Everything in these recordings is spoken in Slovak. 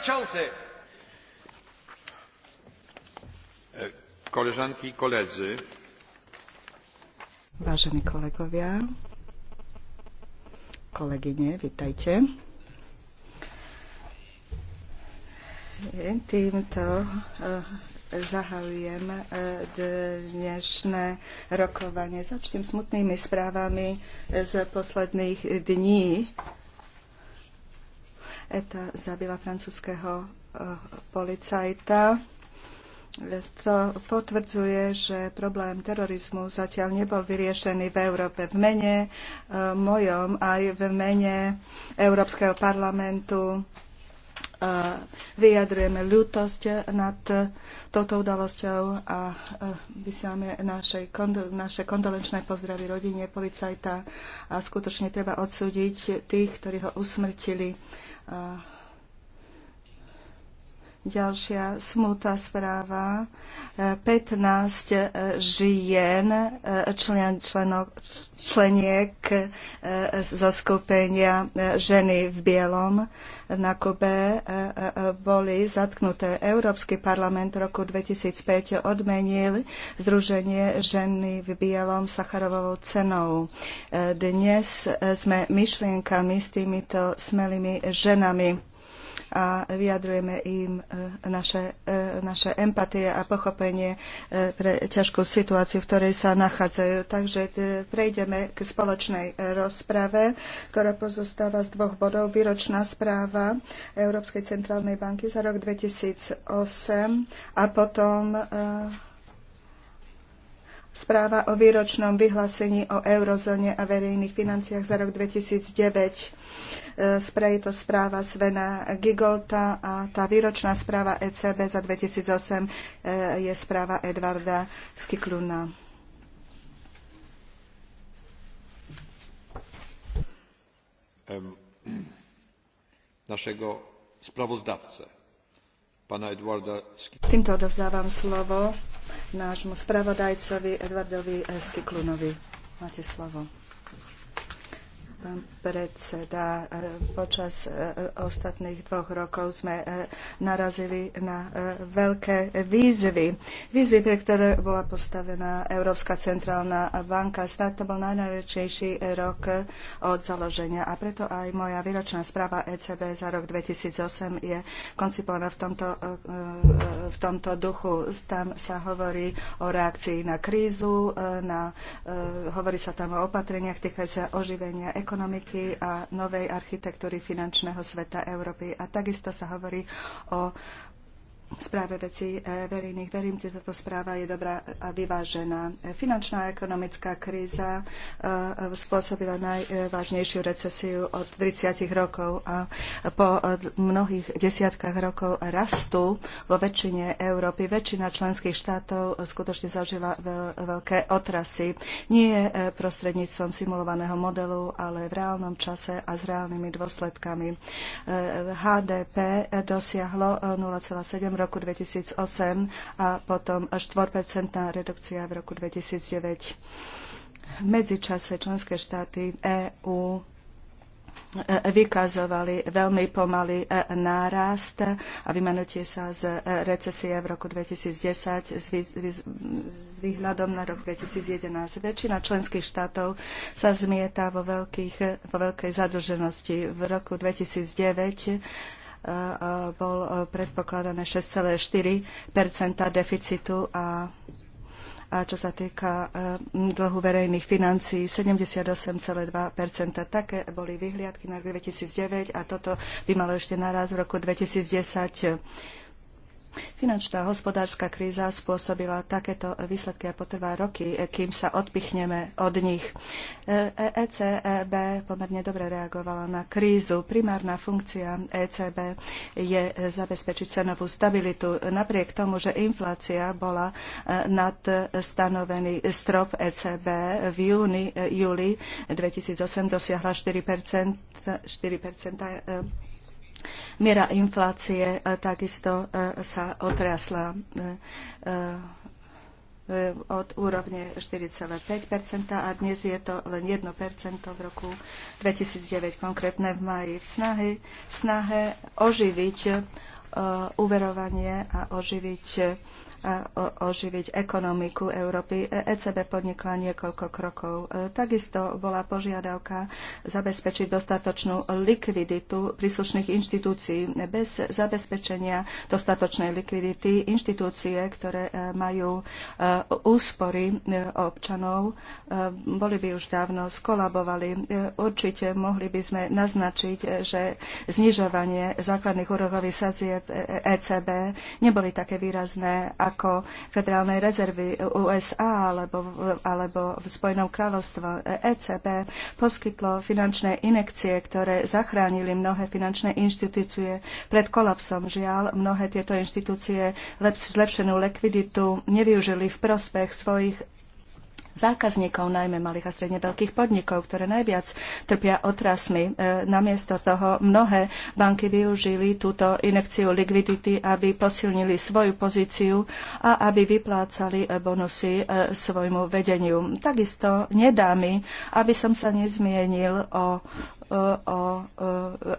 przewodniczący! E, koleżanki i koledzy. Vážení kolegovia, kolegyne, vitajte. Týmto e, zahajujem e, dnešné rokovanie. Začnem smutnými správami z posledných dní. ETA zabila francúzského eh, policajta. To potvrdzuje, že problém terorizmu zatiaľ nebol vyriešený v Európe v mene eh, mojom aj v mene Európskeho parlamentu. Eh, vyjadrujeme ľútosť nad touto udalosťou a vysielame naše, naše kondolenčné pozdravy rodine policajta a skutočne treba odsúdiť tých, ktorí ho usmrtili uh, Ďalšia smutná správa. 15 e, žien, e, člen, členok, členiek e, zo skupenia Ženy v bielom na Kube boli zatknuté. Európsky parlament v roku 2005 odmenil Združenie Ženy v bielom Sacharovou cenou. Dnes sme myšlienkami s týmito smelými ženami a vyjadrujeme im e, naše, e, naše empatie a pochopenie e, pre ťažkú situáciu, v ktorej sa nachádzajú. Takže prejdeme k spoločnej rozprave, ktorá pozostáva z dvoch bodov. Výročná správa Európskej centrálnej banky za rok 2008 a potom správa o výročnom vyhlásení o eurozóne a verejných financiách za rok 2009. E, Sprej to správa Svena Gigolta a tá výročná správa ECB za 2008 e, je správa Edvarda Skikluna. Naszego sprawozdawcę, pana Edwarda Skikluna. Týmto odovzdávam slovo nášmu spravodajcovi Edvardovi Skiklunovi. Máte slovo pán predseda. E, počas e, ostatných dvoch rokov sme e, narazili na veľké výzvy. Výzvy, pre ktoré bola postavená Európska centrálna banka. Snad to bol najnáročnejší rok od založenia a preto aj moja výročná správa ECB za rok 2008 je koncipovaná v tomto, v tomto duchu. Tam sa hovorí o reakcii na krízu, na, hovorí sa tam o opatreniach týkajúcich sa oživenia ekonomiky ekonomiky a novej architektúry finančného sveta Európy. A takisto sa hovorí o správe veci e, verejných. Verím, že táto správa je dobrá a vyvážená. Finančná a ekonomická kríza e, e, spôsobila najvážnejšiu recesiu od 30 rokov a po mnohých desiatkách rokov rastu vo väčšine Európy väčšina členských štátov skutočne zažila veľké otrasy. Nie prostredníctvom simulovaného modelu, ale v reálnom čase a s reálnymi dôsledkami. HDP dosiahlo 0,7 v roku 2008 a potom až 4% redukcia v roku 2009. V medzičase členské štáty EÚ e, vykazovali veľmi pomalý e, nárast a vymanutie sa z e, recesie v roku 2010 s výhľadom na rok 2011. Väčšina členských štátov sa zmieta vo, veľkých, vo veľkej zadlženosti. V roku 2009 bol e, predpokladané 6,4 deficitu a a čo sa týka e, dlhu verejných financií 78,2 Také boli vyhliadky na rok 2009 a toto by malo ešte naraz v roku 2010. Finančná hospodárska kríza spôsobila takéto výsledky a potrvá roky, kým sa odpichneme od nich. ECB e e pomerne dobre reagovala na krízu. Primárna funkcia ECB je zabezpečiť cenovú stabilitu. Napriek tomu, že inflácia bola e, nad stanovený strop ECB v júni, júli 2008 dosiahla 4%, 4% Miera inflácie e, takisto e, sa otriasla e, od úrovne 4,5 a dnes je to len 1 v roku 2009, konkrétne v maji. V snahe, snahe oživiť uverovanie a oživiť oživiť ekonomiku Európy. ECB e podnikla niekoľko krokov. E, takisto bola požiadavka zabezpečiť dostatočnú likviditu príslušných inštitúcií. Bez zabezpečenia dostatočnej likvidity inštitúcie, ktoré e, majú úspory občanov, boli by už dávno skolabovali. Určite mohli by sme naznačiť, že znižovanie základných úrokových sazieb ECB neboli také výrazné, ako Federálnej rezervy USA alebo, alebo v Spojenom kráľovstvo ECB poskytlo finančné inekcie, ktoré zachránili mnohé finančné inštitúcie pred kolapsom. Žiaľ, mnohé tieto inštitúcie zlepšenú likviditu nevyužili v prospech svojich zákazníkov, najmä malých a stredne veľkých podnikov, ktoré najviac trpia otrasmi. E, namiesto toho mnohé banky využili túto inekciu likvidity, aby posilnili svoju pozíciu a aby vyplácali e, bonusy e, svojmu vedeniu. Takisto nedá mi, aby som sa nezmienil o o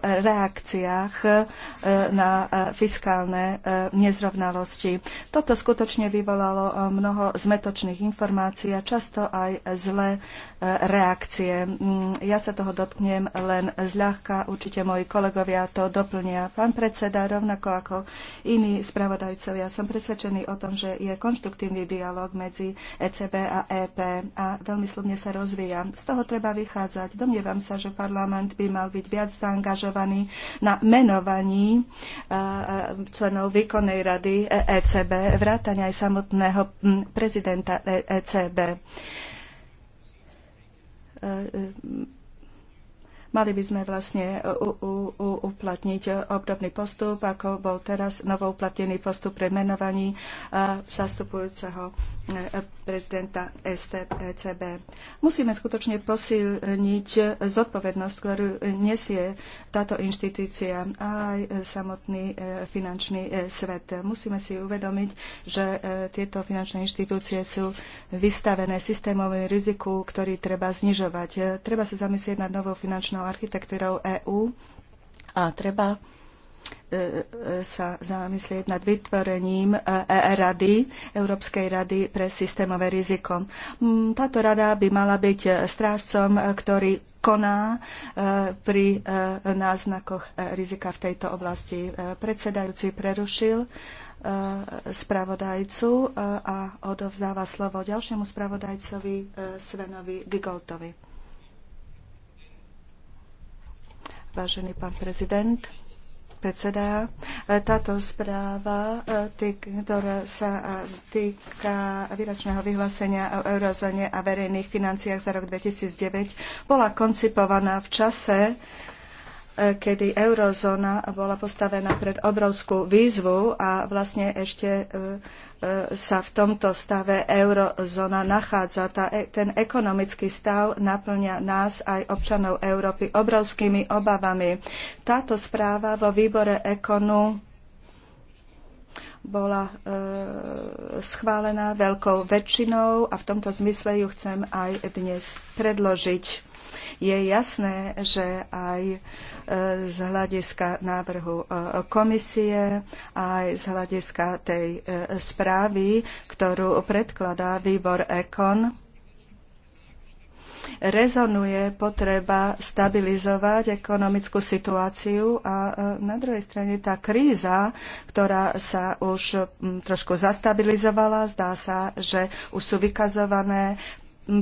e, reakciách e, na e, fiskálne nezrovnalosti. Toto skutočne vyvolalo mnoho zmetočných informácií a často aj zlé reakcie. Mm, ja sa toho dotknem len zľahka, určite moji kolegovia to doplnia. Pán predseda, rovnako ako iní spravodajcovia, som presvedčený o tom, že je konštruktívny dialog medzi ECB a EP a veľmi slubne sa rozvíja. Z toho treba vychádzať. Domnievam sa, že parlament parlament by mal byť viac zaangažovaný na menovaní e, e, členov výkonnej rady ECB, e vrátane aj samotného prezidenta ECB Mali by sme vlastne e, uplatniť e, obdobný postup, ako bol teraz novo uplatnený postup pre menovaní e, zastupujúceho prezidenta STCB. Musíme skutočne posilniť zodpovednosť, ktorú nesie táto inštitúcia a aj samotný finančný svet. Musíme si uvedomiť, že tieto finančné inštitúcie sú vystavené systémovým riziku, ktorý treba znižovať. Treba sa zamyslieť nad novou finančnou architektúrou EÚ a treba e, e, sa zamyslieť nad vytvorením e, rady, Európskej rady pre systémové riziko. Táto rada by mala byť strážcom, ktorý koná pri náznakoch rizika v tejto oblasti. Predsedajúci prerušil spravodajcu a odovzdáva slovo ďalšiemu spravodajcovi Svenovi Gigoltovi. Vážený pán prezident, predseda. E, táto správa, e, ktorá sa e, týka výročného vyhlásenia o eurozóne a verejných financiách za rok 2009, bola koncipovaná v čase, kedy eurozóna bola postavená pred obrovskú výzvu a vlastne ešte sa v tomto stave eurozóna nachádza. Tá, e, ten ekonomický stav naplňa nás aj občanov Európy obrovskými obavami. Táto správa vo výbore ekonu bola e, schválená veľkou väčšinou a v tomto zmysle ju chcem aj dnes predložiť. Je jasné, že aj e, z hľadiska návrhu e, komisie, aj z hľadiska tej e, správy, ktorú predkladá výbor EKON, rezonuje potreba stabilizovať ekonomickú situáciu a na druhej strane tá kríza, ktorá sa už trošku zastabilizovala, zdá sa, že už sú vykazované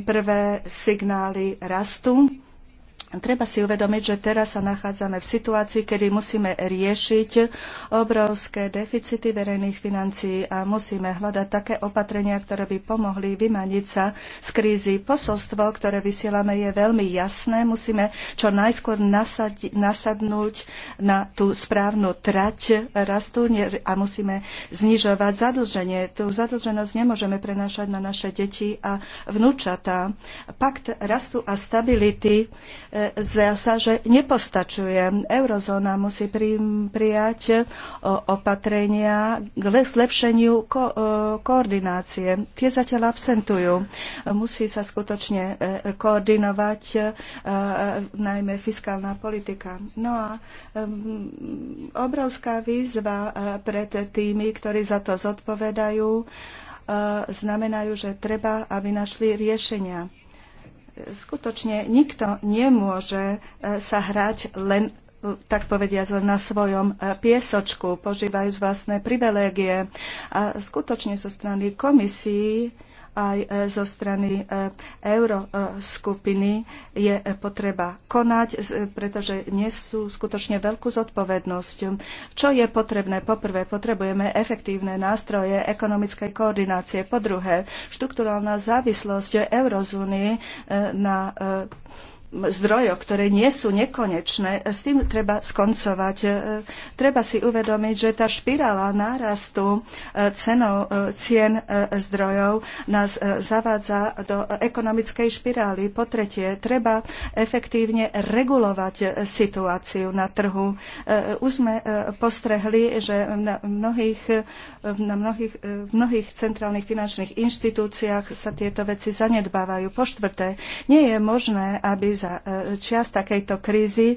prvé signály rastu Treba si uvedomiť, že teraz sa nachádzame v situácii, kedy musíme riešiť obrovské deficity verejných financií a musíme hľadať také opatrenia, ktoré by pomohli vymaniť sa z krízy. Posolstvo, ktoré vysielame, je veľmi jasné. Musíme čo najskôr nasadnúť na tú správnu trať rastu a musíme znižovať zadlženie. Tú zadlženosť nemôžeme prenášať na naše deti a vnúčatá. Pakt rastu a stability zdá sa, že nepostačuje. Eurozóna musí prijať e, opatrenia k zlepšeniu ko- e, koordinácie. Tie zatiaľ absentujú. Musí sa skutočne e, koordinovať najmä fiskálna politika. No a obrovská výzva pred tými, ktorí za to zodpovedajú, znamenajú, že treba, aby našli riešenia skutočne nikto nemôže e, sa hrať len tak povediať len na svojom e, piesočku, požívajú vlastné privilégie. A skutočne zo strany komisií aj e, zo strany e, euroskupiny je e, potreba konať, pretože nesú skutočne veľkú zodpovednosť. Čo je potrebné? Poprvé, potrebujeme efektívne nástroje ekonomickej koordinácie. Po druhé, štrukturálna závislosť eurozóny na zdrojoch, ktoré nie sú nekonečné, s tým treba skoncovať. E, treba si uvedomiť, že tá špirála nárastu e, cenou e, cien zdrojov nás zavádza do ekonomickej špirály. Po tretie, treba efektívne regulovať situáciu na trhu. Už sme postrehli, že na mnohých, na mnohých, v mnohých centrálnych finančných inštitúciách sa tieto veci zanedbávajú. Po štvrté, nie je možné, aby za za e, čas takejto krízy e,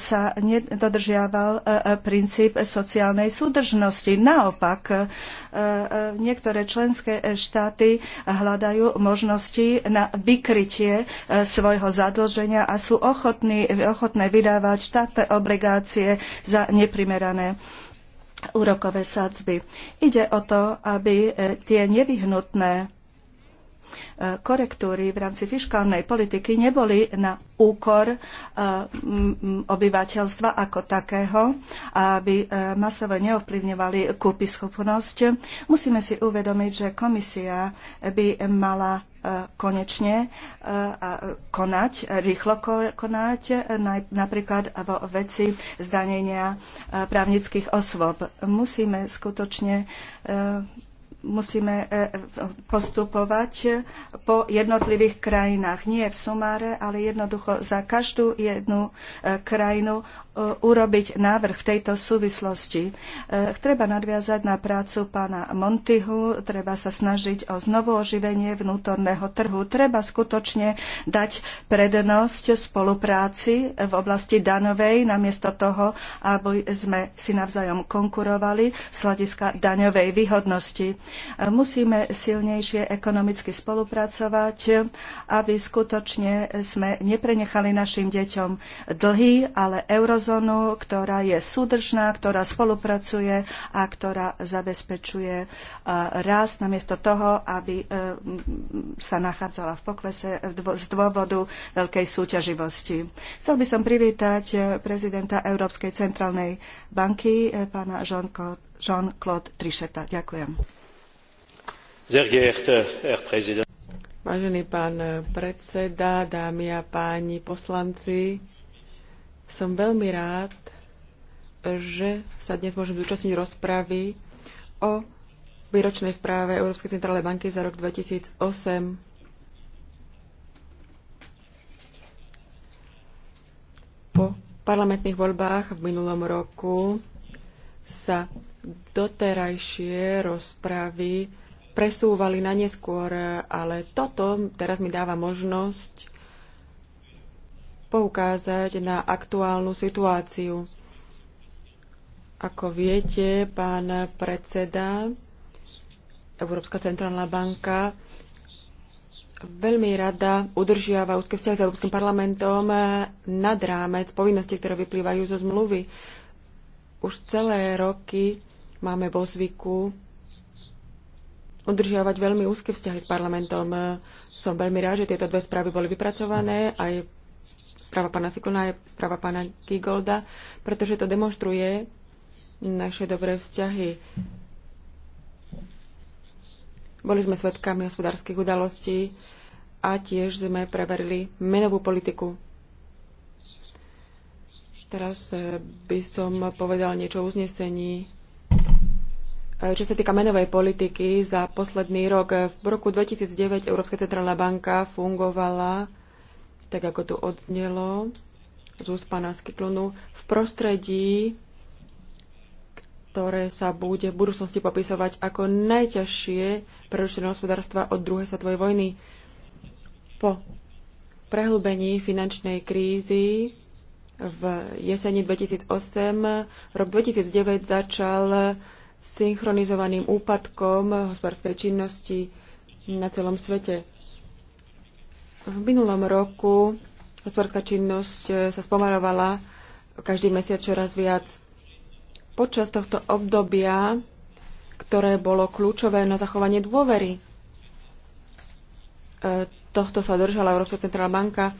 sa nedodržiaval e, princíp sociálnej súdržnosti. Naopak, niektoré členské štáty hľadajú možnosti na vykrytie svojho zadlženia a sú ochotní, ochotné vydávať štátne obligácie za neprimerané úrokové sadzby. Ide o to, aby tie nevyhnutné E, korektúry v rámci fiškálnej politiky neboli na úkor e, obyvateľstva ako takého, aby e, masovo neovplyvňovali schopnosť. Musíme si uvedomiť, že komisia by mala konečne konať, rýchlo konať, napríklad vo veci zdanenia právnických osôb. Musíme skutočne musíme e, postupovať po jednotlivých krajinách. Nie v sumáre, ale jednoducho za každú jednu e, krajinu urobiť návrh v tejto súvislosti. E, treba nadviazať na prácu pána Montyhu, treba sa snažiť o znovu oživenie vnútorného trhu, treba skutočne dať prednosť spolupráci v oblasti daňovej, namiesto toho, aby sme si navzájom konkurovali z hľadiska daňovej výhodnosti. E, musíme silnejšie ekonomicky spolupracovať, aby skutočne sme neprenechali našim deťom dlhy, ale eurozónu eurozónu, ktorá je súdržná, ktorá spolupracuje a ktorá zabezpečuje e, rast namiesto toho, aby e, sa nachádzala v poklese z dôvodu veľkej súťaživosti. Chcel by som privítať e, prezidenta Európskej centrálnej banky, pána Jean-Claude Tricheta. Ďakujem. Vážený pán predseda, dámy a páni poslanci, som veľmi rád, že sa dnes môžem zúčastniť rozpravy o výročnej správe Európskej centrálnej banky za rok 2008. Po parlamentných voľbách v minulom roku sa doterajšie rozpravy presúvali na neskôr, ale toto teraz mi dáva možnosť poukázať na aktuálnu situáciu. Ako viete, pán predseda, Európska centrálna banka veľmi rada udržiava úzke vzťahy s Európskym parlamentom nad rámec povinností, ktoré vyplývajú zo zmluvy. Už celé roky máme vo zvyku udržiavať veľmi úzke vzťahy s parlamentom. Som veľmi rád, že tieto dve správy boli vypracované aj správa pána Siklona je správa pána Gigolda, pretože to demonstruje naše dobré vzťahy. Boli sme svedkami hospodárskych udalostí a tiež sme preverili menovú politiku. Teraz eh, by som povedal niečo o uznesení eh, čo sa týka menovej politiky, za posledný rok eh, v roku 2009 Európska centrálna banka fungovala tak ako tu odznelo z úst pána Skiklunu, v prostredí, ktoré sa bude v budúcnosti popisovať ako najťažšie prerušené hospodárstva od druhej svetovej vojny. Po prehlbení finančnej krízy v jeseni 2008 rok 2009 začal synchronizovaným úpadkom hospodárskej činnosti na celom svete. V minulom roku hospodárska činnosť e, sa spomarovala každý mesiac čoraz viac. Počas tohto obdobia, ktoré bolo kľúčové na zachovanie dôvery, e, tohto sa držala Európska centrálna banka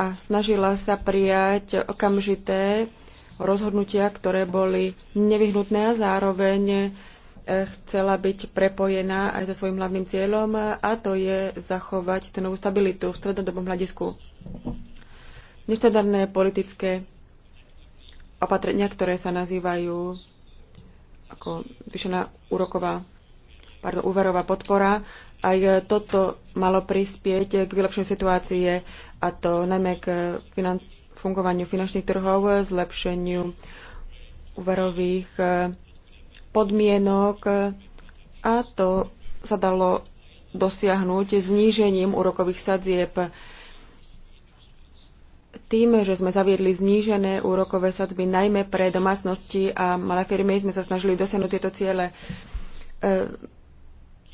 a snažila sa prijať okamžité rozhodnutia, ktoré boli nevyhnutné a zároveň chcela byť prepojená aj so svojím hlavným cieľom a to je zachovať cenovú stabilitu v strednodobom hľadisku. Neštandardné politické opatrenia, ktoré sa nazývajú ako vyšená úroková, pardon, úverová podpora, aj toto malo prispieť k vylepšeniu situácie a to najmä k finan- fungovaniu finančných trhov, zlepšeniu úverových podmienok a to sa dalo dosiahnuť znížením úrokových sadzieb. Tým, že sme zaviedli znížené úrokové sadzby najmä pre domácnosti a malé firmy, sme sa snažili dosiahnuť tieto ciele. E,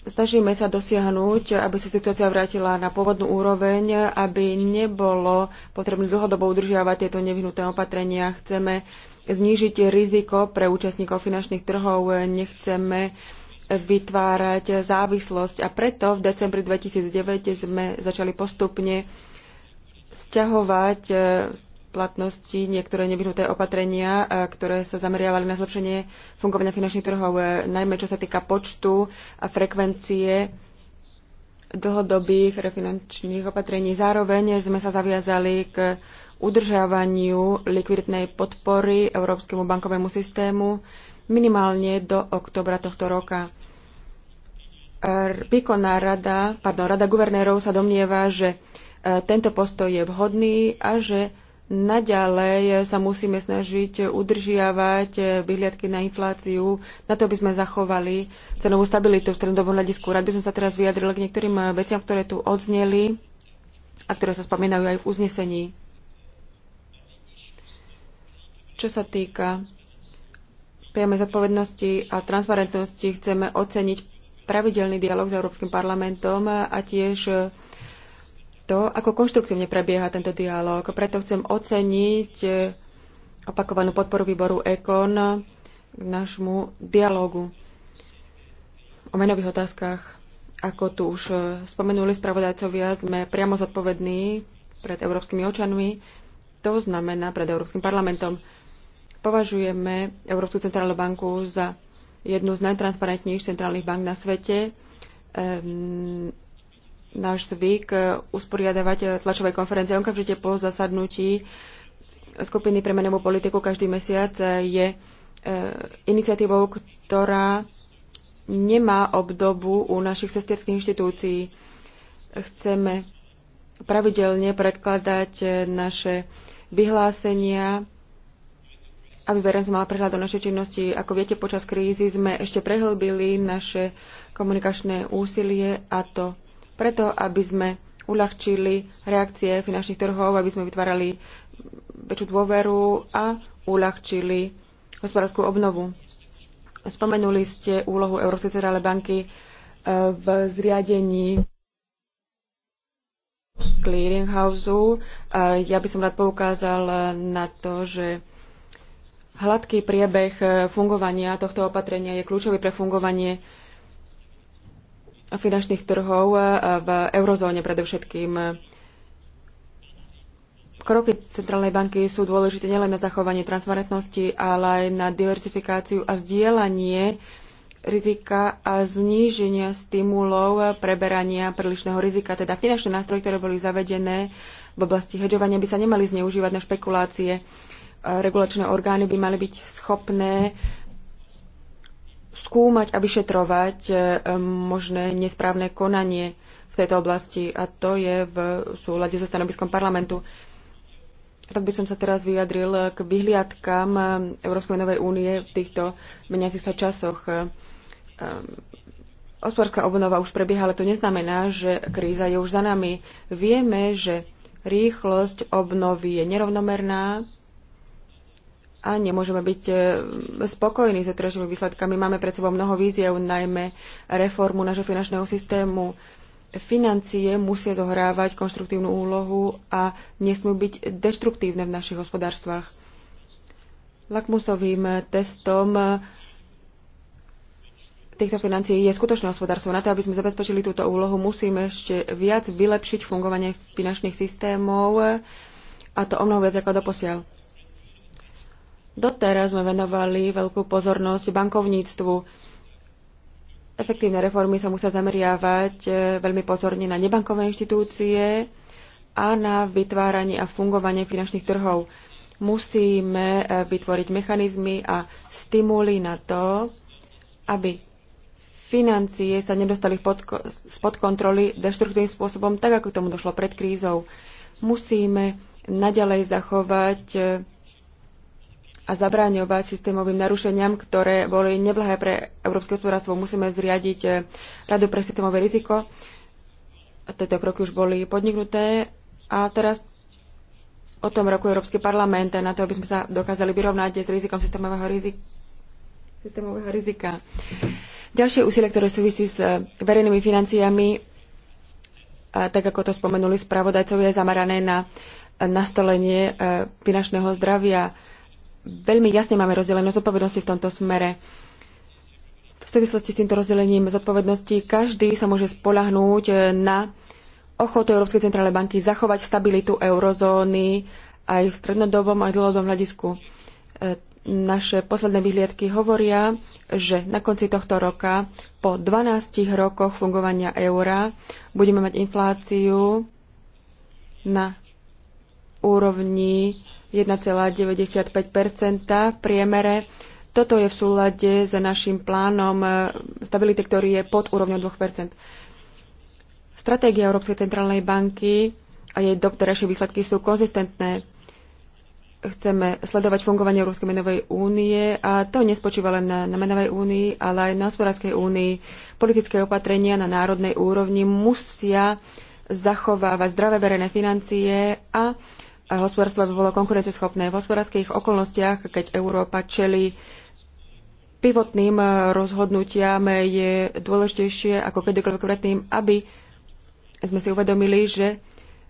Snažíme sa dosiahnuť, aby sa situácia vrátila na pôvodnú úroveň, aby nebolo potrebné dlhodobo udržiavať tieto nevyhnuté opatrenia. Chceme znížiť riziko pre účastníkov finančných trhov. Nechceme vytvárať závislosť a preto v decembri 2009 sme začali postupne stiahovať eh, platnosti niektoré nevyhnuté opatrenia, eh, ktoré sa zameriavali na zlepšenie fungovania finančných trhov, eh, najmä čo sa týka počtu a frekvencie dlhodobých refinančných opatrení. Zároveň sme sa zaviazali k udržiavaniu likviditnej podpory Európskemu bankovému systému minimálne do oktobra tohto roka. Výkonná rada, pardon, rada guvernérov sa domnieva, že e, tento postoj je vhodný a že naďalej sa musíme snažiť udržiavať e, vyhliadky na infláciu, na to, aby sme zachovali cenovú stabilitu v strednodobom hľadisku. Rád by som sa teraz vyjadril k niektorým veciam, ktoré tu odzneli a ktoré sa spomínajú aj v uznesení. Čo sa týka priamej zodpovednosti a transparentnosti, chceme oceniť pravidelný dialog s Európskym parlamentom a tiež to, ako konštruktívne prebieha tento dialog. Preto chcem oceniť opakovanú podporu výboru EKON k našmu dialogu o menových otázkach. Ako tu už spomenuli spravodajcovia, sme priamo zodpovední pred európskymi očanmi, to znamená pred Európskym parlamentom. Považujeme Európsku centrálnu banku za jednu z najtransparentnejších centrálnych bank na svete. Ehm, náš zvyk e, usporiadavať e, tlačové konferencie okamžite po zasadnutí skupiny pre menovú politiku každý mesiac e, je iniciatívou, ktorá nemá obdobu u našich sestierských inštitúcií. Chceme pravidelne predkladať naše vyhlásenia aby verejnosť mala prehľad o našej činnosti. Ako viete, počas krízy sme ešte prehlbili naše komunikačné úsilie a to preto, aby sme uľahčili reakcie finančných trhov, aby sme vytvárali väčšiu dôveru a uľahčili hospodárskú obnovu. Spomenuli ste úlohu Európskej centrálnej banky eh, v zriadení clearinghouse. Eh, ja by som rád poukázal na to, že Hladký priebeh e, fungovania tohto opatrenia je kľúčový pre fungovanie finančných trhov e, v eurozóne predovšetkým. Kroky Centrálnej banky sú dôležité nielen na zachovanie transparentnosti, ale aj na diversifikáciu a zdieľanie rizika a zníženia stimulov preberania prílišného rizika. Teda finančné nástroje, ktoré boli zavedené v oblasti hedžovania, by sa nemali zneužívať na špekulácie regulačné orgány by mali byť schopné skúmať a vyšetrovať e, možné nesprávne konanie v tejto oblasti a to je v súlade so stanoviskom parlamentu. Tak by som sa teraz vyjadril k vyhliadkám Európskej menovej únie v týchto meniacich sa časoch. E, e, hospodárska obnova už prebieha, ale to neznamená, že kríza je už za nami. Vieme, že rýchlosť obnovy je nerovnomerná, a nemôžeme byť e, spokojní s terajšími výsledkami. Máme pred sebou mnoho víziev, najmä reformu nášho finančného systému. Financie musia zohrávať konštruktívnu úlohu a nesmú byť deštruktívne v našich hospodárstvách. Lakmusovým testom e, týchto financií je skutočné hospodárstvo. Na to, aby sme zabezpečili túto úlohu, musíme ešte viac vylepšiť fungovanie finančných systémov e, a to o mnoho viac ako doposiaľ Doteraz sme venovali veľkú pozornosť bankovníctvu. Efektívne reformy sa musia zameriavať e, veľmi pozorne na nebankové inštitúcie a na vytváranie a fungovanie finančných trhov. Musíme e, vytvoriť mechanizmy a stimuly na to, aby financie sa nedostali pod, spod kontroly deštruktívnym spôsobom, tak ako tomu došlo pred krízou. Musíme naďalej zachovať e, a zabráňovať systémovým narušeniam, ktoré boli neblahé pre európske hospodárstvo. Musíme zriadiť e, Radu pre systémové riziko. Tieto kroky už boli podniknuté a teraz o tom roku Európsky parlament na to, aby sme sa dokázali vyrovnať s rizikom systémového, rizik- systémového rizika. Ďalšie úsilie, ktoré súvisí s e, verejnými financiami, e, tak ako to spomenuli spravodajcovia, je zamerané na nastolenie finančného zdravia veľmi jasne máme rozdelenú zodpovednosti v tomto smere. V súvislosti s týmto rozdelením zodpovednosti každý sa môže spolahnúť na ochotu Európskej centrálnej banky zachovať stabilitu eurozóny aj v strednodobom aj dlhodobom hľadisku. E, naše posledné vyhliadky hovoria, že na konci tohto roka po 12 rokoch fungovania eura budeme mať infláciu na úrovni 1,95 v priemere. Toto je v súlade s našim plánom eh, stability, ktorý je pod úrovňou 2 Stratégia Európskej centrálnej banky a jej doterajšie výsledky sú konzistentné. Chceme sledovať fungovanie Európskej menovej únie a to nespočíva len na, na menovej únii, ale aj na hospodárskej únii. Politické opatrenia na národnej úrovni musia zachovávať zdravé verejné financie a hospodárstvo by bolo konkurenceschopné. V hospodárskych okolnostiach, keď Európa čelí pivotným eh, rozhodnutiam, je dôležitejšie ako kedykoľvek predtým, aby sme si uvedomili, že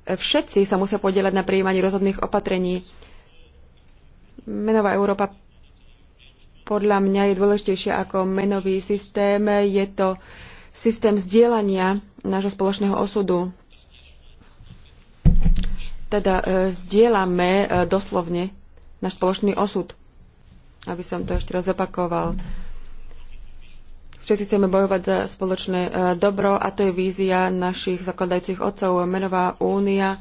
všetci sa musia podielať na prijímaní rozhodných opatrení. Menová Európa podľa mňa je dôležitejšia ako menový systém. Je to systém zdieľania nášho spoločného osudu. Teda e, zdieľame e, doslovne náš spoločný osud. Aby som to ešte raz opakoval. Všetci chceme bojovať za spoločné e, dobro a to je vízia našich zakladajúcich otcov. Menová únia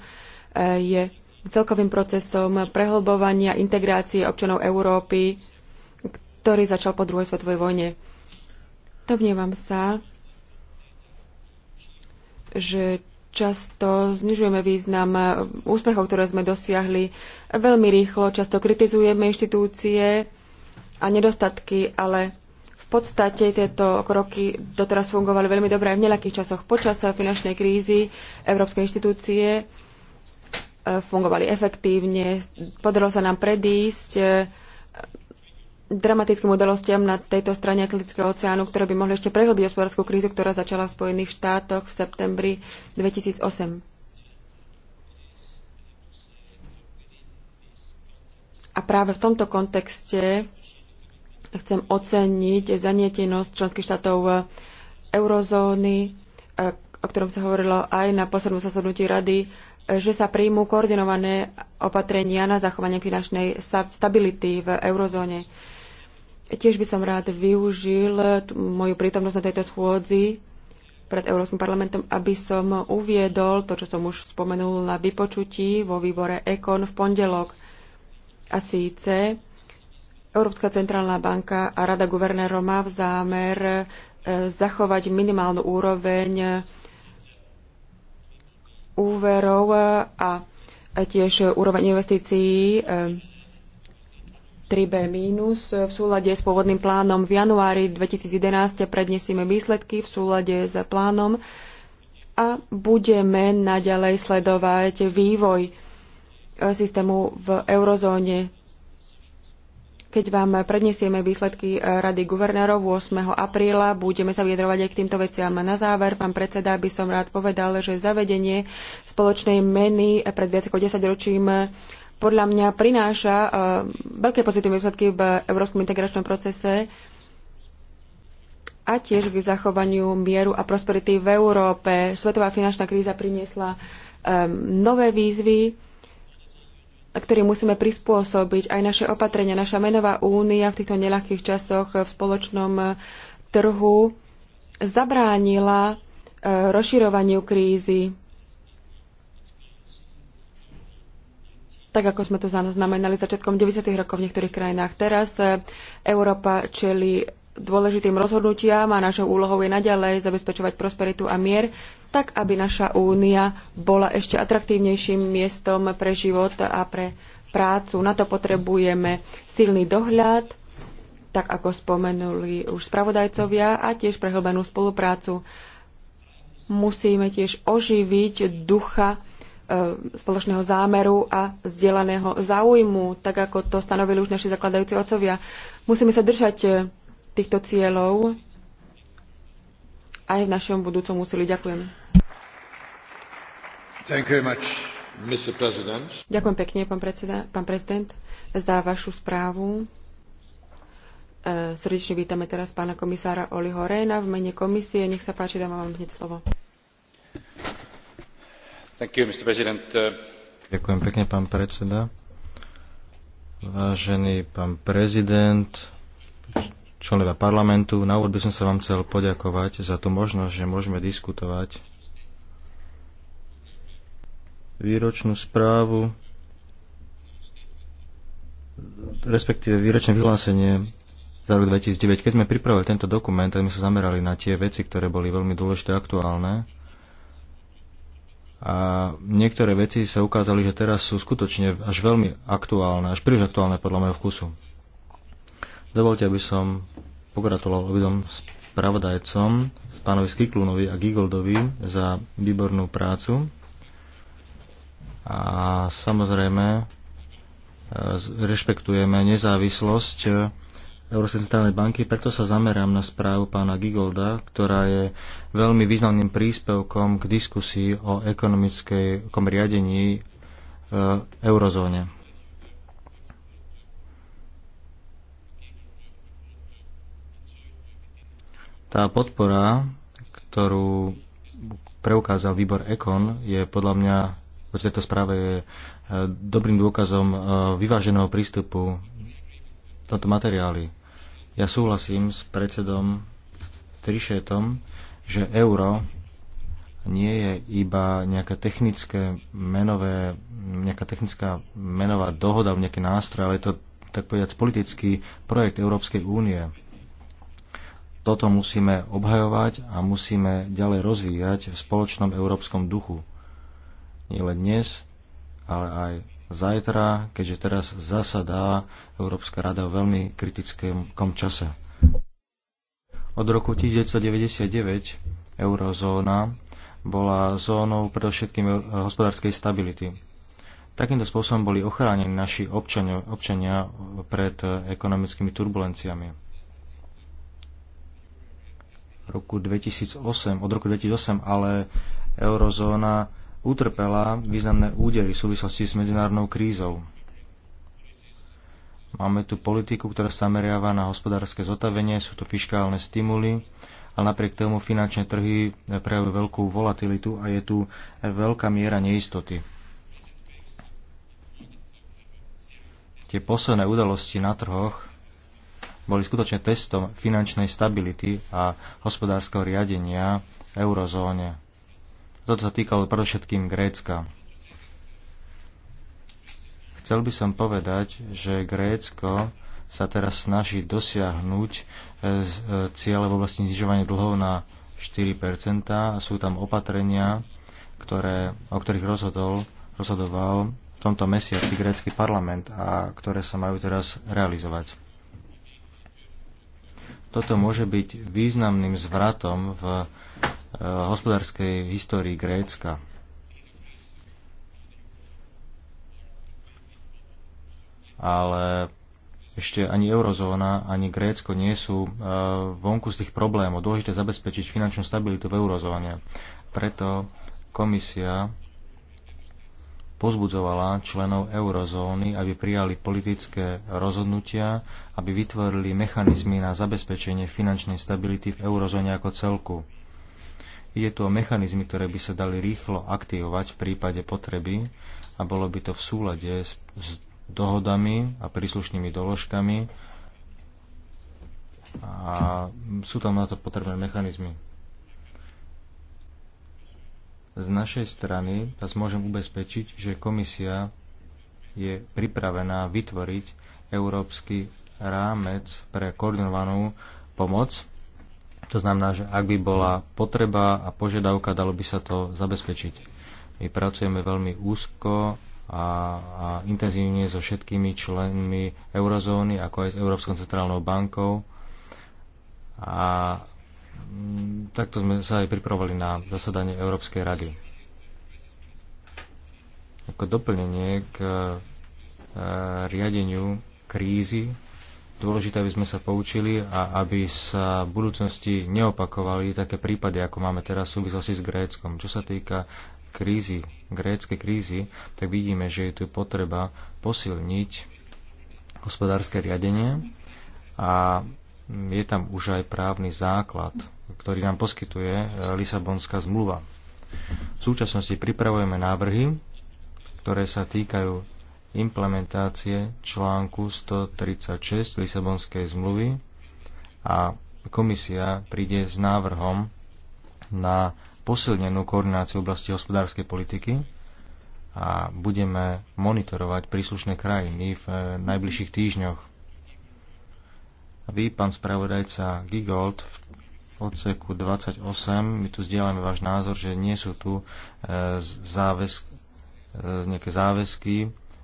je celkovým procesom prehlbovania integrácie občanov Európy, ktorý začal po druhej svetovej vojne. Domnievam sa, že často znižujeme význam eh, úspechov, ktoré sme dosiahli veľmi rýchlo, často kritizujeme inštitúcie a nedostatky, ale v podstate tieto kroky doteraz fungovali veľmi dobre aj v nejakých časoch. Počas eh, finančnej krízy európske inštitúcie eh, fungovali efektívne, podarilo sa nám predísť dramatickým udalostiam na tejto strane Atlantického oceánu, ktoré by mohli ešte prehlbiť hospodárskú krízu, ktorá začala v Spojených štátoch v septembri 2008. A práve v tomto kontexte chcem oceniť zanietenosť členských štátov eurozóny, e, o ktorom sa hovorilo aj na poslednom zasadnutí rady, e, že sa príjmú koordinované opatrenia na zachovanie finančnej stability v eurozóne. Tiež by som rád využil moju prítomnosť na tejto schôdzi pred Európskym parlamentom, aby som uviedol to, čo som už spomenul na vypočutí vo výbore EKON v pondelok. A síce Európska centrálna banka a Rada guvernérov má v zámer e, zachovať minimálnu úroveň úverov a tiež úroveň investícií e, 3B- v súlade s pôvodným plánom. V januári 2011 predniesieme výsledky v súlade s plánom a budeme naďalej sledovať vývoj systému v eurozóne. Keď vám predniesieme výsledky Rady guvernérov 8. apríla, budeme sa vyjadrovať aj k týmto veciam. Na záver, pán predseda, by som rád povedal, že zavedenie spoločnej meny pred viac ako 10 ročím podľa mňa prináša e, veľké pozitívne výsledky v európskom integračnom procese a tiež k zachovaniu mieru a prosperity v Európe. Svetová finančná kríza priniesla e, nové výzvy, ktorým musíme prispôsobiť aj naše opatrenia. Naša menová únia v týchto neľahkých časoch v spoločnom e, trhu zabránila rozširovaniu krízy tak ako sme to zaznamenali začiatkom 90. rokov v niektorých krajinách. Teraz eh, Európa čeli dôležitým rozhodnutiam a našou úlohou je naďalej zabezpečovať prosperitu a mier, tak aby naša únia bola ešte atraktívnejším miestom pre život a pre prácu. Na to potrebujeme silný dohľad, tak ako spomenuli už spravodajcovia, a tiež prehlbenú spoluprácu. Musíme tiež oživiť ducha E, spoločného zámeru a zdieľaného záujmu, tak ako to stanovili už naši zakladajúci otcovia. Musíme sa držať e, týchto cieľov aj v našom budúcom úsilí. Ďakujem. Much, Ďakujem pekne, pán, predseda, pán prezident, za vašu správu. E, srdečne vítame teraz pána komisára Oliho Réna v mene komisie. Nech sa páči, dám vám hneď slovo. Uh, Ďakujem pekne, pán predseda. Vážený pán prezident, členovia parlamentu, na úvod by som sa vám chcel poďakovať za tú možnosť, že môžeme diskutovať výročnú správu, respektíve výročné vyhlásenie za rok 2009. Keď sme pripravili tento dokument, tak sme sa zamerali na tie veci, ktoré boli veľmi dôležité a aktuálne a niektoré veci sa ukázali, že teraz sú skutočne až veľmi aktuálne, až príliš aktuálne podľa môjho vkusu. Dovolte, aby som pogratuloval obidom spravodajcom, pánovi Skiklunovi a Gigoldovi za výbornú prácu. A samozrejme e, rešpektujeme nezávislosť Európskej centrálnej banky, preto sa zamerám na správu pána Gigolda, ktorá je veľmi významným príspevkom k diskusii o ekonomickej riadení v e, eurozóne. Tá podpora, ktorú preukázal výbor EKON, je podľa mňa v tejto správe je e, dobrým dôkazom e, vyváženého prístupu tomto materiáli. Ja súhlasím s predsedom Trišetom, že euro nie je iba nejaké technické menové, nejaká technická menová dohoda, nejaký nástroj, ale je to tak povedať politický projekt Európskej únie. Toto musíme obhajovať a musíme ďalej rozvíjať v spoločnom európskom duchu. Nielen dnes, ale aj zajtra, keďže teraz zasadá Európska rada v veľmi kritickom čase. Od roku 1999 eurozóna bola zónou predovšetkým hospodárskej stability. Takýmto spôsobom boli ochránení naši občania, občania pred ekonomickými turbulenciami roku 2008, od roku 2008, ale eurozóna utrpela významné údery v súvislosti s medzinárodnou krízou. Máme tu politiku, ktorá sa meriava na hospodárske zotavenie, sú to fiskálne stimuly, ale napriek tomu finančné trhy prejavujú veľkú volatilitu a je tu veľká miera neistoty. Tie posledné udalosti na trhoch boli skutočne testom finančnej stability a hospodárskeho riadenia v eurozóne. Toto sa týkalo predovšetkým Grécka. Chcel by som povedať, že Grécko sa teraz snaží dosiahnuť e, e, ciele v oblasti znižovania dlhov na 4 Sú tam opatrenia, ktoré, o ktorých rozhodol, rozhodoval v tomto mesiaci grécky parlament a ktoré sa majú teraz realizovať. Toto môže byť významným zvratom v Eh, hospodárskej histórii Grécka. Ale ešte ani eurozóna, ani Grécko nie sú eh, vonku z tých problémov. Dôležité zabezpečiť finančnú stabilitu v eurozóne. Preto komisia pozbudzovala členov eurozóny, aby prijali politické rozhodnutia, aby vytvorili mechanizmy na zabezpečenie finančnej stability v eurozóne ako celku. Je tu mechanizmy, ktoré by sa dali rýchlo aktivovať v prípade potreby a bolo by to v súlade s, s dohodami a príslušnými doložkami a sú tam na to potrebné mechanizmy. Z našej strany vás môžem ubezpečiť, že komisia je pripravená vytvoriť európsky rámec pre koordinovanú pomoc to znamená, že ak by bola potreba a požiadavka, dalo by sa to zabezpečiť. My pracujeme veľmi úzko a, a intenzívne so všetkými členmi eurozóny, ako aj s Európskou centrálnou bankou. A mm, takto sme sa aj pripravovali na zasadanie Európskej rady. Ako doplnenie k e, riadeniu krízy dôležité, aby sme sa poučili a aby sa v budúcnosti neopakovali také prípady, ako máme teraz v súvislosti s Gréckom. Čo sa týka krízy, gréckej krízy, tak vidíme, že je tu potreba posilniť hospodárske riadenie a je tam už aj právny základ, ktorý nám poskytuje e, Lisabonská zmluva. V súčasnosti pripravujeme návrhy, ktoré sa týkajú implementácie článku 136 Lisabonskej zmluvy a komisia príde s návrhom na posilnenú koordináciu oblasti hospodárskej politiky a budeme monitorovať príslušné krajiny v eh, najbližších týždňoch. Vy, pán spravodajca Gigold, v odseku 28, my tu zdieľame váš názor, že nie sú tu eh, záväz, eh, nejaké záväzky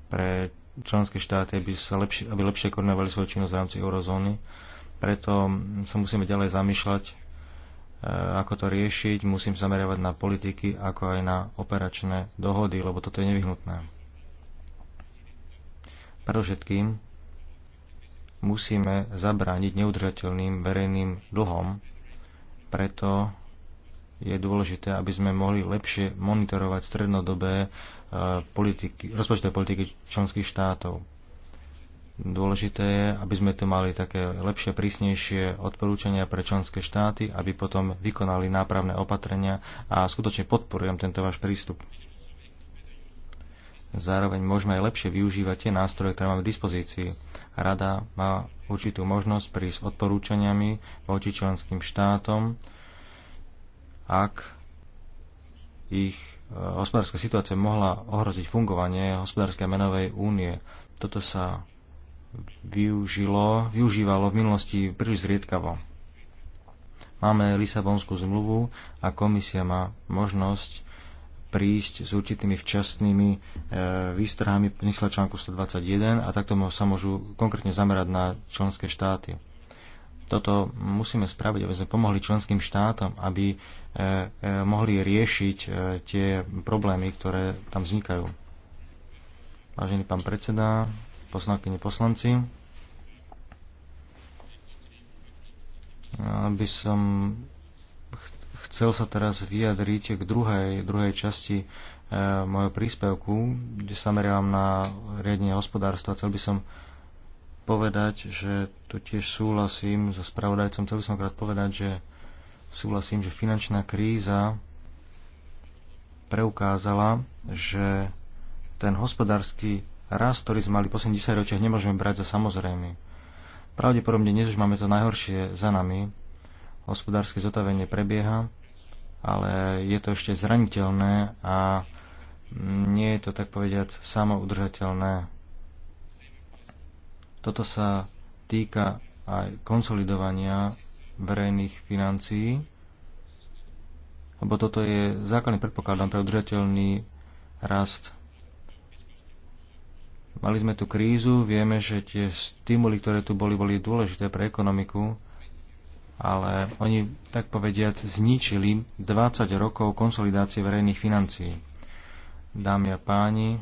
pre členské štáty, aby, sa lepšie, aby lepšie koordinovali svoju činnosť v rámci eurozóny. Preto sa musíme ďalej zamýšľať, e, ako to riešiť. Musím zameriavať na politiky, ako aj na operačné dohody, lebo toto je nevyhnutné. Predovšetkým musíme zabrániť neudržateľným verejným dlhom, preto je dôležité, aby sme mohli lepšie monitorovať strednodobé e, politiky, rozpočtové politiky členských štátov. Dôležité je, aby sme tu mali také lepšie, prísnejšie odporúčania pre členské štáty, aby potom vykonali nápravné opatrenia a skutočne podporujem tento váš prístup. Zároveň môžeme aj lepšie využívať tie nástroje, ktoré máme v dispozícii. Rada má určitú možnosť prísť odporúčaniami voči členským štátom, ak ich e, hospodárska situácia mohla ohroziť fungovanie hospodárskej a menovej únie. Toto sa využilo, využívalo v minulosti príliš zriedkavo. Máme Lisabonskú zmluvu a komisia má možnosť prísť s určitými včasnými e, výstrhami mysle článku 121 a takto sa môžu konkrétne zamerať na členské štáty. Toto musíme spraviť, aby sme pomohli členským štátom, aby e, e, mohli riešiť e, tie problémy, ktoré tam vznikajú. Vážený pán predseda, poslankyne, poslanci, Aby som chcel sa teraz vyjadriť k druhej, druhej časti mojho môjho príspevku, kde sa meriam na riadenie hospodárstva. Chcel by som povedať, že tu tiež súhlasím so spravodajcom, chcel by som krát povedať, že súhlasím, že finančná kríza preukázala, že ten hospodársky rast, ktorý sme mali v posledných 10 ročiach, nemôžeme brať za samozrejmy. Pravdepodobne dnes už máme to najhoršie za nami. Hospodárske zotavenie prebieha, ale je to ešte zraniteľné a nie je to tak povediať samoudržateľné. Toto sa týka aj konsolidovania verejných financií, lebo toto je základný predpokladom pre udržateľný rast. Mali sme tu krízu, vieme, že tie stimuly, ktoré tu boli, boli dôležité pre ekonomiku, ale oni, tak povediac, zničili 20 rokov konsolidácie verejných financií. Dámy a páni,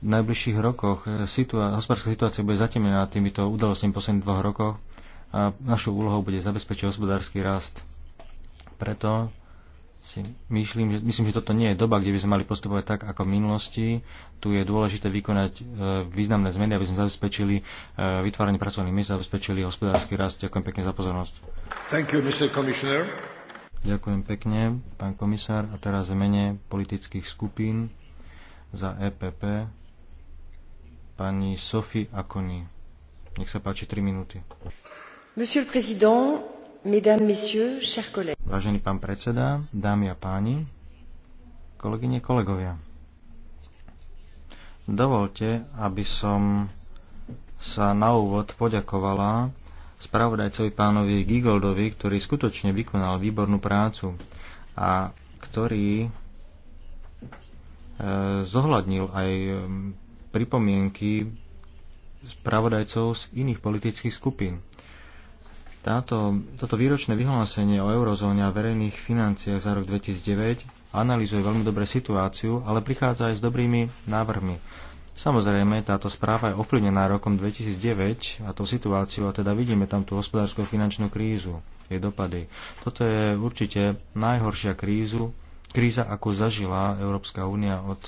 v najbližších rokoch eh, situá- hospodárska situácia bude zatemená týmito udalostmi posledných dvoch rokoch a našou úlohou bude zabezpečiť hospodársky rast. Preto si myslím, že, myslím, že toto nie je doba, kde by sme mali postupovať tak ako v minulosti. Tu je dôležité vykonať e, významné zmeny, aby sme zabezpečili e, vytváranie pracovných miest, zabezpečili hospodársky rast. Ďakujem pekne za pozornosť. Thank you, Mr. Commissioner. Ďakujem pekne, pán komisár. A teraz v mene politických skupín za EPP pani Sophie Akoni. Nech sa páči 3 minúty. Monsieur le président, mesdames, messieurs, chers collègues. Vážený pán predseda, dámy a páni, kolegyne, kolegovia. Dovolte, aby som sa na úvod poďakovala spravodajcovi pánovi Gigoldovi, ktorý skutočne vykonal výbornú prácu a ktorý eh, zohľadnil aj pripomienky spravodajcov z iných politických skupín. Táto, toto výročné vyhlásenie o eurozóne a verejných financiách za rok 2009 analýzuje veľmi dobre situáciu, ale prichádza aj s dobrými návrhmi. Samozrejme, táto správa je ovplyvnená rokom 2009 a tou situáciu, a teda vidíme tam tú hospodárskú finančnú krízu, jej dopady. Toto je určite najhoršia krízu, kríza, akú zažila Európska únia od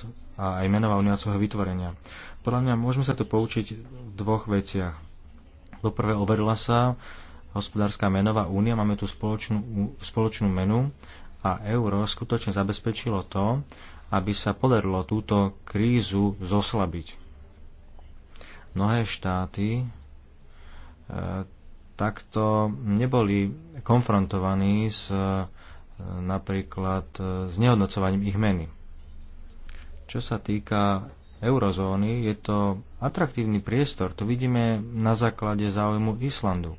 a aj menoval unia svojho vytvorenia. Podľa mňa môžeme sa tu poučiť v dvoch veciach. Poprvé overila sa hospodárska menová únia, máme tu spoločnú, spoločnú menu a euro skutočne zabezpečilo to, aby sa podarilo túto krízu zoslabiť. Mnohé štáty e, takto neboli konfrontovaní s e, napríklad e, s nehodnocovaním ich meny. Čo sa týka eurozóny, je to atraktívny priestor. To vidíme na základe záujmu Islandu.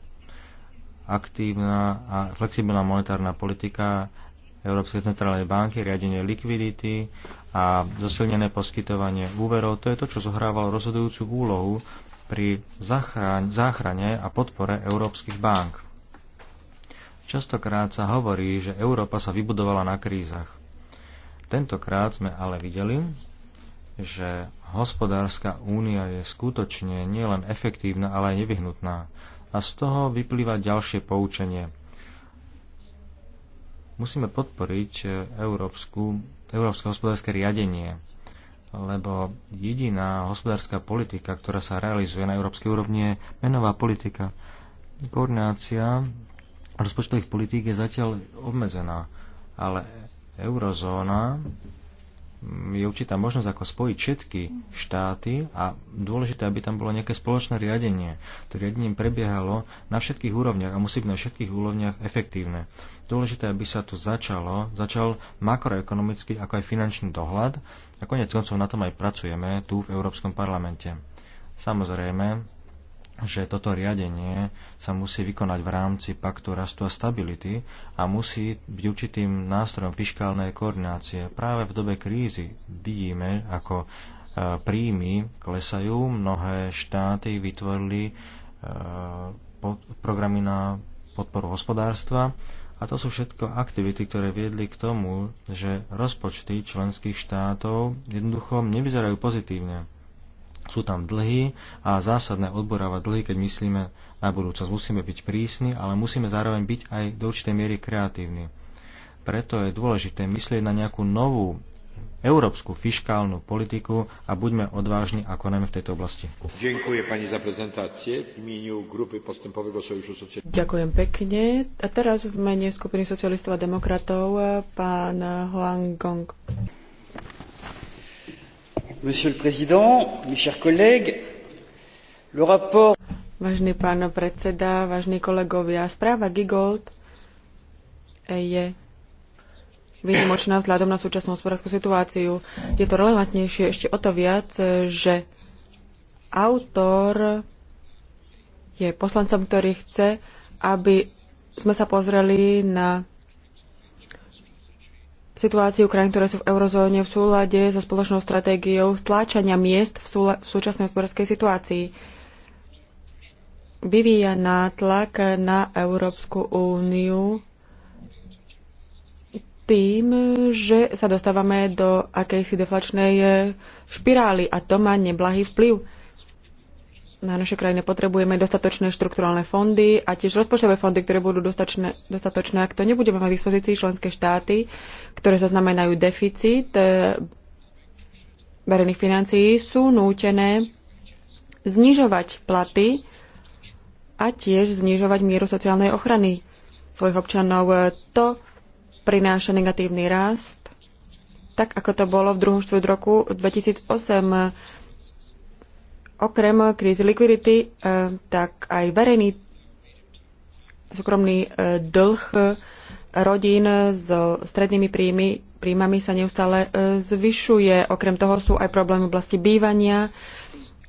Aktívna a flexibilná monetárna politika Európskej centrálnej banky, riadenie likvidity a zosilnené poskytovanie úverov. To je to, čo zohrávalo rozhodujúcu úlohu pri záchrane a podpore európskych bank. Častokrát sa hovorí, že Európa sa vybudovala na krízach. Tentokrát sme ale videli, že hospodárska únia je skutočne nielen efektívna, ale aj nevyhnutná. A z toho vyplýva ďalšie poučenie. Musíme podporiť e, európsku, európske hospodárske riadenie, lebo jediná hospodárska politika, ktorá sa realizuje na európskej úrovni, je menová politika. Koordinácia rozpočtových politík je zatiaľ obmedzená, ale eurozóna mm, je určitá možnosť, ako spojiť všetky štáty a dôležité, aby tam bolo nejaké spoločné riadenie. To riadenie prebiehalo na všetkých úrovniach a musí byť na všetkých úrovniach efektívne. Dôležité, aby sa tu začalo, začal makroekonomický ako aj finančný dohľad a konec koncov na tom aj pracujeme tu v Európskom parlamente. Samozrejme, že toto riadenie sa musí vykonať v rámci paktu rastu a stability a musí byť určitým nástrojom fiskálnej koordinácie. Práve v dobe krízy vidíme, ako e, príjmy klesajú, mnohé štáty vytvorili e, programy na podporu hospodárstva a to sú všetko aktivity, ktoré viedli k tomu, že rozpočty členských štátov jednoducho nevyzerajú pozitívne sú tam dlhy a zásadné odborávať dlhy, keď myslíme na budúcnosť. Musíme byť prísni, ale musíme zároveň byť aj do určitej miery kreatívni. Preto je dôležité myslieť na nejakú novú európsku fiškálnu politiku a buďme odvážni a konajme v tejto oblasti. Ďakujem pani za prezentácie v imieniu grupy Postupového sojušu socialistov. Ďakujem pekne. A teraz v mene skupiny socialistov a demokratov eh, pán Hoang Gong. Monsieur le Président, mes chers collègues, le rapport... Vážny pán predseda, vážni kolegovia, správa Gigold je výnimočná vzhľadom na súčasnú hospodárskú situáciu. Je to relevantnejšie ešte o to viac, že autor je poslancom, ktorý chce, aby sme sa pozreli na situáciu krajín, ktoré sú v eurozóne v súlade so spoločnou stratégiou stláčania miest v, súla- v súčasnej hospodárskej situácii. Vyvíja nátlak na Európsku úniu tým, že sa dostávame do akejsi deflačnej eh, špirály a to má neblahý vplyv na naše krajine potrebujeme dostatočné štrukturálne fondy a tiež rozpočtové fondy, ktoré budú dostatočné, dostatočné. Ak to nebudeme mať v dispozícii členské štáty, ktoré zaznamenajú deficit e, verejných financií, sú nútené znižovať platy a tiež znižovať mieru sociálnej ochrany svojich občanov. E, to prináša negatívny rast, tak ako to bolo v druhom štvrť roku 2008 Okrem krízy likvidity, eh, tak aj verejný súkromný eh, dlh eh, rodín so strednými príjmy, príjmami sa neustále zvyšuje. Okrem toho sú aj problémy v oblasti bývania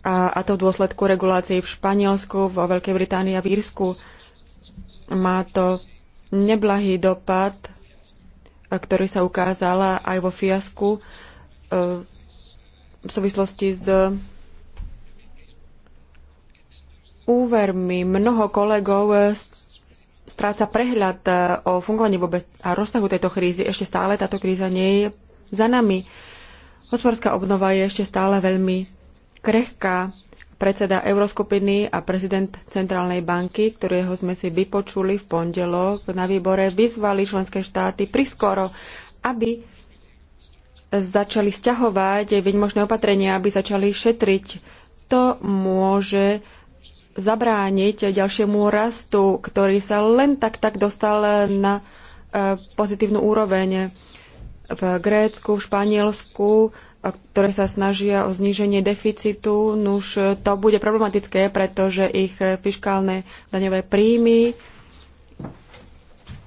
a, a to v dôsledku regulácií v Španielsku, vo Veľkej Británii a v Írsku. Má to neblahý dopad, ktorý sa ukázal aj vo fiasku v súvislosti s úvermi. Mnoho kolegov eh, stráca prehľad eh, o fungovaní vôbec a rozsahu tejto krízy. Ešte stále táto kríza nie je za nami. Hospodárska obnova je ešte stále veľmi krehká. Predseda Euroskupiny a prezident Centrálnej banky, ktorého sme si vypočuli v pondelok na výbore, vyzvali členské štáty priskoro, aby začali sťahovať výnimočné opatrenia, aby začali šetriť. To môže zabrániť ďalšiemu rastu, ktorý sa len tak tak dostal na e, pozitívnu úroveň. V Grécku, v Španielsku, e, ktoré sa snažia o zníženie deficitu, nuž e, to bude problematické, pretože ich fiskálne daňové príjmy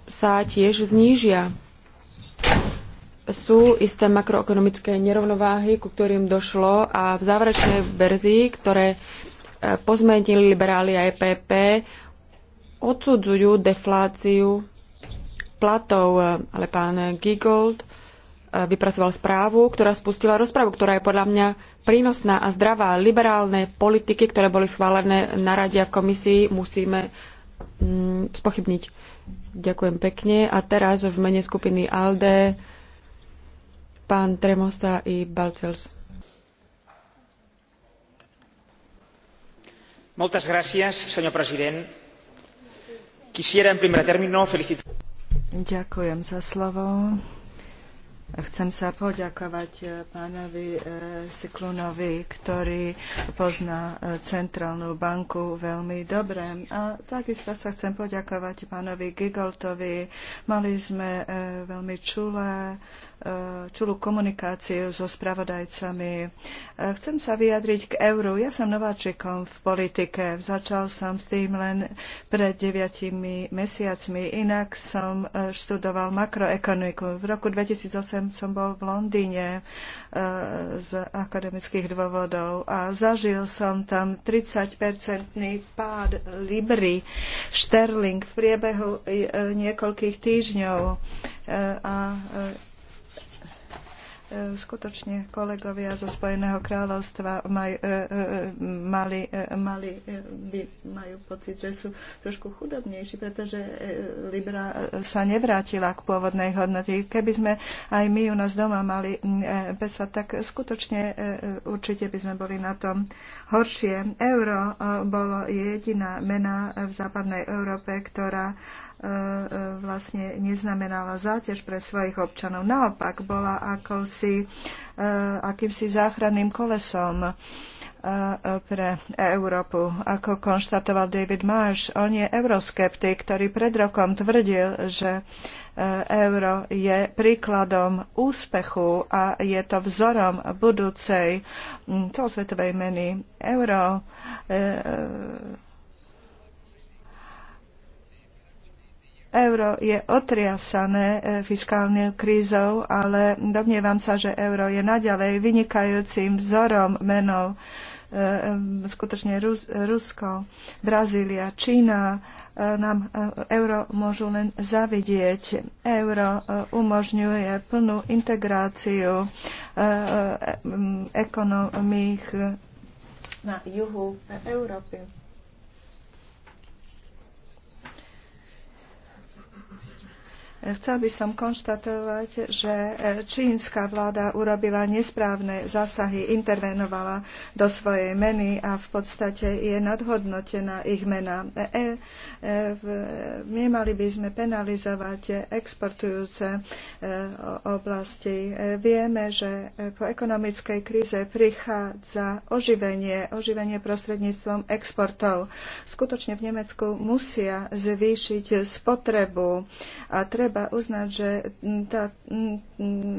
sa tiež znížia. Sú isté makroekonomické nerovnováhy, ku ktorým došlo a v záverečnej verzii, ktoré pozmenili liberáli a EPP, odsudzujú defláciu platov, ale pán Gigold eh, vypracoval správu, ktorá spustila rozpravu, ktorá je podľa mňa prínosná a zdravá. Liberálne politiky, ktoré boli schválené na rade a komisii, musíme mm, spochybniť. Ďakujem pekne. A teraz v mene skupiny ALDE pán Tremosa i Balcels. señor presidente quisiera en primer término felicitar. ďakujem za slovo. Chcem sa poďakovať eh, pánovi eh, Siklunovi, ktorý pozná eh, Centrálnu banku veľmi dobre. A takisto sa chcem poďakovať pánovi Gigoltovi. Mali sme veľmi čulé Eh, čulú komunikáciu so spravodajcami. Eh, chcem sa vyjadriť k euru. Ja som nováčikom v politike. Začal som s tým len pred deviatimi mesiacmi. Inak som eh, študoval makroekonomiku. V roku 2008 som bol v Londýne z akademických dôvodov a zažil som tam 30-percentný pád Libry, šterling v priebehu niekoľkých týždňov a E, skutočne kolegovia zo Spojeného kráľovstva maj, e, e, mali, mali, by, majú pocit, že sú trošku chudobnejší, pretože Libra sa nevrátila k pôvodnej hodnote. Keby sme aj my u nás doma mali pesa, tak skutočne určite by sme boli na tom horšie. Euro bolo jediná mena v západnej Európe, ktorá E, e, vlastne neznamenala záťaž pre svojich občanov. Naopak bola akousi, e, akýmsi záchranným kolesom pre Európu. Ako konštatoval David Marsh, on je euroskeptik, ktorý pred rokom tvrdil, že euro je príkladom úspechu a je to vzorom budúcej celosvetovej meny. Euro e, Euro je otriasané e, fiskálnou krízou, ale domnievam sa, že euro je naďalej vynikajúcim vzorom menov e, e, skutočne Rusko, Brazília, Čína nám euro môžu len zavidieť. Euro umožňuje plnú integráciu ekonomík na juhu Európy. Chcel by som konštatovať, že e, čínska vláda urobila nesprávne zásahy, intervenovala do svojej meny a v podstate je nadhodnotená ich mena. E, e, e v, nemali by sme penalizovať exportujúce e, oblasti. E, vieme, že po ekonomickej kríze prichádza oživenie, oživenie prostredníctvom exportov. Skutočne v Nemecku musia zvýšiť spotrebu a treba treba uznať, že, tá,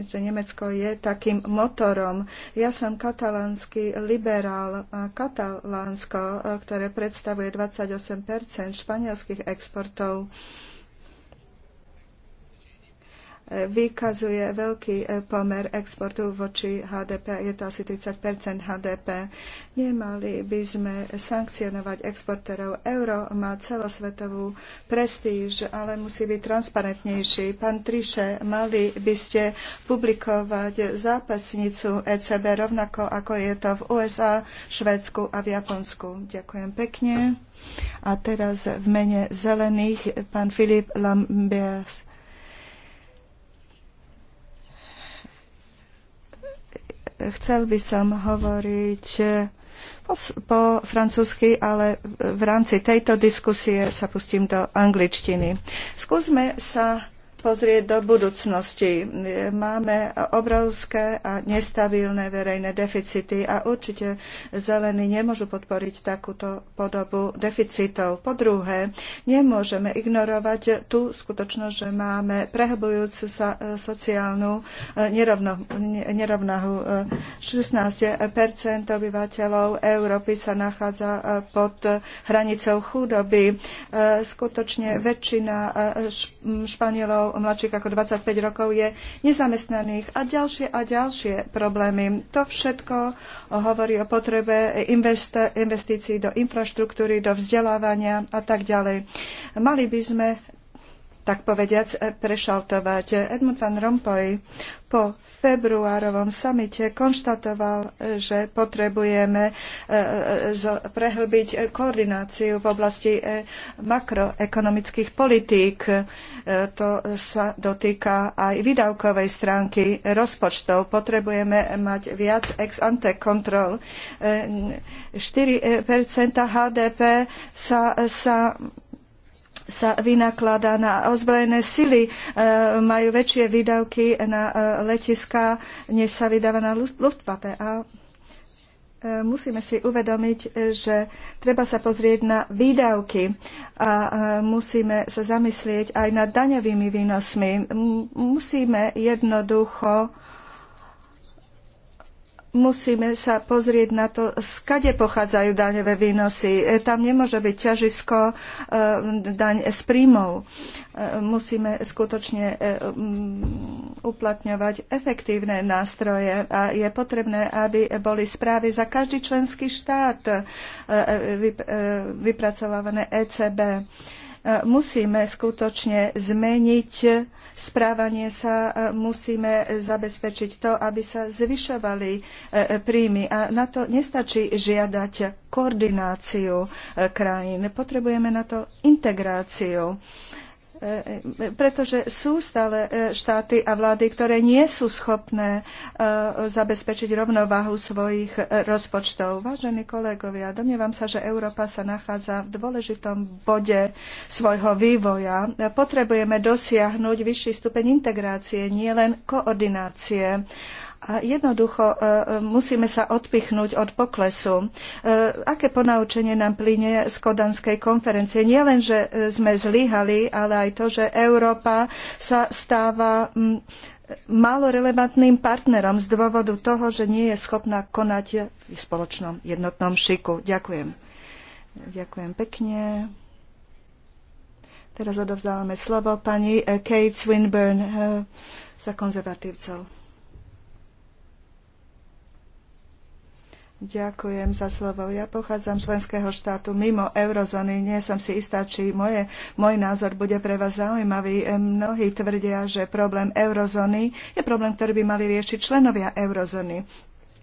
že Nemecko je takým motorom. Ja som katalánsky liberál a Katalánsko, ktoré predstavuje 28 španielských exportov, vykazuje veľký e, pomer exportu voči HDP, je to asi 30 HDP. Nemali by sme sankcionovať exportérov. Euro má celosvetovú prestíž, ale musí byť transparentnejší. Pán Triše, mali by ste publikovať zápasnicu ECB rovnako, ako je to v USA, Švedsku a v Japonsku. Ďakujem pekne. A teraz v mene zelených pán Filip Lambert. Chcel by som hovoriť e, po, po francúzsky, ale v rámci tejto diskusie sa pustím do angličtiny. Skúsme sa pozrieť do budúcnosti. Máme obrovské a nestabilné verejné deficity a určite zelení nemôžu podporiť takúto podobu deficitov. Po druhé, nemôžeme ignorovať tú skutočnosť, že máme prehlbujúcu sa e, sociálnu e, nerovno, nerovnahu. 16 e, obyvateľov Európy sa nachádza pod hranicou chudoby. Skutočne väčšina Španielov mladíkov, mladších ako 25 rokov je nezamestnaných a ďalšie a ďalšie problémy. To všetko hovorí o potrebe investícií do infraštruktúry, do vzdelávania a tak ďalej. Mali by sme tak povediac, e, prešaltovať. Edmund van Rompuy po februárovom samite konštatoval, že potrebujeme e, e, prehlbiť koordináciu v oblasti makroekonomických politík. To sa dotýka aj výdavkovej stránky rozpočtov. Potrebujeme mať viac ex ante kontrol. 4 HDP sa, sa sa vynakladá na ozbrojené sily, e, majú väčšie výdavky na e, letiská, než sa vydáva na Luftwaffe. A e, musíme si uvedomiť, že treba sa pozrieť na výdavky a musíme sa zamyslieť aj nad daňovými výnosmi. Musíme jednoducho musíme sa pozrieť na to, skade pochádzajú daňové výnosy. E, tam nemôže byť ťažisko e, daň z príjmov. E, musíme skutočne mm, uplatňovať efektívne nástroje a je potrebné, aby boli správy za každý členský štát vypracovávané ECB. Musíme skutočne zmeniť správanie sa e, musíme zabezpečiť to, aby sa zvyšovali e, príjmy. A na to nestačí žiadať koordináciu e, krajín. Potrebujeme na to integráciu pretože sú stále e, štáty a vlády, ktoré nie sú schopné e, zabezpečiť rovnováhu svojich e, rozpočtov. Vážení kolegovia, domnievam sa, že Európa sa nachádza v dôležitom bode svojho vývoja. Potrebujeme dosiahnuť vyšší stupeň integrácie, nielen koordinácie. A jednoducho e, e, musíme sa odpichnúť od poklesu. E, aké ponaučenie nám plyne z Kodanskej konferencie? Nie len, že sme zlyhali, ale aj to, že Európa sa stáva málo relevantným partnerom z dôvodu toho, že nie je schopná konať v spoločnom jednotnom šiku. Ďakujem. Ďakujem pekne. Teraz odovzdávame slovo pani Kate Swinburne za konzervatívcov. Ďakujem za slovo. Ja pochádzam z členského štátu mimo eurozóny. Nie som si istá, či moje, môj názor bude pre vás zaujímavý. E, mnohí tvrdia, že problém eurozóny je problém, ktorý by mali riešiť členovia eurozóny.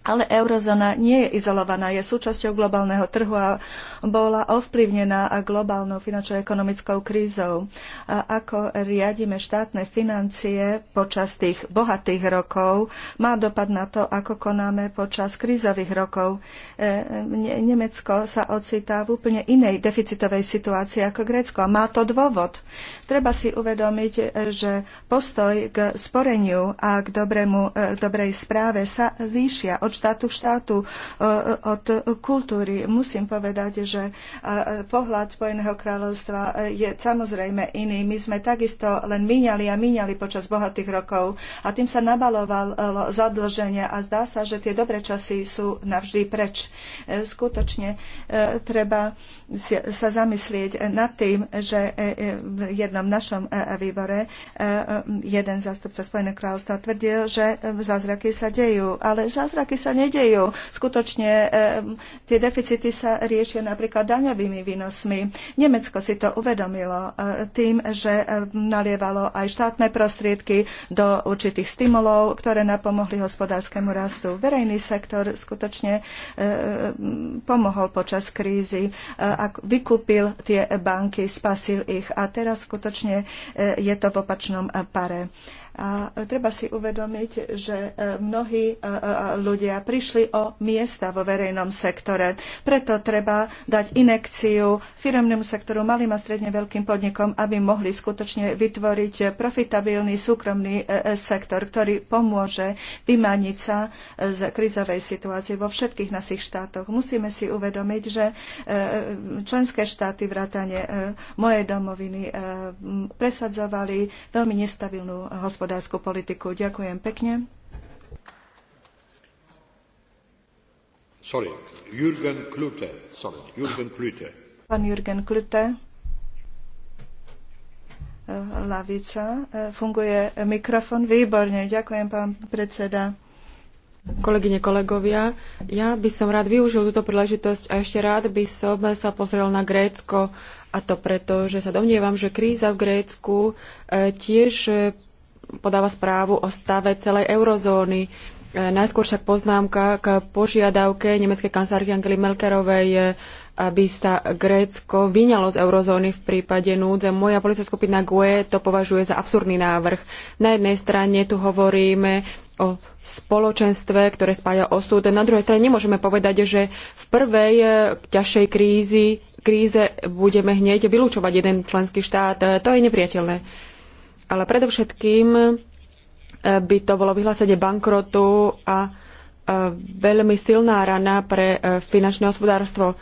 Ale eurozóna nie je izolovaná, je súčasťou globálneho trhu a bola ovplyvnená globálnou finančno-ekonomickou krízou. A ako riadime štátne financie počas tých bohatých rokov, má dopad na to, ako konáme počas krízových rokov. E, Nemecko sa ocitá v úplne inej deficitovej situácii ako Grécko. A má to dôvod. Treba si uvedomiť, že postoj k sporeniu a k, dobrému, k e, dobrej správe sa líšia od štátu k štátu, e, e, od kultúry. Musím povedať, že e, pohľad Spojeného kráľovstva je samozrejme iný. My sme takisto len míňali a míňali počas bohatých rokov a tým sa nabalovalo zadlženie a zdá sa, že tie dobré časy sú navždy preč. Skutočne treba sa zamyslieť nad tým, že v jednom našom výbore jeden zástupca Spojeného kráľovstva tvrdil, že zázraky sa dejú, ale zázraky kroky sa nedejú. Skutočne tie deficity sa riešia napríklad daňovými výnosmi. Nemecko si to uvedomilo e, tým, že e, nalievalo aj štátne prostriedky do určitých stimulov, ktoré napomohli hospodárskemu rastu. Verejný sektor skutočne e, pomohol počas krízy, vykúpil tie banky, spasil ich a teraz skutočne je to v opačnom pare. A treba si uvedomiť, že e, mnohí e, e, ľudia prišli o miesta vo verejnom sektore. Preto treba dať inekciu firemnému sektoru, malým a stredne veľkým podnikom, aby mohli skutočne vytvoriť profitabilný súkromný sektor, ktorý pomôže vymaniť sa z krizovej situácie vo všetkých našich štátoch. Musíme si uvedomiť, že členské štáty vrátane mojej domoviny presadzovali veľmi nestabilnú hospodárstvo hospodársku politiku. Ďakujem pekne. Sorry, Jürgen Klute. Sorry, Jürgen Klute. Pán Jürgen Klute. Lavica. E, funguje mikrofon výborne. Ďakujem, pán predseda. Kolegyne, kolegovia, ja by som rád využil túto príležitosť a ešte rád by som sa pozrel na Grécko a to preto, že sa domnievam, že kríza v Grécku e, tiež podáva správu o stave celej eurozóny. E, najskôr však poznámka k požiadavke nemeckej kancelárky Angely Melkerovej, e, aby sa Grécko vyňalo z eurozóny v prípade núdze. Moja politická skupina GUE to považuje za absurdný návrh. Na jednej strane tu hovoríme o spoločenstve, ktoré spája osud. Na druhej strane nemôžeme povedať, že v prvej e, ťažšej krízi, kríze budeme hneď vylúčovať jeden členský štát. To je nepriateľné. Ale predovšetkým e, by to bolo vyhlásenie bankrotu a e, veľmi silná rana pre e, finančné hospodárstvo.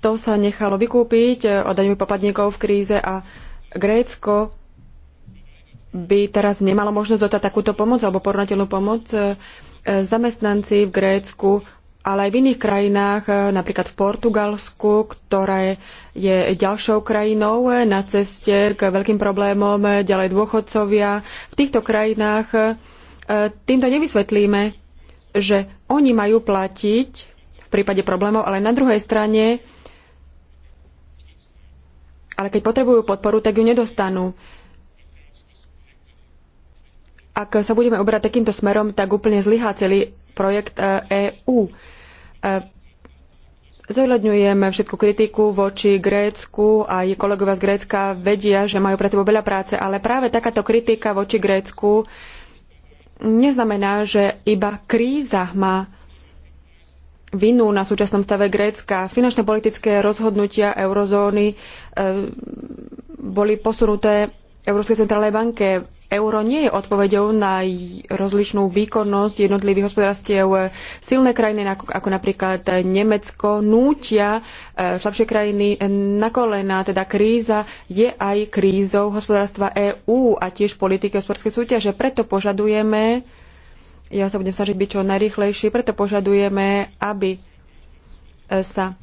To sa nechalo vykúpiť od daňových popadníkov v kríze a Grécko by teraz nemalo možnosť dotať takúto pomoc alebo porovnateľnú pomoc. Zamestnanci v Grécku ale aj v iných krajinách, e, napríklad v Portugalsku, ktoré je ďalšou krajinou e, na ceste k veľkým problémom, e, ďalej dôchodcovia. V týchto krajinách týmto nevysvetlíme, že oni majú platiť v prípade problémov, ale na druhej strane, ale keď potrebujú podporu, tak ju nedostanú ak sa budeme obrať takýmto smerom, tak úplne zlyhá celý projekt EÚ. E, Zohľadňujem všetku kritiku voči Grécku a aj kolegovia z Grécka vedia, že majú pred sebou veľa práce, ale práve takáto kritika voči Grécku neznamená, že iba kríza má vinu na súčasnom stave Grécka. Finančné politické rozhodnutia eurozóny e, boli posunuté Európskej centrálnej banke euro nie je odpoveďou na rozličnú výkonnosť jednotlivých hospodárstiev. Silné krajiny, ako napríklad Nemecko, nútia eh, slabšie krajiny na kolena. teda kríza je aj krízou hospodárstva EÚ a tiež politiky hospodárskej súťaže. Preto požadujeme, ja sa budem snažiť byť čo najrychlejší, preto požadujeme, aby eh, sa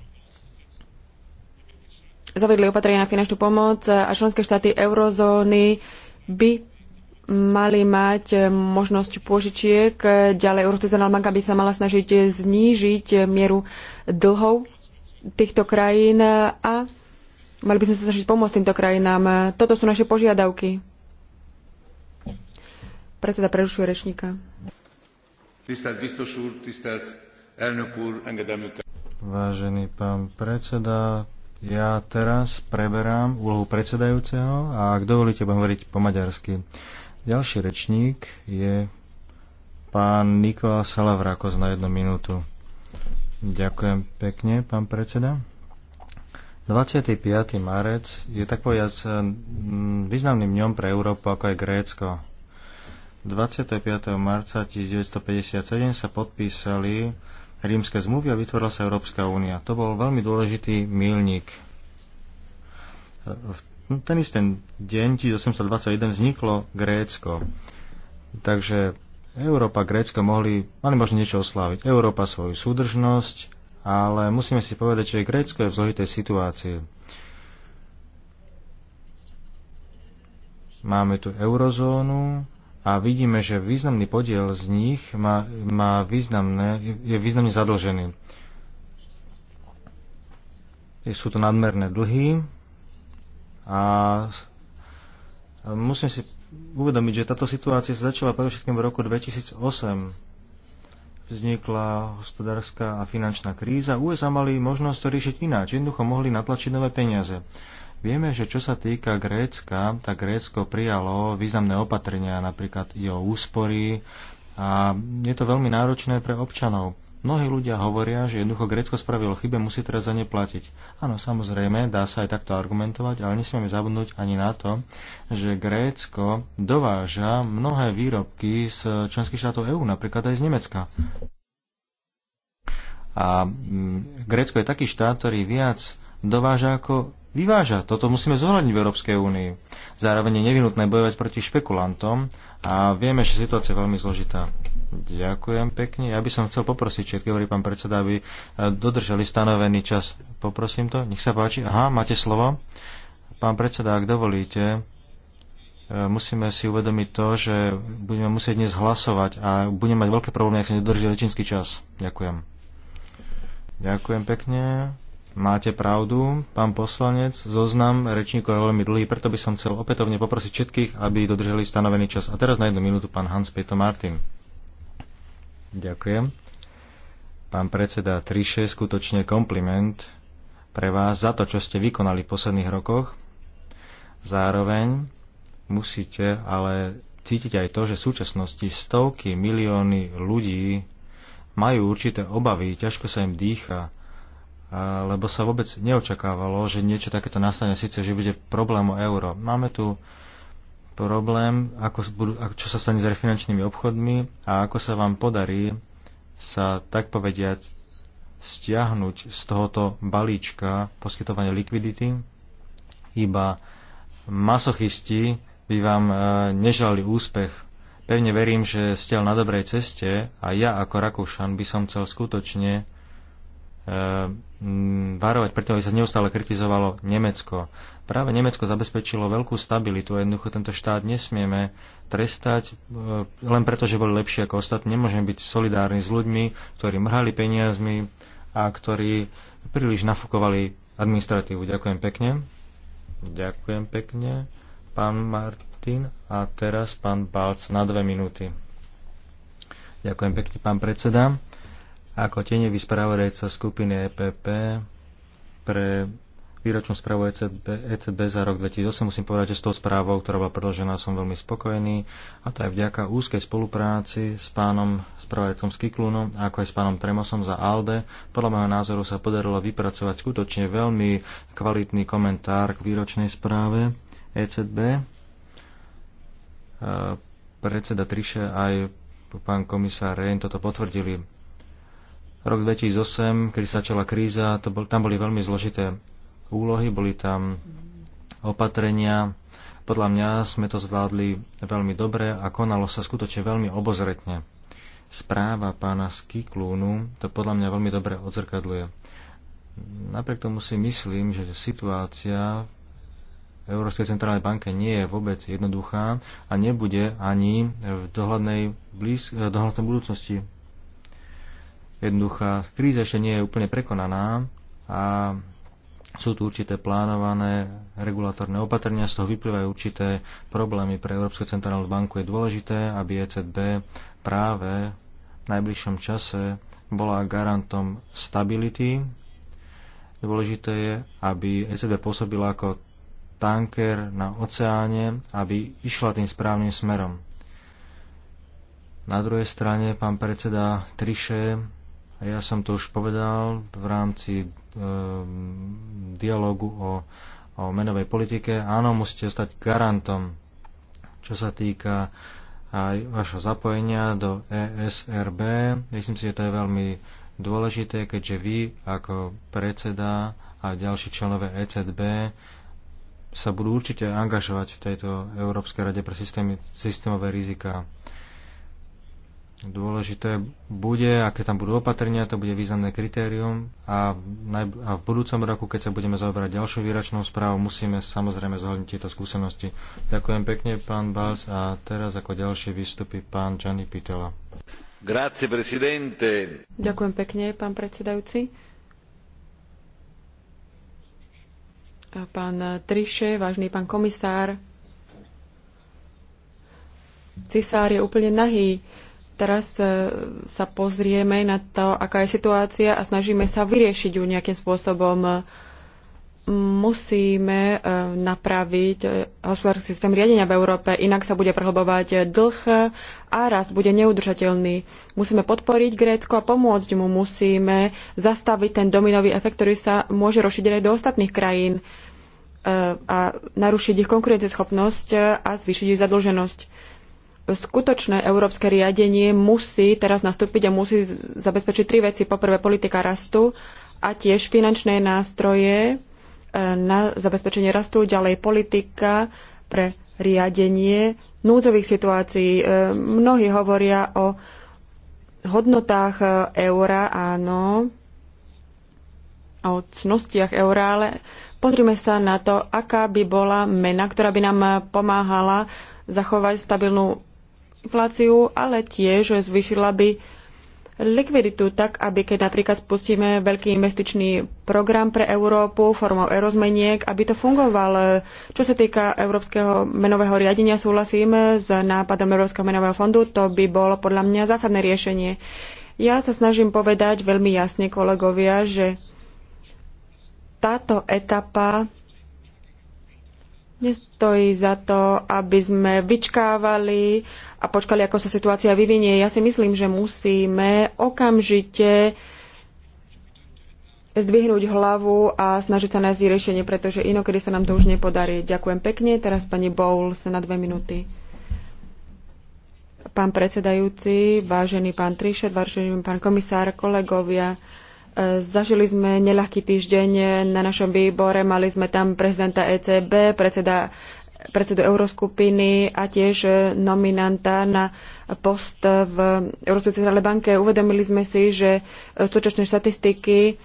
zavedli opatrenia na finančnú pomoc a členské štáty eurozóny by mali mať možnosť pôžičiek. Ďalej Európska centrálna banka by sa mala snažiť znížiť mieru dlhov týchto krajín a mali by sme sa snažiť pomôcť týmto krajinám. Toto sú naše požiadavky. Predseda prerušuje rečníka. Vážený pán predseda, ja teraz preberám úlohu predsedajúceho a ak dovolíte, budem hovoriť po maďarsky. Ďalší rečník je pán Nikola Salavrakos na jednu minútu. Ďakujem pekne, pán predseda. 25. marec je tak povedať eh, významným dňom pre Európu ako aj Grécko. 25. marca 1957 sa podpísali rímske zmluvy a vytvorila sa Európska únia. To bol veľmi dôležitý milník. V No, ten istý deň, 1821, vzniklo Grécko. Takže Európa, Grécko mohli, mali možno niečo osláviť. Európa svoju súdržnosť, ale musíme si povedať, že Grécko je v zložitej situácii. Máme tu eurozónu a vidíme, že významný podiel z nich má, má významné, je významne zadlžený. Sú to nadmerné dlhy, a musím si uvedomiť, že táto situácia sa začala predovšetkým v roku 2008. Vznikla hospodárska a finančná kríza. USA mali možnosť to riešiť ináč. Jednoducho mohli natlačiť nové peniaze. Vieme, že čo sa týka Grécka, tak Grécko prijalo významné opatrenia, napríklad jeho o úspory a je to veľmi náročné pre občanov. Mnohí ľudia hovoria, že jednoducho Grécko spravilo chybe, musí teraz za ne platiť. Áno, samozrejme, dá sa aj takto argumentovať, ale nesmieme zabudnúť ani na to, že Grécko dováža mnohé výrobky z členských štátov EÚ, napríklad aj z Nemecka. A mm, Grécko je taký štát, ktorý viac dováža ako vyváža. Toto musíme zohľadniť v Európskej únii. Zároveň je nevinutné bojovať proti špekulantom a vieme, že situácia je veľmi zložitá. Ďakujem pekne. Ja by som chcel poprosiť všetky, hovorí pán predseda, aby e, dodržali stanovený čas. Poprosím to. Nech sa páči. Aha, máte slovo. Pán predseda, ak dovolíte, e, musíme si uvedomiť to, že budeme musieť dnes hlasovať a budeme mať veľké problémy, ak sa nedodrží rečnícky čas. Ďakujem. Ďakujem pekne. Máte pravdu, pán poslanec. Zoznam rečníkov je veľmi dlhý, preto by som chcel opätovne poprosiť všetkých, aby dodržali stanovený čas. A teraz na jednu minútu pán Hans Peter Martin. Ďakujem. Pán predseda Triše, skutočne kompliment pre vás za to, čo ste vykonali v posledných rokoch. Zároveň musíte ale cítiť aj to, že v súčasnosti stovky milióny ľudí majú určité obavy, ťažko sa im dýcha, lebo sa vôbec neočakávalo, že niečo takéto nastane, síce, že bude problém o euro. Máme tu problém, ako čo sa stane s refinančnými obchodmi a ako sa vám podarí sa tak povediať stiahnuť z tohoto balíčka poskytovania likvidity. Iba masochisti by vám e, nežali úspech. Pevne verím, že ste na dobrej ceste a ja ako Rakúšan by som chcel skutočne Eh, varovať, preto aby sa neustále kritizovalo Nemecko. Práve Nemecko zabezpečilo veľkú stabilitu a jednoducho tento štát nesmieme trestať eh, len preto, že boli lepší ako ostatní. Nemôžeme byť solidárni s ľuďmi, ktorí mrhali peniazmi a ktorí príliš nafukovali administratívu. Ďakujem pekne. Ďakujem pekne, pán Martin. A teraz pán Balc na dve minúty. Ďakujem pekne, pán predseda. Ako tenevý spravodajca skupiny EPP pre výročnú správu ECB, ECB za rok 2008 musím povedať, že s tou správou, ktorá bola predložená, som veľmi spokojený a to aj vďaka úzkej spolupráci s pánom spravodajcom Skiklunom ako aj s pánom Tremosom za ALDE. Podľa môjho názoru sa podarilo vypracovať skutočne veľmi kvalitný komentár k výročnej správe ECB. E, predseda Triše aj pán komisár Rejn toto potvrdili Rok 2008, keď sa začala kríza, to bol, tam boli veľmi zložité úlohy, boli tam opatrenia. Podľa mňa sme to zvládli veľmi dobre a konalo sa skutočne veľmi obozretne. Správa pána Skiklúnu to podľa mňa veľmi dobre odzrkadluje. Napriek tomu si myslím, že situácia v Európskej centrálnej banke nie je vôbec jednoduchá a nebude ani v dohľadnej, blíz, eh, dohľadnej budúcnosti Jednoduchá kríza ešte nie je úplne prekonaná a sú tu určité plánované regulatórne opatrenia, z toho vyplývajú určité problémy pre Európsku centrálnu banku. Je dôležité, aby ECB práve v najbližšom čase bola garantom stability. Dôležité je, aby ECB pôsobila ako tanker na oceáne, aby išla tým správnym smerom. Na druhej strane pán predseda Triše ja som to už povedal v rámci e, dialogu o, o menovej politike. Áno, musíte stať garantom, čo sa týka aj vašho zapojenia do ESRB. Myslím si, že to je veľmi dôležité, keďže vy ako predseda a ďalší členové ECB sa budú určite angažovať v tejto Európskej rade pre systémy, systémové rizika. Dôležité bude, aké tam budú opatrenia, to bude významné kritérium a, naj, a v budúcom roku, keď sa budeme zaoberať ďalšou výračnou správou, musíme samozrejme zohľadniť tieto skúsenosti. Ďakujem pekne, pán Bals, a teraz ako ďalšie vystupí pán Gianni Pitela. Grazie, presidente. Ďakujem pekne, pán predsedajúci. A pán Triše, vážny pán komisár, Cisár je úplne nahý Teraz e, sa pozrieme na to, aká je situácia a snažíme sa vyriešiť ju nejakým spôsobom. Musíme e, napraviť e, hospodársky systém riadenia v Európe, inak sa bude prehlbovať dlh a rast bude neudržateľný. Musíme podporiť Grécko a pomôcť mu. Musíme zastaviť ten dominový efekt, ktorý sa môže rozšíriť aj do ostatných krajín a narušiť ich konkurencieschopnosť a zvýšiť ich zadlženosť skutočné európske riadenie musí teraz nastúpiť a musí zabezpečiť tri veci. Poprvé politika rastu a tiež finančné nástroje e, na zabezpečenie rastu, ďalej politika pre riadenie núdzových situácií. E, mnohí hovoria o hodnotách e, eura, áno, o cnostiach eura, ale pozrime sa na to, aká by bola mena, ktorá by nám pomáhala zachovať stabilnú infláciu, ale tiež zvyšila by likviditu tak, aby keď napríklad spustíme veľký investičný program pre Európu formou erozmeniek, aby to fungovalo. Čo sa týka európskeho menového riadenia, súhlasím s nápadom Európskeho menového fondu, to by bolo podľa mňa zásadné riešenie. Ja sa snažím povedať veľmi jasne kolegovia, že táto etapa Nestojí za to, aby sme vyčkávali a počkali, ako sa situácia vyvinie. Ja si myslím, že musíme okamžite zdvihnúť hlavu a snažiť sa nájsť riešenie, pretože inokedy sa nám to už nepodarí. Ďakujem pekne. Teraz pani Bowl sa na dve minúty. Pán predsedajúci, vážený pán Trišet, vážený pán komisár, kolegovia, Zažili sme neľahký týždeň na našom výbore, mali sme tam prezidenta ECB, predseda, predsedu Euroskupiny a tiež nominanta na post v Európskej centrálnej banke. Uvedomili sme si, že súčasné štatistiky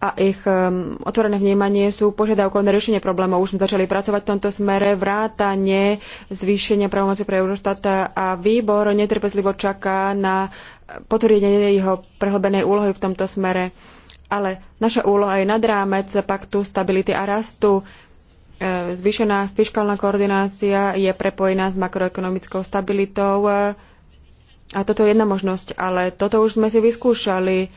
a ich um, otvorené vnímanie sú požiadavkou na riešenie problémov. Už sme začali pracovať v tomto smere, vrátanie zvýšenia pravomoci pre Eurostata a výbor netrpezlivo čaká na potvrdenie jeho prehlbenej úlohy v tomto smere. Ale naša úloha je nad rámec paktu stability a rastu. E, Zvýšená fiskálna koordinácia je prepojená s makroekonomickou stabilitou. E, a toto je jedna možnosť, ale toto už sme si vyskúšali. E,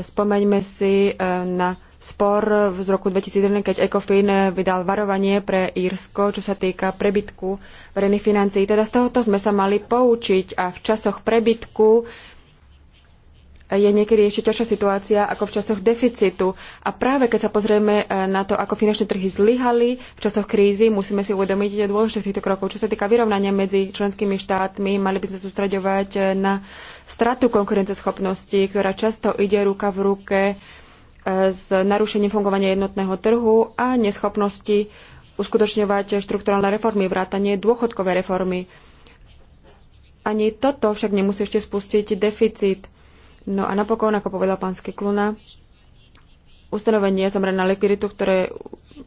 spomeňme si na spor z roku 2001, keď ECOFIN vydal varovanie pre Írsko, čo sa týka prebytku verejných financií. Teda z tohoto sme sa mali poučiť a v časoch prebytku je niekedy ešte ťažšia situácia ako v časoch deficitu. A práve keď sa pozrieme e, na to, ako finančné trhy zlyhali v časoch krízy, musíme si uvedomiť dôležitosť týchto krokov. Čo sa týka vyrovnania medzi členskými štátmi, mali by sme sústraďovať e, na stratu konkurenceschopnosti, ktorá často ide ruka v ruke e, s narušením fungovania jednotného trhu a neschopnosti uskutočňovať štrukturálne reformy, vrátanie dôchodkovej reformy. Ani toto však nemusí ešte spustiť deficit No a napokon, ako povedal pán Skikluna, ustanovenie zamerané na likviditu, ktoré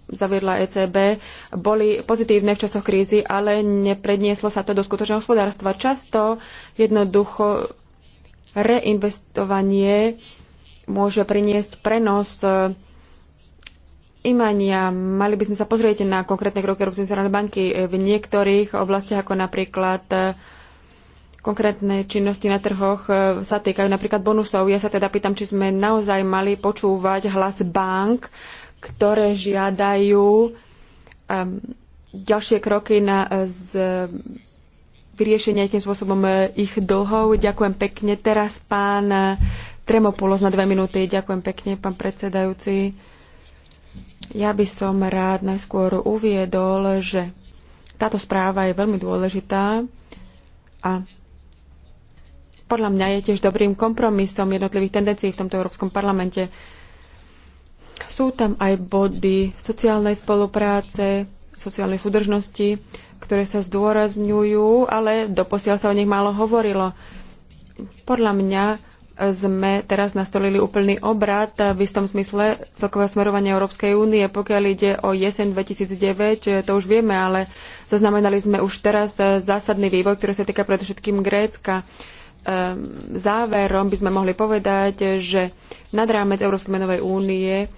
zaviedla ECB, boli pozitívne v časoch krízy, ale neprednieslo sa to do skutočného hospodárstva. Často jednoducho reinvestovanie môže priniesť prenos e, imania. Mali by sme sa pozrieť na konkrétne kroky Európskej centrálnej banky e, v niektorých oblastiach, ako napríklad e, konkrétne činnosti na trhoch e, sa týkajú napríklad bonusov. Ja sa teda pýtam, či sme naozaj mali počúvať hlas bank, ktoré žiadajú um, ďalšie kroky na e, z, vyriešenie nejakým spôsobom e, ich dlhov. Ďakujem pekne. Teraz pán Tremopulos na dve minúty. Ďakujem pekne, pán predsedajúci. Ja by som rád najskôr uviedol, že táto správa je veľmi dôležitá a podľa mňa je tiež dobrým kompromisom jednotlivých tendencií v tomto Európskom parlamente. Sú tam aj body sociálnej spolupráce, sociálnej súdržnosti, ktoré sa zdôrazňujú, ale doposiaľ sa o nich málo hovorilo. Podľa mňa sme teraz nastolili úplný obrad v istom smysle celkového smerovania Európskej únie. Pokiaľ ide o jeseň 2009, to už vieme, ale zaznamenali sme už teraz zásadný vývoj, ktorý sa týka predovšetkým Grécka. Ehm, záverom by sme mohli povedať, že nad rámec Európskej menovej únie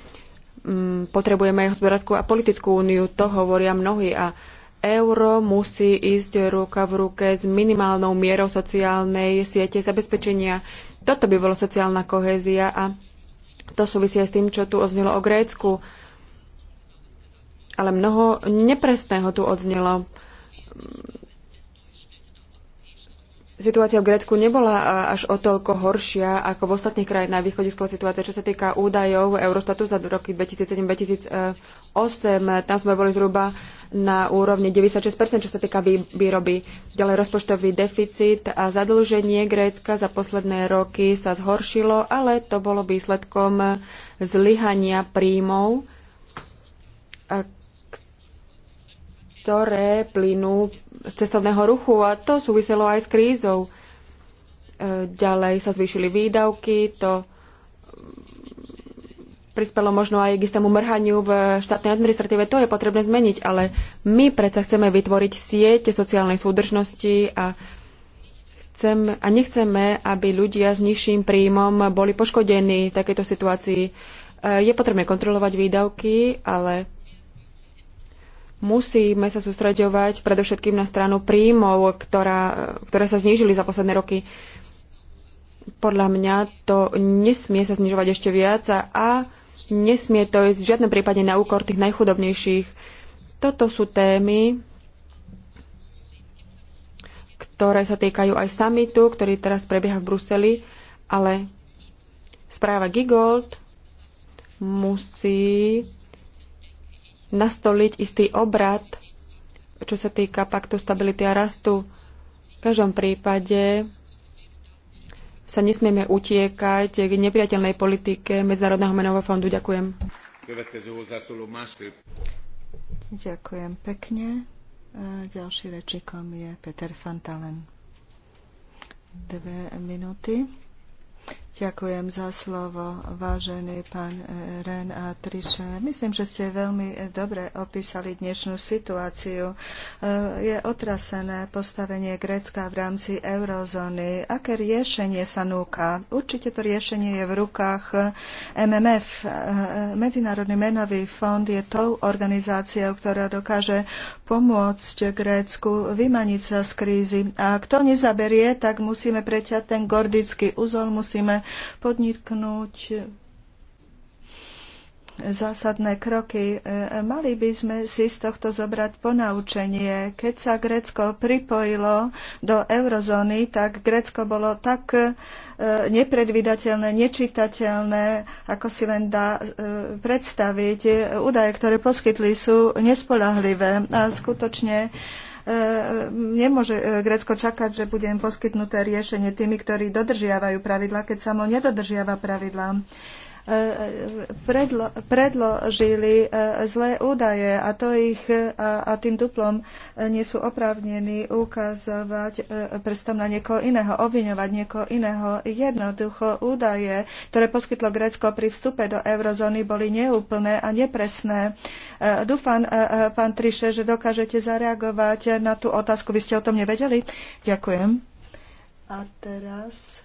mm, potrebujeme aj hospodárskú a politickú úniu, to hovoria mnohí a euro musí ísť ruka v ruke s minimálnou mierou sociálnej siete zabezpečenia. Toto by bola sociálna kohézia a to súvisí aj s tým, čo tu odznelo o Grécku. Ale mnoho nepresného tu odznelo. Situácia v Grécku nebola až o toľko horšia ako v ostatných krajinách východisková situácia. Čo sa týka údajov Eurostatu za roky 2007-2008, e, tam sme boli zhruba na úrovni 96%, čo sa týka výroby. Ďalej rozpočtový deficit a zadlženie Grécka za posledné roky sa zhoršilo, ale to bolo výsledkom zlyhania príjmov, ktoré plynú z cestovného ruchu a to súviselo aj s krízou. E, ďalej sa zvýšili výdavky, to prispelo možno aj k istému mrhaniu v štátnej administratíve. To je potrebné zmeniť, ale my predsa chceme vytvoriť siete sociálnej súdržnosti a, chcem, a nechceme, aby ľudia s nižším príjmom boli poškodení v takejto situácii. E, je potrebné kontrolovať výdavky, ale musíme sa sústreďovať predovšetkým na stranu príjmov, ktorá, ktoré sa znížili za posledné roky. Podľa mňa to nesmie sa znižovať ešte viac a, a nesmie to ísť v žiadnom prípade na úkor tých najchudobnejších. Toto sú témy, ktoré sa týkajú aj samitu, ktorý teraz prebieha v Bruseli, ale správa Gigold musí nastoliť istý obrad, čo sa týka paktu stability a rastu. V každom prípade sa nesmieme utiekať k nepriateľnej politike Medzinárodného menového fondu. Ďakujem. Ďakujem pekne. Ďalší rečikom je Peter Fantalen. Dve minúty. Ďakujem za slovo, vážený pán eh, Ren a Triše. Myslím, že ste veľmi eh, dobre opísali dnešnú situáciu. Eh, je otrasené postavenie Grécka v rámci eurozóny. Aké riešenie sa núka? Určite to riešenie je v rukách MMF. Medzinárodný menový fond je tou organizáciou, ktorá dokáže pomôcť Grécku vymaniť sa z krízy. A kto nezaberie, tak musíme preťať ten gordický úzol, musíme podniknúť zásadné kroky. E, mali by sme si z tohto zobrať ponaučenie. Keď sa Grécko pripojilo do eurozóny, tak Grécko bolo tak e, nepredvydateľné, nečitateľné, ako si len dá e, predstaviť. Údaje, ktoré poskytli, sú nespolahlivé a skutočne nemôže e, Grécko čakať, že bude im poskytnuté riešenie tými, ktorí dodržiavajú pravidla, keď samo nedodržiava pravidla predlo, predložili e, zlé údaje a, to ich, e, a, a tým duplom e, nie sú oprávnení ukazovať prstom na niekoho iného, obviňovať niekoho iného. Jednoducho údaje, ktoré poskytlo Grécko pri vstupe do eurozóny, boli neúplné a nepresné. Dúfam, pán Triše, že dokážete zareagovať na tú otázku. Vy ste o tom nevedeli? Ďakujem. A teraz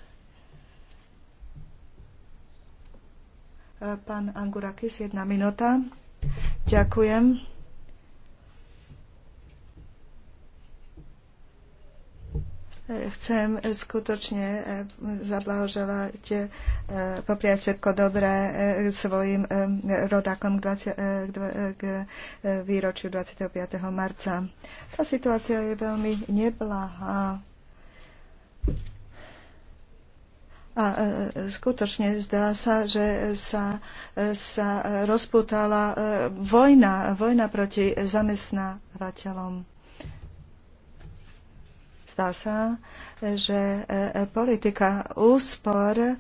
Pán Angurakis, jedna minúta. Ďakujem. Chcem skutočne eh, zablahoželať, eh, popriať všetko dobré eh, svojim rodákom k, 20, k výročiu 25. marca. Tá situácia je veľmi neblahá. A e, skutočne zdá sa, že sa, e, sa rozputala e, vojna, vojna proti zamestnávateľom. Zdá sa, že politika úspor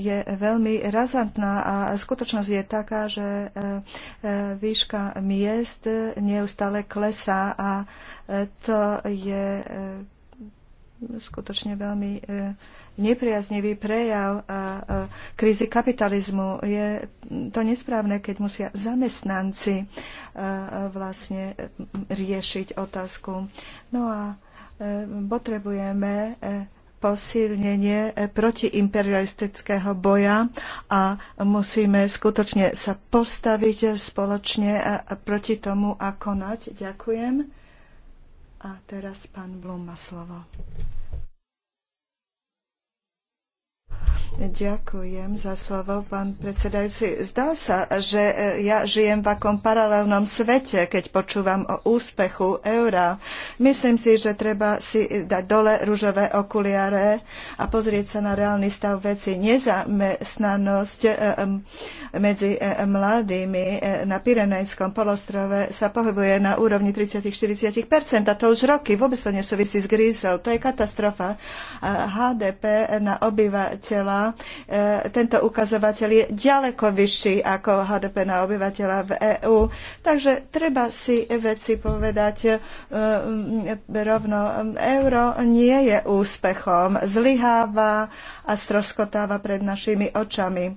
je veľmi razantná a skutočnosť je taká, že výška miest neustále klesá a to je skutočne veľmi e, nepriaznivý prejav a krízy kapitalizmu. Je to nesprávne, keď musia zamestnanci e, vlastne e, riešiť otázku. No a potrebujeme posilnenie protiimperialistického boja a musíme skutočne sa postaviť spoločne proti tomu a konať. Ďakujem. A teraz pán Blom má slovo. Ďakujem za slovo, pán predsedajúci. Zdá sa, že e, ja žijem v akom paralelnom svete, keď počúvam o úspechu eura. Myslím si, že treba si dať dole rúžové okuliare a pozrieť sa na reálny stav veci. Nezamestnanosť e, medzi e, mladými na Pirenejskom polostrove sa pohybuje na úrovni 30-40 a to už roky. Vôbec to nesúvisí s krízou. To je katastrofa. HDP na obyvateľ obyvateľa. E, tento ukazovateľ je ďaleko vyšší ako HDP na obyvateľa v EÚ. Takže treba si veci povedať e, rovno. Euro nie je úspechom. Zlyháva a stroskotáva pred našimi očami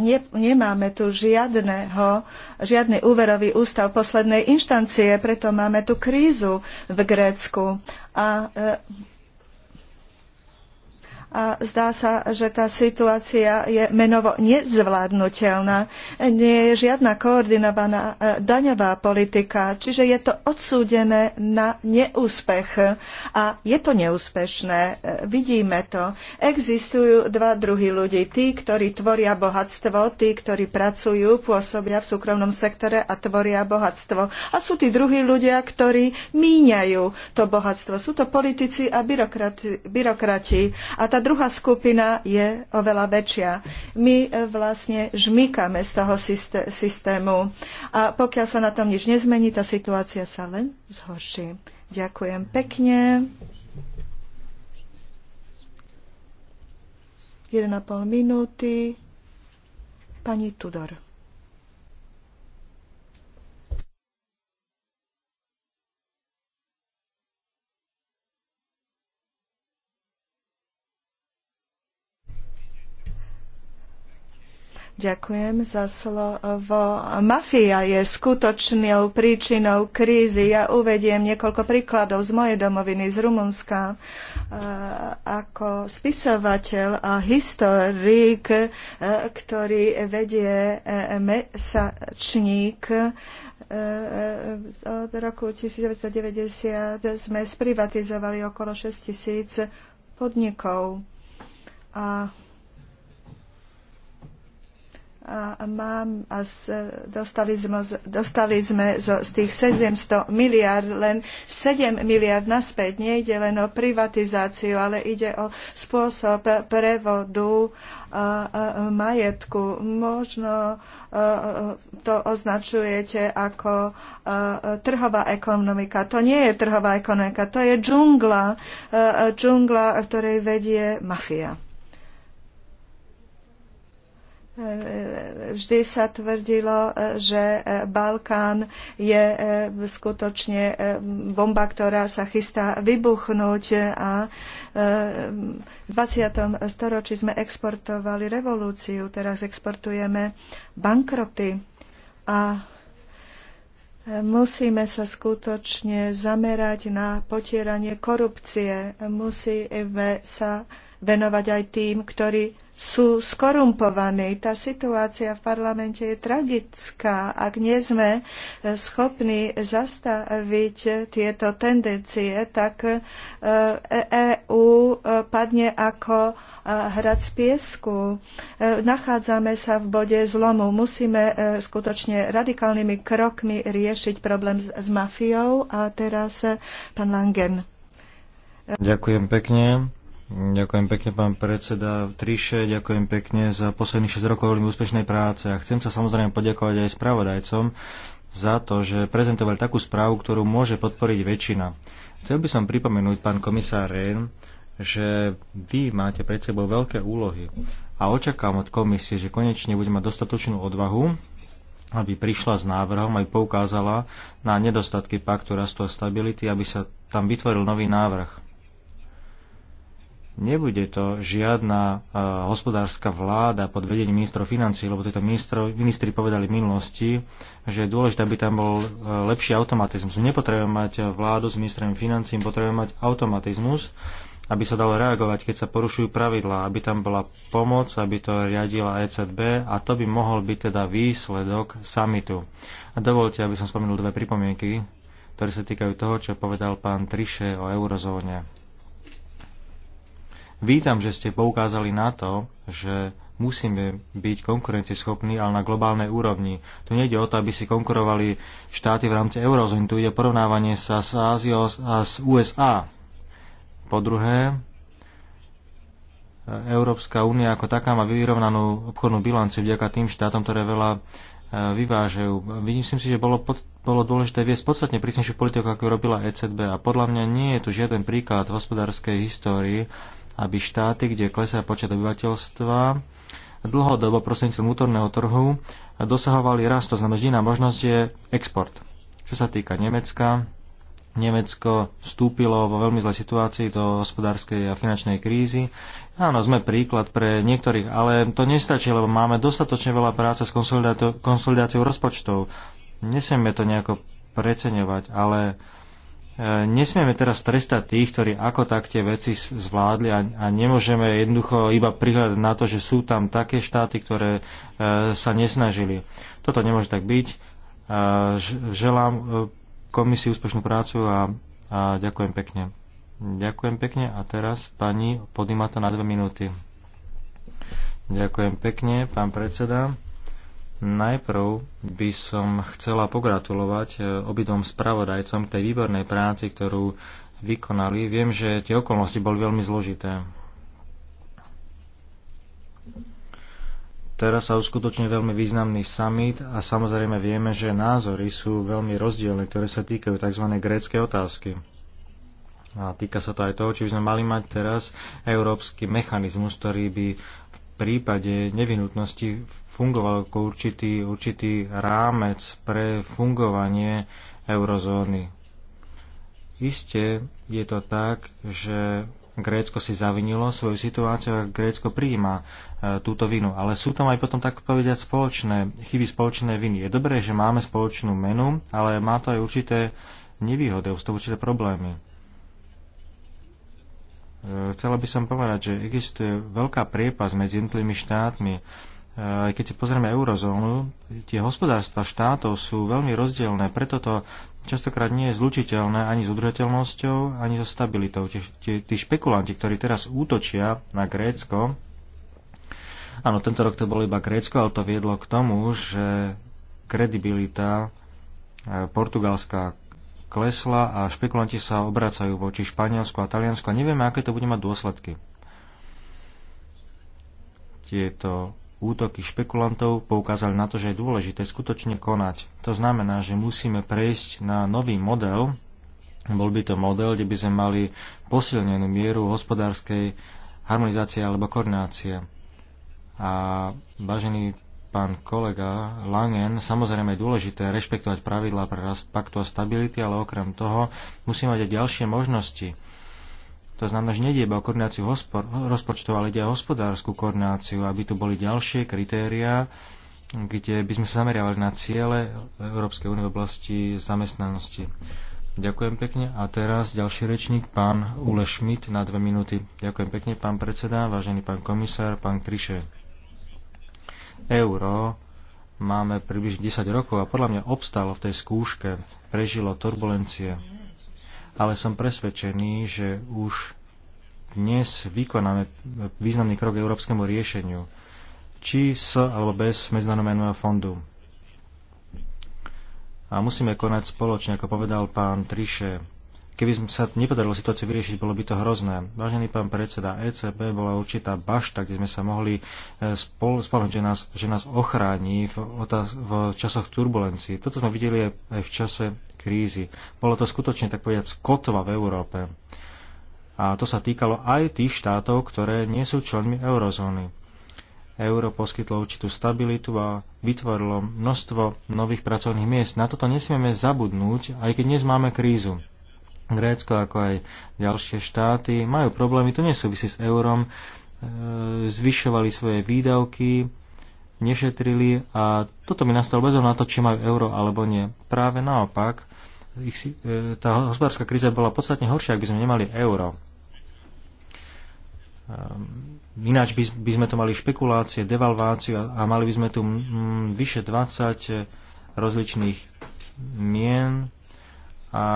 ne, nemáme tu žiadneho, žiadny úverový ústav poslednej inštancie, preto máme tu krízu v Grécku. A e, a zdá sa, že tá situácia je menovo nezvládnutelná. Nie je žiadna koordinovaná e, daňová politika, čiže je to odsúdené na neúspech. A je to neúspešné, e, vidíme to. Existujú dva druhy ľudí. Tí, ktorí tvoria bohatstvo, tí, ktorí pracujú, pôsobia v súkromnom sektore a tvoria bohatstvo. A sú tí druhí ľudia, ktorí míňajú to bohatstvo. Sú to politici a byrokrati. A tá druhá skupina je oveľa väčšia. My e, vlastne žmýkame z toho systému a pokiaľ sa na tom nič nezmení, tá situácia sa len zhorší. Ďakujem pekne. 1,5 minúty. Pani Tudor. Ďakujem za slovo. Mafia je skutočnou príčinou krízy. Ja uvediem niekoľko príkladov z mojej domoviny, z Rumunska. Ako spisovateľ a historik, e, ktorý vedie e, mesačník, e, od roku 1990 sme sprivatizovali okolo 6 tisíc podnikov. A a, mám, a s, dostali, sme, dostali sme z, z tých 700 miliard len 7 miliard naspäť. Nejde len o privatizáciu, ale ide o spôsob prevodu a, a, majetku. Možno a, to označujete ako a, trhová ekonomika. To nie je trhová ekonomika, to je džungla, a, džungla, v ktorej vedie mafia. Vždy sa tvrdilo, že Balkán je e, skutočne e, bomba, ktorá sa chystá vybuchnúť a e, v 20. storočí sme exportovali revolúciu, teraz exportujeme bankroty a Musíme sa skutočne zamerať na potieranie korupcie. Musíme sa venovať aj tým, ktorí sú skorumpovaní. Tá situácia v parlamente je tragická, ak nie sme eh, schopní zastaviť tieto tendencie, tak EÚ eh, eh, padne ako hrad z piesku. Nachádzame sa v bode zlomu. Musíme skutočne radikálnymi krokmi riešiť problém s mafiou. A teraz pán Langen. Ďakujem pekne. Ďakujem pekne, pán predseda Triše, ďakujem pekne za posledných 6 rokov veľmi úspešnej práce a chcem sa samozrejme poďakovať aj spravodajcom za to, že prezentovali takú správu, ktorú môže podporiť väčšina. Chcel by som pripomenúť, pán komisár Rehn, že vy máte pred sebou veľké úlohy a očakám od komisie, že konečne bude mať dostatočnú odvahu aby prišla s návrhom, aj poukázala na nedostatky paktu rastu a stability, aby sa tam vytvoril nový návrh. Nebude to žiadna uh, hospodárska vláda pod vedením ministrov financí, lebo tieto ministro, ministri povedali v minulosti, že je dôležité, aby tam bol uh, lepší automatizmus. Nepotrebujem mať vládu s ministrem financí, potrebujeme mať automatizmus, aby sa dalo reagovať, keď sa porušujú pravidlá, aby tam bola pomoc, aby to riadila ECB a to by mohol byť teda výsledok samitu. A dovolte, aby som spomenul dve pripomienky, ktoré sa týkajú toho, čo povedal pán Triše o eurozóne Vítam, že ste poukázali na to, že musíme byť konkurencieschopní, ale na globálnej úrovni. Tu nejde o to, aby si konkurovali štáty v rámci eurozóny. Tu ide porovnávanie sa s Áziou a s USA. Po druhé, Európska únia ako taká má vyrovnanú obchodnú bilanciu vďaka tým štátom, ktoré veľa e, vyvážajú. Myslím si, že bolo, pod, bolo dôležité viesť podstatne prísnejšiu politiku, ako robila ECB. A podľa mňa nie je tu žiaden príklad v hospodárskej histórii, aby štáty, kde klesá počet obyvateľstva, dlhodobo prostredníctvom útorného trhu dosahovali rast, to znamená, jediná možnosť je export. Čo sa týka Nemecka, Nemecko vstúpilo vo veľmi zlej situácii do hospodárskej a finančnej krízy. Áno, sme príklad pre niektorých, ale to nestačí, lebo máme dostatočne veľa práce s konsolidáciou rozpočtov. Nesieme to nejako preceňovať, ale Nesmieme teraz trestať tých, ktorí ako tak tie veci zvládli a, a nemôžeme jednoducho iba prihľadať na to, že sú tam také štáty, ktoré e, sa nesnažili. Toto nemôže tak byť. E, želám e, komisii úspešnú prácu a, a ďakujem pekne. Ďakujem pekne a teraz pani to na dve minúty. Ďakujem pekne, pán predseda. Najprv by som chcela pogratulovať e, obidvom spravodajcom k tej výbornej práci, ktorú vykonali. Viem, že tie okolnosti boli veľmi zložité. Teraz sa uskutočne veľmi významný summit a samozrejme vieme, že názory sú veľmi rozdielne, ktoré sa týkajú tzv. gréckej otázky. A týka sa to aj toho, či by sme mali mať teraz európsky mechanizmus, ktorý by prípade nevinutnosti fungoval ako určitý, určitý rámec pre fungovanie eurozóny. Isté je to tak, že Grécko si zavinilo svoju situáciu a Grécko prijíma e, túto vinu. Ale sú tam aj potom tak povedať spoločné, chyby spoločné viny. Je dobré, že máme spoločnú menu, ale má to aj určité nevýhody, to určité problémy. E, chcela by som povedať, že existuje veľká priepas medzi jednotlivými štátmi. E, aj keď si pozrieme eurozónu, tie hospodárstva štátov sú veľmi rozdielne, preto to častokrát nie je zlučiteľné ani s udržateľnosťou, ani so stabilitou. Tí, tí, tí špekulanti, ktorí teraz útočia na Grécko, áno, tento rok to bolo iba Grécko, ale to viedlo k tomu, že kredibilita e, portugalská klesla a špekulanti sa obracajú voči Španielsku a Taliansku a nevieme, aké to bude mať dôsledky. Tieto útoky špekulantov poukázali na to, že je dôležité skutočne konať. To znamená, že musíme prejsť na nový model. Bol by to model, kde by sme mali posilnenú mieru hospodárskej harmonizácie alebo koordinácie. A vážení pán kolega Langen, samozrejme je dôležité rešpektovať pravidlá pre rast paktu a stability, ale okrem toho musí mať aj ďalšie možnosti. To znamená, že nejde iba o koordináciu rozpočtov, ale ide aj o hospodárskú koordináciu, aby tu boli ďalšie kritériá, kde by sme sa zameriavali na ciele Európskej únie v oblasti zamestnanosti. Ďakujem pekne. A teraz ďalší rečník, pán Ule Schmidt na dve minúty. Ďakujem pekne, pán predseda, vážený pán komisár, pán Kriše euro máme približne 10 rokov a podľa mňa obstálo v tej skúške, prežilo turbulencie. Ale som presvedčený, že už dnes vykonáme významný krok k európskemu riešeniu, či s alebo bez Medzinárodného fondu. A musíme konať spoločne, ako povedal pán Triše. Keby sa nepodarilo situáciu vyriešiť, bolo by to hrozné. Vážený pán predseda, ECB bola určitá bašta, kde sme sa mohli e, spolnúť, že nás, že nás ochráni v, otáz, v časoch turbulencií. Toto sme videli aj, aj v čase krízy. Bolo to skutočne, tak povedať, kotva v Európe. A to sa týkalo aj tých štátov, ktoré nie sú členmi eurozóny. Euro poskytlo určitú stabilitu a vytvorilo množstvo nových pracovných miest. Na toto nesmieme zabudnúť, aj keď dnes máme krízu Grécko, ako aj ďalšie štáty, majú problémy, to nesúvisí s eurom, e, zvyšovali svoje výdavky, nešetrili a toto mi nastalo bez na to, či majú euro alebo nie. Práve naopak, ich, e, tá hospodárska kríza bola podstatne horšia, ak by sme nemali euro. Ehm, ináč by, by sme to mali špekulácie, devalváciu a, a mali by sme tu m, mm, vyše 20 e, rozličných mien a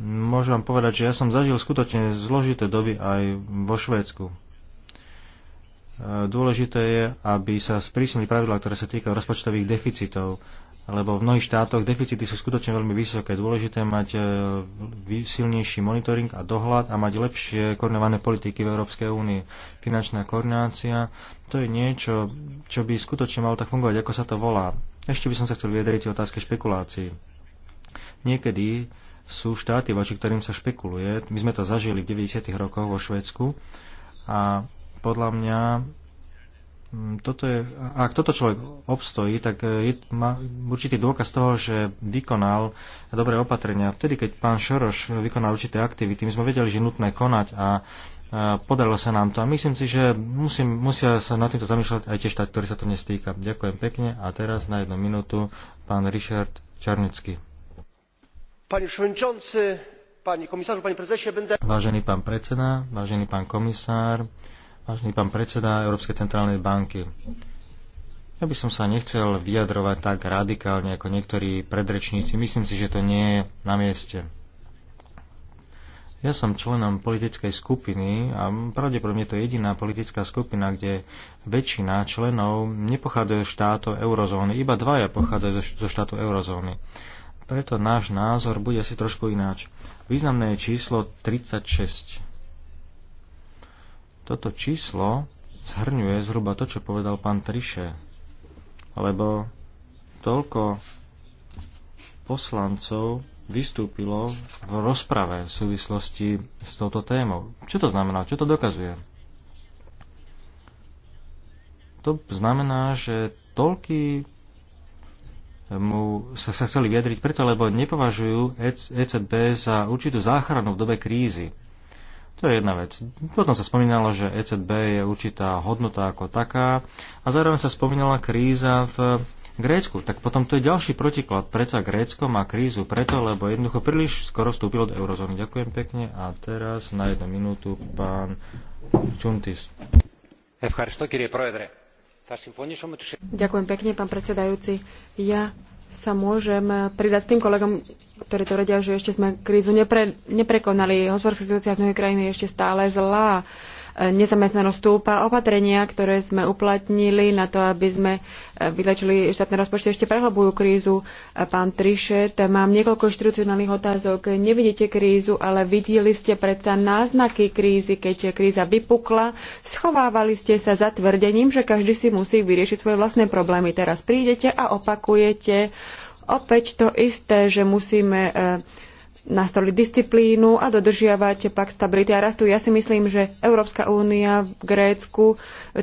môžem vám povedať, že ja som zažil skutočne zložité doby aj vo Švédsku. E, dôležité je, aby sa sprísnili pravidla, ktoré sa týkajú rozpočtových deficitov, lebo v mnohých štátoch deficity sú skutočne veľmi vysoké. Dôležité mať e, silnejší monitoring a dohľad a mať lepšie koordinované politiky v Európskej únii. Finančná koordinácia, to je niečo, čo by skutočne malo tak fungovať, ako sa to volá. Ešte by som sa chcel vyjadriť o otázke špekulácií. Niekedy sú štáty, voči ktorým sa špekuluje. My sme to zažili v 90. rokoch vo Švédsku a podľa mňa mm, toto je, ak toto človek obstojí, tak e, je, má určitý dôkaz toho, že vykonal dobré opatrenia. Vtedy, keď pán Šoroš vykonal určité aktivity, my sme vedeli, že je nutné konať a podarilo sa nám to a myslím si, že musím, musia sa nad týmto zamýšľať aj tie štáty, ktoré sa to nestýka. Ďakujem pekne a teraz na jednu minútu pán Richard Čarnický. Vážený pán predseda, vážený pán komisár, vážený pán predseda Európskej centrálnej banky. Ja by som sa nechcel vyjadrovať tak radikálne ako niektorí predrečníci. Myslím si, že to nie je na mieste. Ja som členom politickej skupiny a pravdepodobne to je jediná politická skupina, kde väčšina členov nepochádza zo štátov eurozóny. Iba dvaja pochádzajú zo štátov eurozóny. Preto náš názor bude asi trošku ináč. Významné je číslo 36. Toto číslo zhrňuje zhruba to, čo povedal pán Triše, lebo toľko poslancov vystúpilo v rozprave v súvislosti s touto témou. Čo to znamená? Čo to dokazuje? To znamená, že toľký mu sa, sa chceli vyjadriť preto, lebo nepovažujú ECB e za určitú záchranu v dobe krízy. To je jedna vec. Potom sa spomínalo, že ECB je určitá hodnota ako taká a zároveň sa spomínala kríza v Grécku. Tak potom to je ďalší protiklad. Prečo Grécko má krízu preto, lebo jednoducho príliš skoro vstúpilo do eurozóny. Ďakujem pekne a teraz na jednu minútu pán Čuntis. Evcharšto, je projedre. Ďakujem pekne, pán predsedajúci. Ja sa môžem pridať s tým kolegom, ktorí tvrdia, že ešte sme krízu nepre, neprekonali. Hospodárska situácia v mnohých krajiny je ešte stále zlá. Uh, nezamestnanosť stúpa. Opatrenia, ktoré sme uplatnili na to, aby sme e, vylečili štátne rozpočty, ešte prehlbujú krízu. Pán Trišet, mám niekoľko inštitucionálnych otázok. Nevidíte krízu, ale videli ste predsa náznaky krízy, keď kríza vypukla. Schovávali ste sa za tvrdením, že každý si musí vyriešiť svoje vlastné problémy. Teraz prídete a opakujete opäť to isté, že musíme e, nastoliť disciplínu a dodržiavať pak stability a rastu. Ja si myslím, že Európska únia v Grécku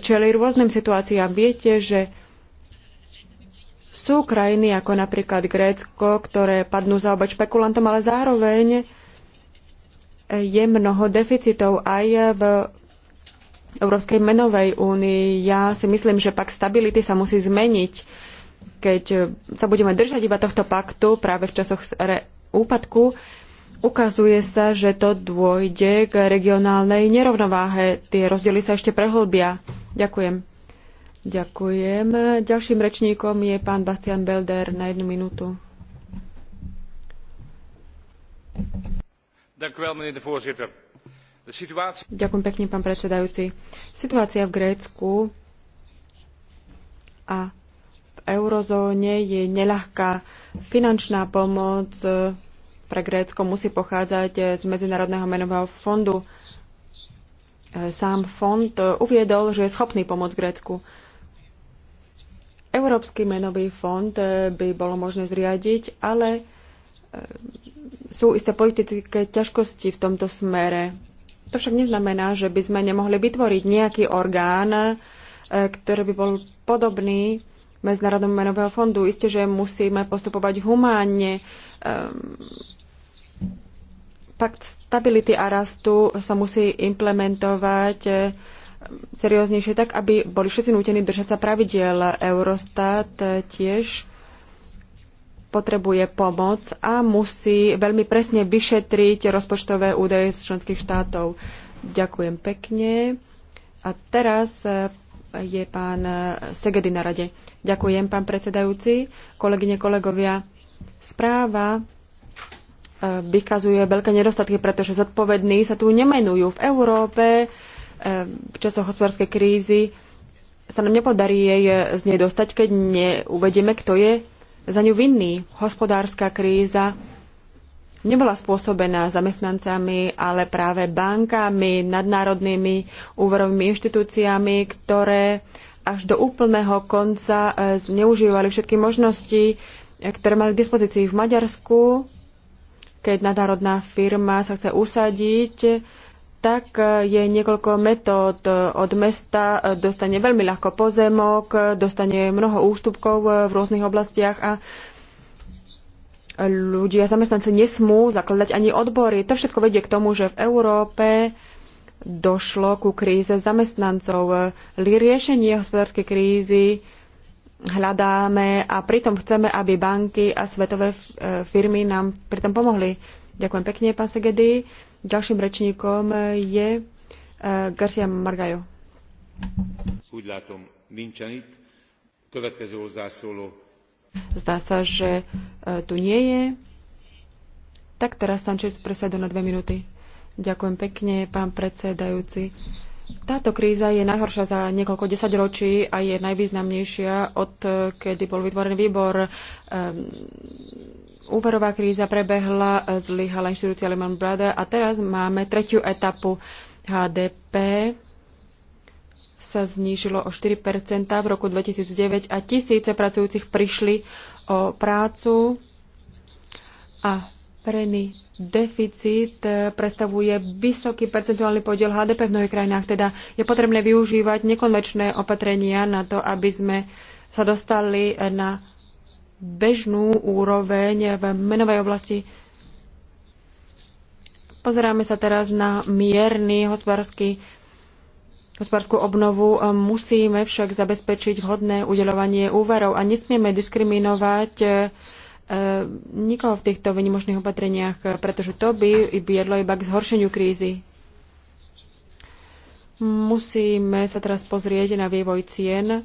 čeli rôznym situáciám. Viete, že sú krajiny ako napríklad Grécko, ktoré padnú za obať špekulantom, ale zároveň je mnoho deficitov aj v Európskej menovej únii. Ja si myslím, že pak stability sa musí zmeniť, keď sa budeme držať iba tohto paktu práve v časoch re úpadku, ukazuje sa, že to dôjde k regionálnej nerovnováhe. Tie rozdiely sa ešte prehlbia. Ďakujem. Ďakujem. Ďalším rečníkom je pán Bastian Belder na jednu minútu. Ďakujem pekne, pán predsedajúci. Situácia v Grécku a eurozóne je neľahká. Finančná pomoc e, pre Grécko musí pochádzať e, z Medzinárodného menového fondu. E, sám fond uviedol, že je schopný pomôcť Grécku. Európsky menový fond by bolo možné zriadiť, ale sú isté politické ťažkosti v tomto smere. To však neznamená, že by sme nemohli vytvoriť nejaký orgán, ktorý by bol podobný Medzinárodného menového fondu. Isté, že musíme postupovať humánne. Ehm, pakt stability a rastu sa musí implementovať ehm, serióznejšie tak, aby boli všetci nútení držať sa pravidiel. Eurostat e, tiež potrebuje pomoc a musí veľmi presne vyšetriť rozpočtové údaje z členských štátov. Ďakujem pekne. A teraz e, je pán Segedy na rade. Ďakujem, pán predsedajúci. Kolegyne, kolegovia, správa e, vykazuje veľké nedostatky, pretože zodpovední sa tu nemenujú. V Európe e, v časoch hospodárskej krízy sa nám nepodarí jej z nej dostať, keď neuvedieme, kto je za ňu vinný. Hospodárska kríza nebola spôsobená zamestnancami, ale práve bankami, nadnárodnými úverovými inštitúciami, ktoré až do úplného konca e, zneužívali všetky možnosti, e, ktoré mali k dispozícii v Maďarsku. Keď nadnárodná firma sa chce usadiť, tak e, je niekoľko metód od mesta, dostane veľmi ľahko pozemok, dostane mnoho ústupkov v rôznych oblastiach a ľudia, zamestnanci nesmú zakladať ani odbory. To všetko vedie k tomu, že v Európe došlo ku kríze zamestnancov. Riešenie hospodárskej krízy hľadáme a pritom chceme, aby banky a svetové e, firmy nám pritom pomohli. Ďakujem pekne, pán Segedy. Ďalším rečníkom je e, Garcia Margajo. Úgy látom, Következő hozzászóló Zdá sa, že e, tu nie je. Tak teraz Sanchez presedo na dve minúty. Ďakujem pekne, pán predsedajúci. Táto kríza je najhoršia za niekoľko desaťročí a je najvýznamnejšia od e, kedy bol vytvorený výbor. E, úverová kríza prebehla, zlyhala inštitúcia Lehman Brothers a teraz máme tretiu etapu HDP sa znížilo o 4 v roku 2009 a tisíce pracujúcich prišli o prácu a prený deficit e, predstavuje vysoký percentuálny podiel HDP v mnohých krajinách. Teda je potrebné využívať nekonvečné opatrenia na to, aby sme sa dostali na bežnú úroveň v menovej oblasti. Pozeráme sa teraz na mierny hospodársky hospodárskú obnovu, e, musíme však zabezpečiť hodné udeľovanie úverov a nesmieme diskriminovať e, e, nikoho v týchto vynimočných opatreniach, pretože to by viedlo iba k zhoršeniu krízy. Musíme sa teraz pozrieť na vývoj cien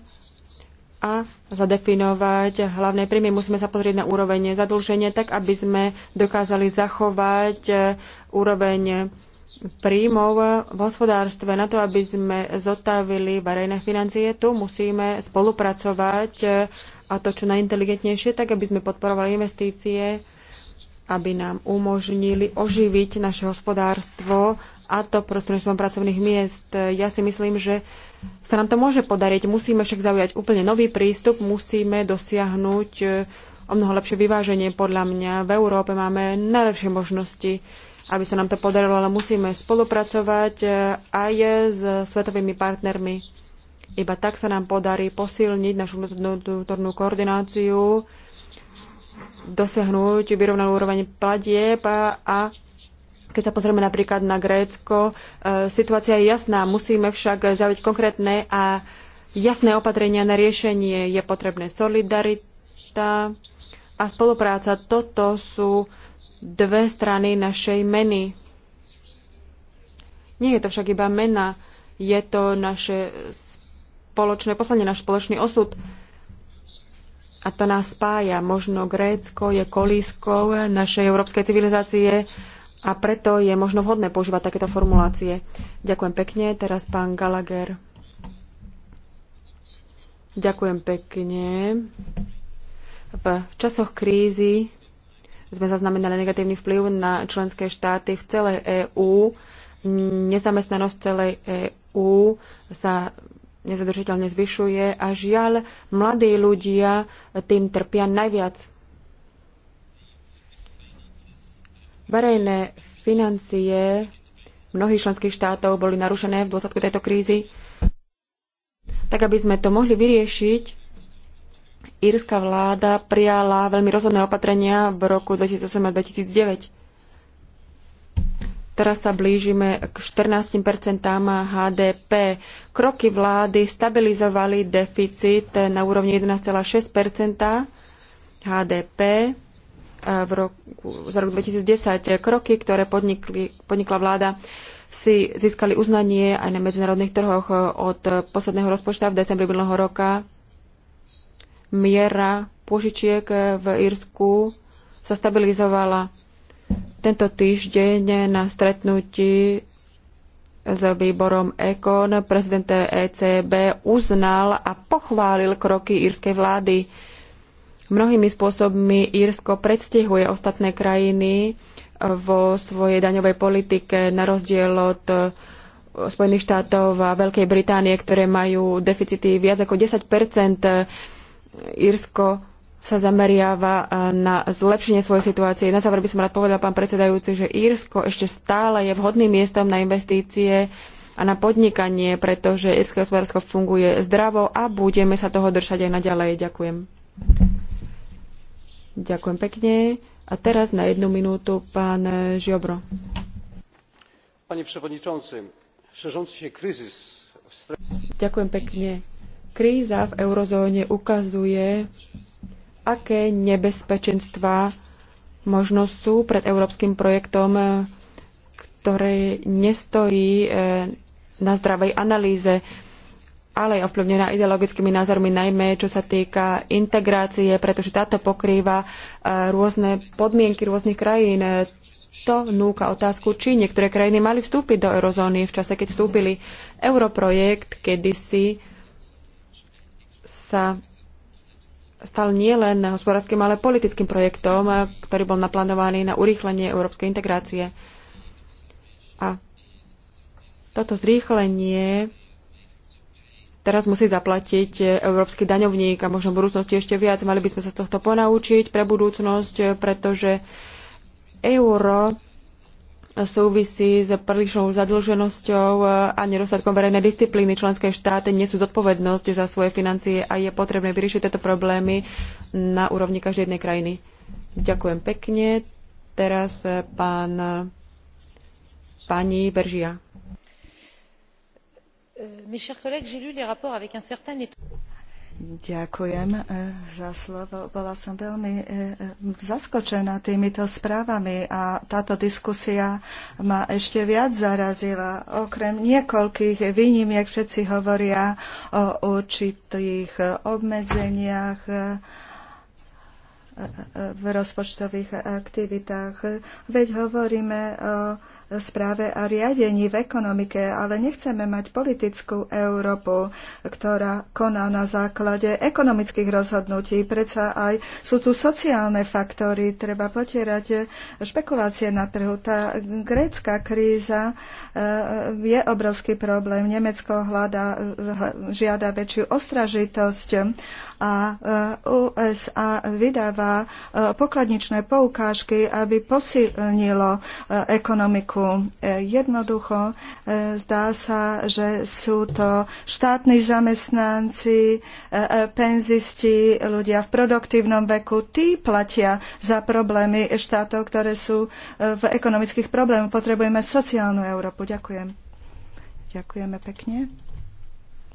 a zadefinovať hlavné príjmy. Musíme sa pozrieť na úroveň zadlženia, tak aby sme dokázali zachovať úroveň príjmov v hospodárstve. Na to, aby sme zotavili verejné financie, tu musíme spolupracovať a to čo najinteligentnejšie, tak aby sme podporovali investície, aby nám umožnili oživiť naše hospodárstvo a to prostredníctvom pracovných miest. Ja si myslím, že sa nám to môže podariť. Musíme však zaujať úplne nový prístup, musíme dosiahnuť eh, o mnoho lepšie vyváženie. Podľa mňa v Európe máme najlepšie možnosti aby sa nám to podarilo, ale musíme spolupracovať e, aj s svetovými partnermi. Iba tak sa nám podarí posilniť našu vnútornú koordináciu, dosiahnuť vyrovnanú úroveň platieb a keď sa pozrieme napríklad na Grécko, e, situácia je jasná. Musíme však zaujať konkrétne a jasné opatrenia na riešenie. Je potrebné solidarita a spolupráca. Toto sú dve strany našej meny. Nie je to však iba mena, je to naše spoločné poslanie, náš spoločný osud. A to nás spája. Možno Grécko je kolískou našej európskej civilizácie a preto je možno vhodné používať takéto formulácie. Ďakujem pekne. Teraz pán Gallagher. Ďakujem pekne. V časoch krízy sme zaznamenali negatívny vplyv na členské štáty v celej EÚ. Nezamestnanosť celej EÚ sa nezadržiteľne zvyšuje a žiaľ, mladí ľudia tým trpia najviac. Verejné financie mnohých členských štátov boli narušené v dôsledku tejto krízy. Tak, aby sme to mohli vyriešiť, Írska vláda prijala veľmi rozhodné opatrenia v roku 2008 a 2009. Teraz sa blížime k 14 HDP. Kroky vlády stabilizovali deficit na úrovni 11,6 HDP eh, v roku, za rok 2010. Kroky, ktoré podnikli, podnikla vláda, si získali uznanie aj na medzinárodných trhoch eh, od posledného rozpočta v decembri minulého roka miera požičiek v Írsku sa stabilizovala. Tento týždeň na stretnutí s výborom ECON prezident ECB uznal a pochválil kroky írskej vlády. Mnohými spôsobmi Írsko predstihuje ostatné krajiny vo svojej daňovej politike na rozdiel od Spojených štátov a Veľkej Británie, ktoré majú deficity viac ako 10 Írsko sa zameriava e, na zlepšenie svojej situácie. Na záver by som rád povedal, pán predsedajúci, že Írsko ešte stále je vhodným miestom na investície a na podnikanie, pretože írske hospodárstvo funguje zdravo a budeme sa toho držať aj naďalej. Ďakujem. Ďakujem pekne. A teraz na jednu minútu pán Žiobro. Panie przewodniczący, szerzący się kryzys w strefie... Ďakujem pekne Kríza v eurozóne ukazuje, aké nebezpečenstvá možno sú pred európskym projektom, ktoré nestojí e, na zdravej analýze, ale je ovplyvnená ideologickými názormi, najmä čo sa týka integrácie, pretože táto pokrýva e, rôzne podmienky rôznych krajín. To núka otázku, či niektoré krajiny mali vstúpiť do eurozóny v čase, keď vstúpili europrojekt kedysi sa stal nielen hospodárskym, ale politickým projektom, ktorý bol naplánovaný na urýchlenie európskej integrácie. A toto zrýchlenie teraz musí zaplatiť európsky daňovník a možno v budúcnosti ešte viac. Mali by sme sa z tohto ponaučiť pre budúcnosť, pretože euro súvisí s prílišnou zadlženosťou a nedostatkom verejnej disciplíny. Členské štáty nesú zodpovednosť za svoje financie a je potrebné vyriešiť tieto problémy na úrovni každej jednej krajiny. Ďakujem pekne. Teraz eh, pán pani Beržia. Eh, Ďakujem eh, za slovo. Bola som veľmi eh, zaskočená týmito správami a táto diskusia ma ešte viac zarazila. Okrem niekoľkých výnimiek všetci hovoria o určitých eh, obmedzeniach v rozpočtových aktivitách. Veď hovoríme o správe a riadení v ekonomike, ale nechceme mať politickú Európu, ktorá koná na základe ekonomických rozhodnutí. Predsa aj sú tu sociálne faktory, treba potierať špekulácie na trhu. Tá grécka kríza e, je obrovský problém. Nemecko hľada, žiada väčšiu ostražitosť a e, USA vydáva e, pokladničné poukážky, aby posilnilo e, ekonomiku. Jednoducho zdá sa, že sú to štátni zamestnanci, penzisti, ľudia v produktívnom veku, tí platia za problémy štátov, ktoré sú v ekonomických problémoch. Potrebujeme sociálnu Európu. Ďakujem. Ďakujeme pekne.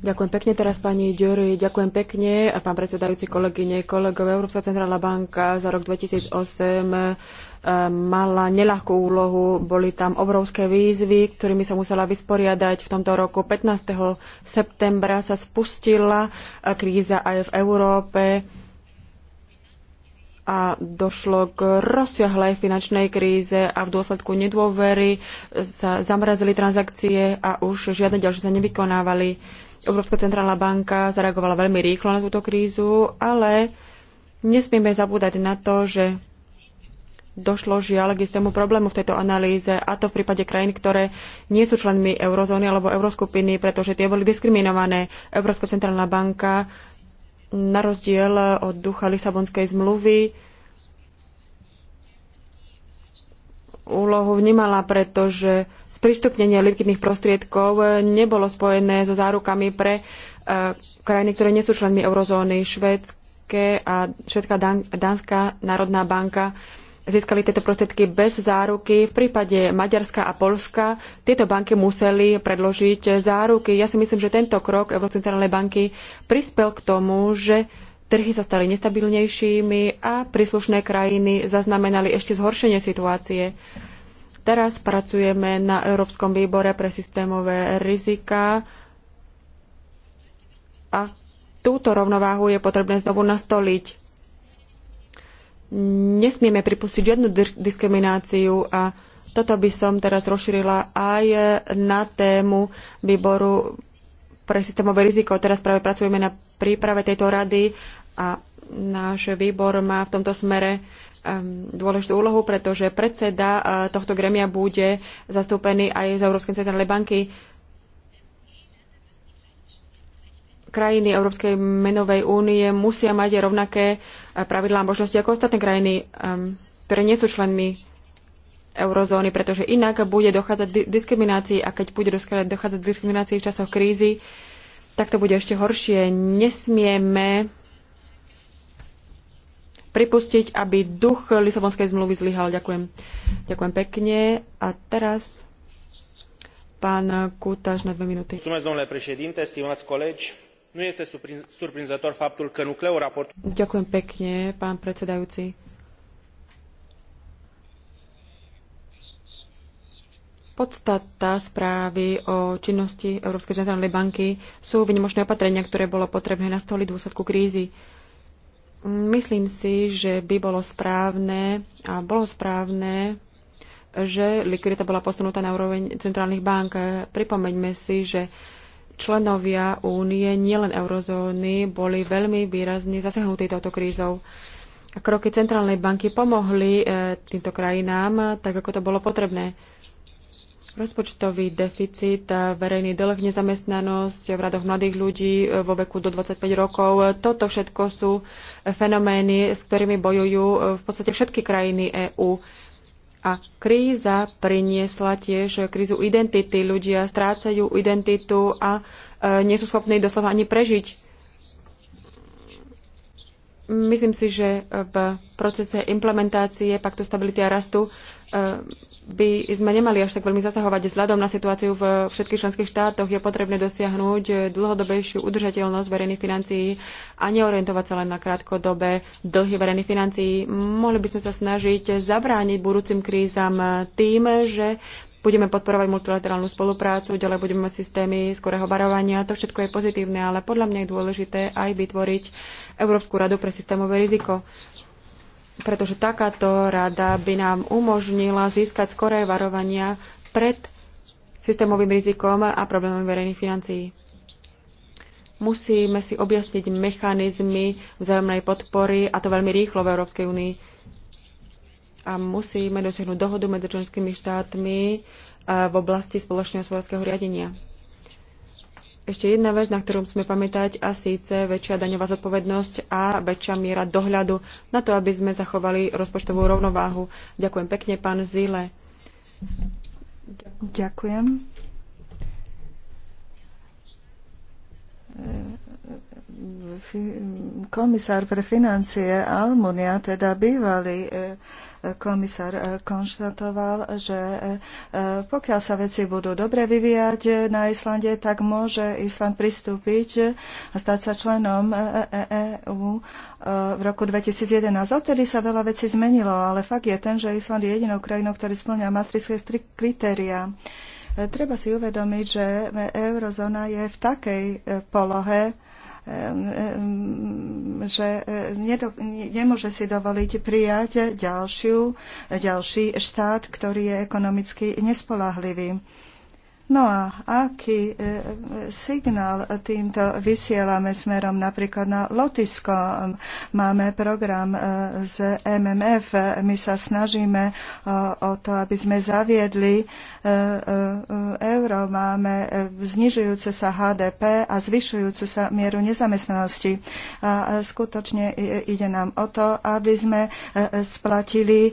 Ďakujem pekne teraz pani Ďury, ďakujem pekne a pán predsedajúci kolegyne, kolegové. Európska centrálna banka za rok 2008 eh, mala neľahkú úlohu, boli tam obrovské výzvy, ktorými sa musela vysporiadať. V tomto roku 15. septembra sa spustila eh, kríza aj v Európe a došlo k rozsiahlej finančnej kríze a v dôsledku nedôvery sa zamrazili transakcie a už žiadne ďalšie sa nevykonávali. Európska centrálna banka zareagovala veľmi rýchlo na túto krízu, ale nesmieme zabúdať na to, že došlo žiaľ k istému problému v tejto analýze, a to v prípade krajín, ktoré nie sú členmi eurozóny alebo euroskupiny, pretože tie boli diskriminované. Európska centrálna banka na rozdiel od ducha Lisabonskej zmluvy úlohu vnímala, pretože sprístupnenie likvidných prostriedkov nebolo spojené so zárukami pre e, krajiny, ktoré nie sú členmi eurozóny. Švédske a Švédska Dánska národná banka získali tieto prostriedky bez záruky. V prípade Maďarska a Polska tieto banky museli predložiť záruky. Ja si myslím, že tento krok Európskej centrálnej banky prispel k tomu, že trhy sa stali nestabilnejšími a príslušné krajiny zaznamenali ešte zhoršenie situácie. Teraz pracujeme na Európskom výbore pre systémové rizika a túto rovnováhu je potrebné znovu nastoliť nesmieme pripustiť žiadnu diskrimináciu a toto by som teraz rozšírila aj na tému výboru pre systémové riziko. Teraz práve pracujeme na príprave tejto rady a náš výbor má v tomto smere dôležitú úlohu, pretože predseda eh, tohto gremia bude zastúpený aj z Európskej centrálnej banky. krajiny Európskej menovej únie musia mať rovnaké e, pravidlá a možnosti ako ostatné krajiny, e, ktoré nie sú členmi eurozóny, pretože inak bude dochádzať diskriminácii a keď bude dochádzať diskriminácii v časoch krízy, tak to bude ešte horšie. Nesmieme pripustiť, aby duch Lisabonskej zmluvy zlyhal. Ďakujem. Ďakujem pekne. A teraz pán kutáš na dve minúty. Ďakujem, domnule Nu este surprinzător faptul că nucleul Ďakujem pekne, pán predsedajúci. Podstata správy o činnosti Európskej centrálnej banky sú vynimočné opatrenia, ktoré bolo potrebné nastoliť v dôsledku krízy. Myslím si, že by bolo správne a bolo správne, že likvidita bola posunutá na úroveň centrálnych bank. Pripomeňme si, že členovia únie, nielen eurozóny, boli veľmi výrazne zasiahnutí touto krízou. A kroky centrálnej banky pomohli e, týmto krajinám, tak ako to bolo potrebné. Rozpočtový deficit, e, verejný dlh, nezamestnanosť v radoch mladých ľudí e, vo veku do 25 rokov. Toto všetko sú fenomény, s ktorými bojujú v podstate všetky krajiny EÚ. A kríza priniesla tiež krízu identity. Ľudia strácajú identitu a e, nie sú schopní doslova ani prežiť. Myslím si, že v procese implementácie paktu stability a rastu e, by sme nemali až tak veľmi zasahovať. Vzhľadom na situáciu v všetkých členských štátoch je potrebné dosiahnuť dlhodobejšiu udržateľnosť verejných financií a neorientovať sa len na krátkodobé dlhy verejných financií. Mohli by sme sa snažiť zabrániť budúcim krízam tým, že budeme podporovať multilaterálnu spoluprácu, ďalej budeme mať systémy skorého varovania. To všetko je pozitívne, ale podľa mňa je dôležité aj vytvoriť Európsku radu pre systémové riziko. Pretože takáto rada by nám umožnila získať skoré varovania pred systémovým rizikom a problémom verejných financií. Musíme si objasniť mechanizmy vzájomnej podpory a to veľmi rýchlo v Európskej únii a musíme dosiahnuť dohodu medzi členskými štátmi eh, v oblasti spoločného hospodárskeho riadenia. Ešte jedna vec, na ktorú musíme pamätať, a síce väčšia daňová zodpovednosť a väčšia miera dohľadu na to, aby sme zachovali rozpočtovú rovnováhu. Ďakujem pekne, pán Zile. Ďakujem. Eh, komisár pre financie Almunia, teda bývalý eh, komisár eh, konštatoval, že eh, pokiaľ sa veci budú dobre vyvíjať eh, na Islande, tak môže Island pristúpiť a stať sa členom EÚ v roku 2011. Odtedy sa veľa vecí zmenilo, ale fakt je ten, že Island je jedinou krajinou, ktorá splňa maastrichtské kritéria. Treba si uvedomiť, že eurozóna je v takej polohe, že e, nedo, nemôže si dovoliť prijať ďalšiu, ďalší štát, ktorý je ekonomicky nespolahlivý. No a aký e, e, signál týmto vysielame smerom napríklad na Lotisko? Máme program e, z MMF. My sa snažíme o to, aby sme zaviedli euro. Máme znižujúce sa HDP a zvyšujúcu sa mieru nezamestnanosti. A skutočne ide nám o to, aby sme splatili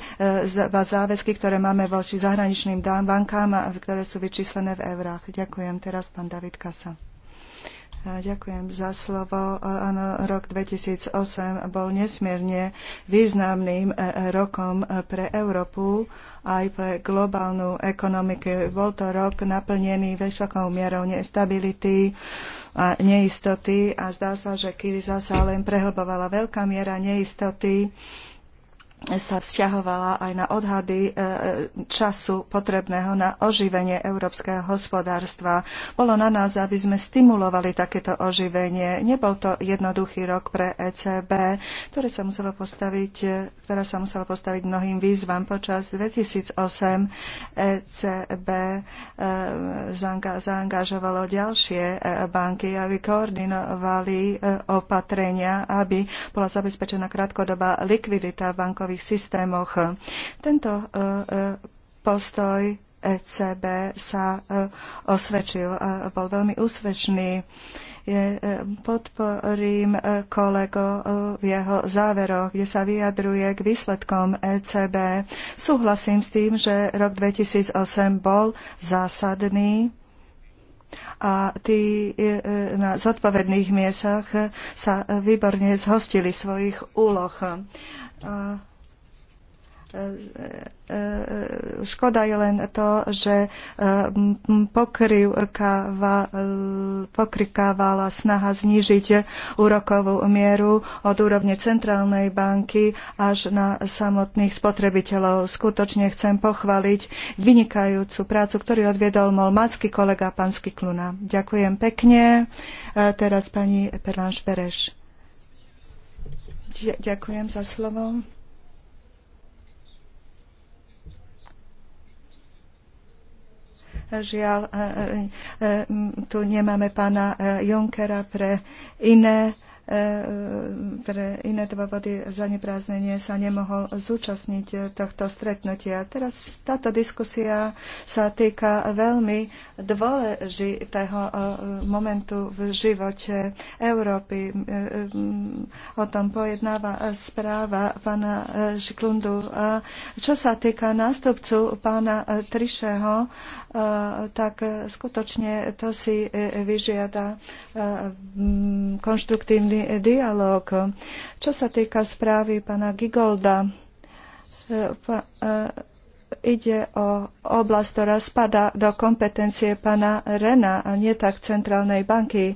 záväzky, ktoré máme voči zahraničným bankám, ktoré sú vyčíslené v eurách. Ďakujem teraz pán David Kasa. Ďakujem za slovo. Áno, rok 2008 bol nesmierne významným e, e, rokom pre Európu aj pre globálnu ekonomiku. Bol to rok naplnený vysokou mierou nestability a neistoty a zdá sa, že kríza sa len prehlbovala. Veľká miera neistoty sa vzťahovala aj na odhady e, času potrebného na oživenie európskeho hospodárstva. Bolo na nás, aby sme stimulovali takéto oživenie. Nebol to jednoduchý rok pre ECB, ktoré sa muselo postaviť, e, ktorá sa musela postaviť mnohým výzvam. Počas 2008 ECB e, zaangažovalo ďalšie banky, aby koordinovali opatrenia, aby bola zabezpečená krátkodobá likvidita bankov bankových systémoch. Tento e, e, postoj ECB sa e, osvedčil a bol veľmi úspešný. Podporím kolego v jeho záveroch, kde sa vyjadruje k výsledkom ECB. Súhlasím s tým, že rok 2008 bol zásadný a tí na zodpovedných miestach sa výborne zhostili svojich úloh škoda je len to, že pokrykávala snaha znížiť úrokovú mieru od úrovne centrálnej banky až na samotných spotrebiteľov. Skutočne chcem pochváliť vynikajúcu prácu, ktorú odviedol môj macký kolega pán Skikluna. Ďakujem pekne. Teraz pani Perlán Špereš. Ďakujem za slovo. Žiaľ, e, e, tu nemáme pána e, Junkera pre iné pre iné dôvody zanepráznenie sa nemohol zúčastniť tohto stretnutia. Teraz táto diskusia sa týka veľmi dôležitého momentu v živote Európy. O tom pojednáva správa pána Šiklundu. Čo sa týka nástupcu pána Trišeho, tak skutočne to si e, vyžiada e, konštruktívny dialog. Čo sa týka správy pána Gigolda, e, Ide o oblasť, ktorá spada do kompetencie pána Rena a nie tak centrálnej banky. E,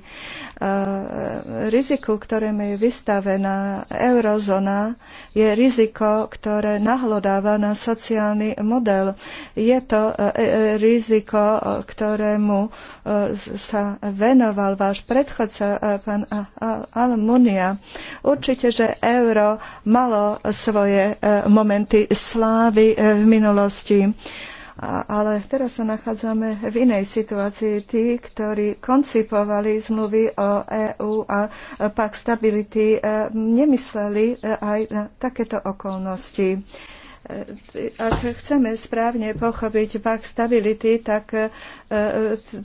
riziku, ktorému je vystavená eurozóna, je riziko, ktoré nahlodáva na sociálny model. Je to e, e, riziko, ktorému sa venoval váš predchodca, pán Almunia. Určite, že euro malo svoje momenty slávy v minulosti starosti. A, ale teraz sa nachádzame v inej situácii. Tí, ktorí koncipovali zmluvy o EÚ a Pact Stability, e, nemysleli e, aj na takéto okolnosti. E, ak chceme správne pochopiť pak stability, tak e,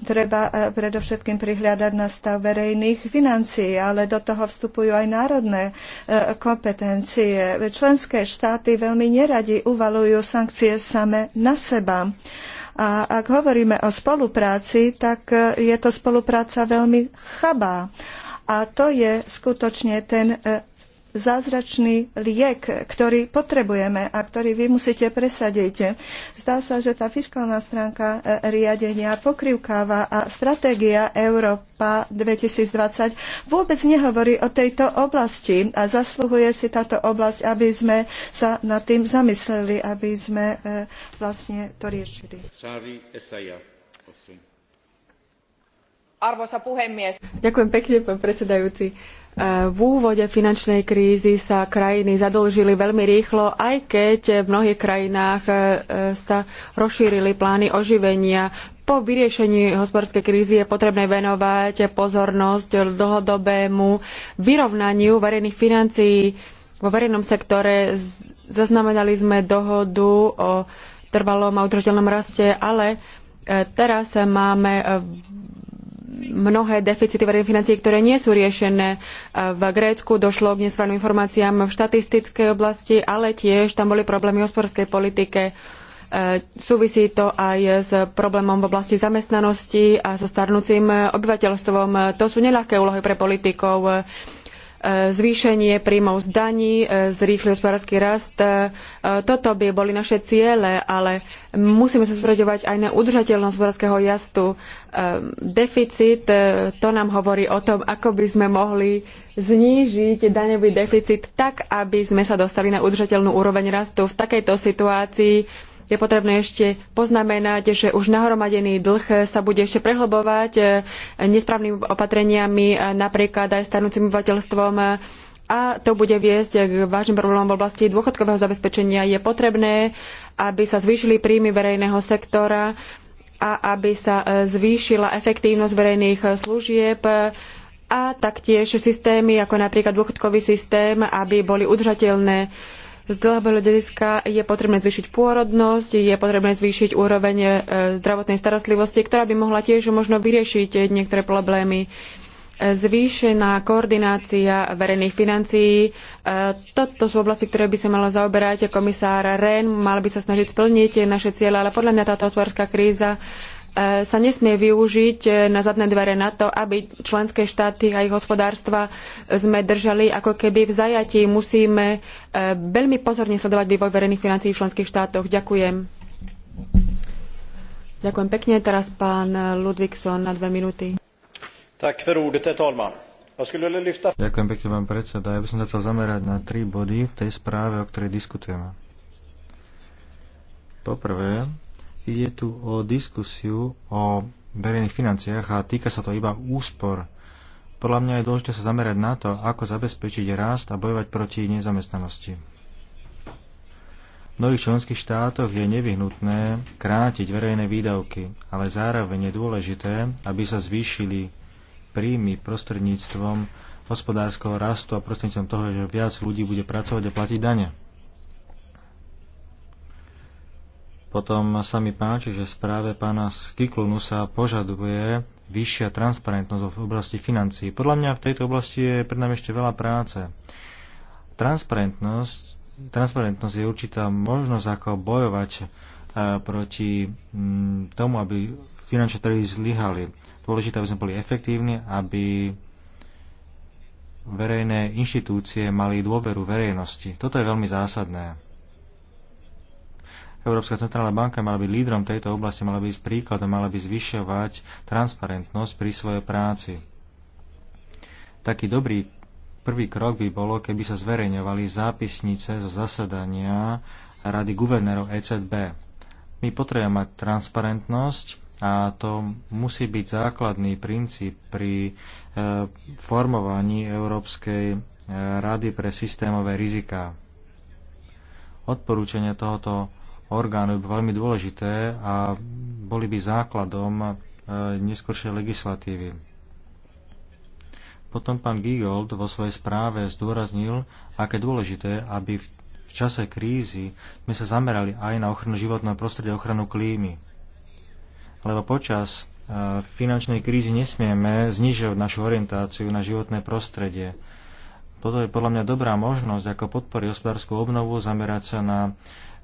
treba e, predovšetkým prihľadať na stav verejných financií, ale do toho vstupujú aj národné kompetencie. Členské štáty veľmi neradi uvalujú sankcie same na seba. A ak hovoríme o spolupráci, tak je to spolupráca veľmi chabá. A to je skutočne ten zázračný liek, ktorý potrebujeme a ktorý vy musíte presadiť. Zdá sa, že tá fiskálna stránka e, riadenia pokrývkáva a stratégia Európa 2020 vôbec nehovorí o tejto oblasti a zasluhuje si táto oblasť, aby sme sa nad tým zamysleli, aby sme e, vlastne to riešili. Arvoisa puhemies. Ďakujem pekne, pán predsedajúci. E, v úvode finančnej krízy sa krajiny zadlžili veľmi rýchlo, aj keď v mnohých krajinách e, e, sa rozšírili plány oživenia. Po vyriešení hospodárskej krízy je potrebné venovať pozornosť dlhodobému vyrovnaniu verejných financií. Vo verejnom sektore zaznamenali sme dohodu o trvalom a udržateľnom raste, ale teraz máme mnohé deficity verejných financií, ktoré nie sú riešené. V Grécku došlo k nesprávnym informáciám v štatistickej oblasti, ale tiež tam boli problémy v hospodárskej politike. E, súvisí to aj s problémom v oblasti zamestnanosti a so starnúcim obyvateľstvom. To sú neľahké úlohy pre politikov zvýšenie príjmov z daní, e, zrýchly hospodársky rast. E, toto by boli naše ciele, ale musíme sa sústredovať aj na udržateľnosť hospodárskeho jastu. E, deficit, to nám hovorí o tom, ako by sme mohli znížiť daňový deficit tak, aby sme sa dostali na udržateľnú úroveň rastu. V takejto situácii je potrebné ešte poznamenať, že už nahromadený dlh sa bude ešte prehlbovať eh, nesprávnymi opatreniami, eh, napríklad aj starnúcim obyvateľstvom a to bude viesť k vážnym problémom v oblasti dôchodkového zabezpečenia. Je potrebné, aby sa zvýšili príjmy verejného sektora a aby sa eh, zvýšila efektívnosť verejných služieb a taktiež systémy, ako napríklad dôchodkový systém, aby boli udržateľné z dlhodobého hľadiska je potrebné zvýšiť pôrodnosť, je potrebné zvýšiť úroveň e, zdravotnej starostlivosti, ktorá by mohla tiež možno vyriešiť niektoré problémy. E, zvýšená koordinácia verejných financií. E, toto sú oblasti, ktoré by sa mala zaoberať komisár Rehn. Mal by sa snažiť splniť naše ciele, ale podľa mňa táto hospodárska kríza E, sa nesmie využiť e, na zadné dvere na to, aby členské štáty a ich hospodárstva sme držali ako keby v zajatí. Musíme e, veľmi pozorne sledovať vývoj verejných financií v členských štátoch. Ďakujem. Ďakujem pekne. Teraz pán Ludvíkson na dve minúty. Ďakujem pekne, pán predseda. Ja by som sa chcel zamerať na tri body v tej správe, o ktorej diskutujeme. Poprvé, Ide tu o diskusiu o verejných financiách a týka sa to iba úspor. Podľa mňa je dôležité sa zamerať na to, ako zabezpečiť rast a bojovať proti nezamestnanosti. V mnohých členských štátoch je nevyhnutné krátiť verejné výdavky, ale zároveň je dôležité, aby sa zvýšili príjmy prostredníctvom hospodárskeho rastu a prostredníctvom toho, že viac ľudí bude pracovať a platiť dane. Potom sa mi páči, že správe pána Skiklunu sa požaduje vyššia transparentnosť v oblasti financií. Podľa mňa v tejto oblasti je pred nami ešte veľa práce. Transparentnosť, transparentnosť je určitá možnosť, ako bojovať e, proti mm, tomu, aby finančné trhy zlyhali. Dôležité, aby sme boli efektívni, aby verejné inštitúcie mali dôveru verejnosti. Toto je veľmi zásadné. Európska centrálna banka mala byť lídrom tejto oblasti, mala by príkladom, mala by zvyšovať transparentnosť pri svojej práci. Taký dobrý prvý krok by bolo, keby sa zverejňovali zápisnice zo zasadania Rady guvernérov ECB. My potrebujeme mať transparentnosť a to musí byť základný princíp pri e, formovaní Európskej e, rady pre systémové riziká. Odporúčania tohoto orgánu veľmi dôležité a boli by základom e, neskoršej legislatívy. Potom pán Giegold vo svojej správe zdôraznil, aké dôležité, aby v, čase krízy sme sa zamerali aj na ochranu životného prostredia, ochranu klímy. Lebo počas e, finančnej krízy nesmieme znižovať našu orientáciu na životné prostredie. Toto je podľa mňa dobrá možnosť, ako podporiť hospodárskú obnovu, zamerať sa na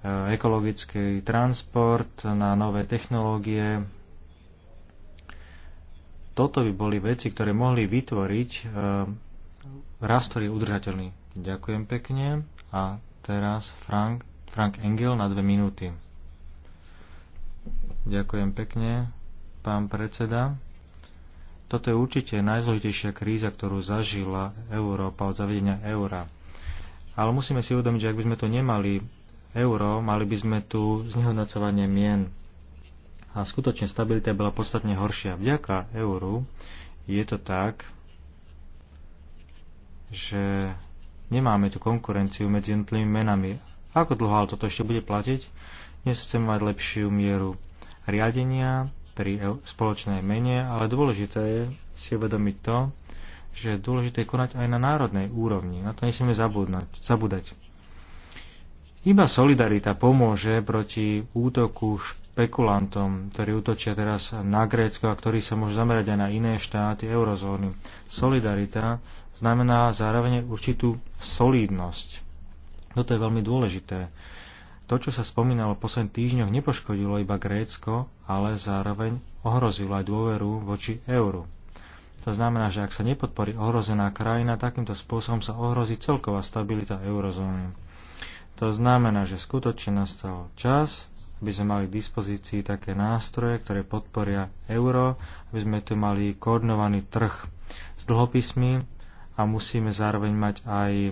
Eh, ekologický transport, na nové technológie. Toto by boli veci, ktoré mohli vytvoriť eh, rast, ktorý je udržateľný. Ďakujem pekne. A teraz Frank, Frank Engel na dve minúty. Ďakujem pekne, pán predseda. Toto je určite najzložitejšia kríza, ktorú zažila Európa od zavedenia eura. Ale musíme si uvedomiť, že ak by sme to nemali euro, mali by sme tu znehodnocovanie mien. A skutočne stabilita bola podstatne horšia. Vďaka euru je to tak, že nemáme tu konkurenciu medzi jednotlivými menami. Ako dlho ale toto ešte bude platiť? Dnes chceme mať lepšiu mieru riadenia pri e- spoločnej mene, ale dôležité je si uvedomiť to, že je dôležité konať aj na národnej úrovni. Na to nesmieme zabúdať. Iba solidarita pomôže proti útoku špekulantom, ktorí útočia teraz na Grécko a ktorí sa môžu zamerať aj na iné štáty eurozóny. Solidarita znamená zároveň určitú solidnosť. Toto je veľmi dôležité. To, čo sa spomínalo v posledných týždňoch, nepoškodilo iba Grécko, ale zároveň ohrozilo aj dôveru voči euru. To znamená, že ak sa nepodporí ohrozená krajina, takýmto spôsobom sa ohrozí celková stabilita eurozóny. To znamená, že skutočne nastal čas, aby sme mali k dispozícii také nástroje, ktoré podporia euro, aby sme tu mali koordinovaný trh s dlhopismi a musíme zároveň mať aj e,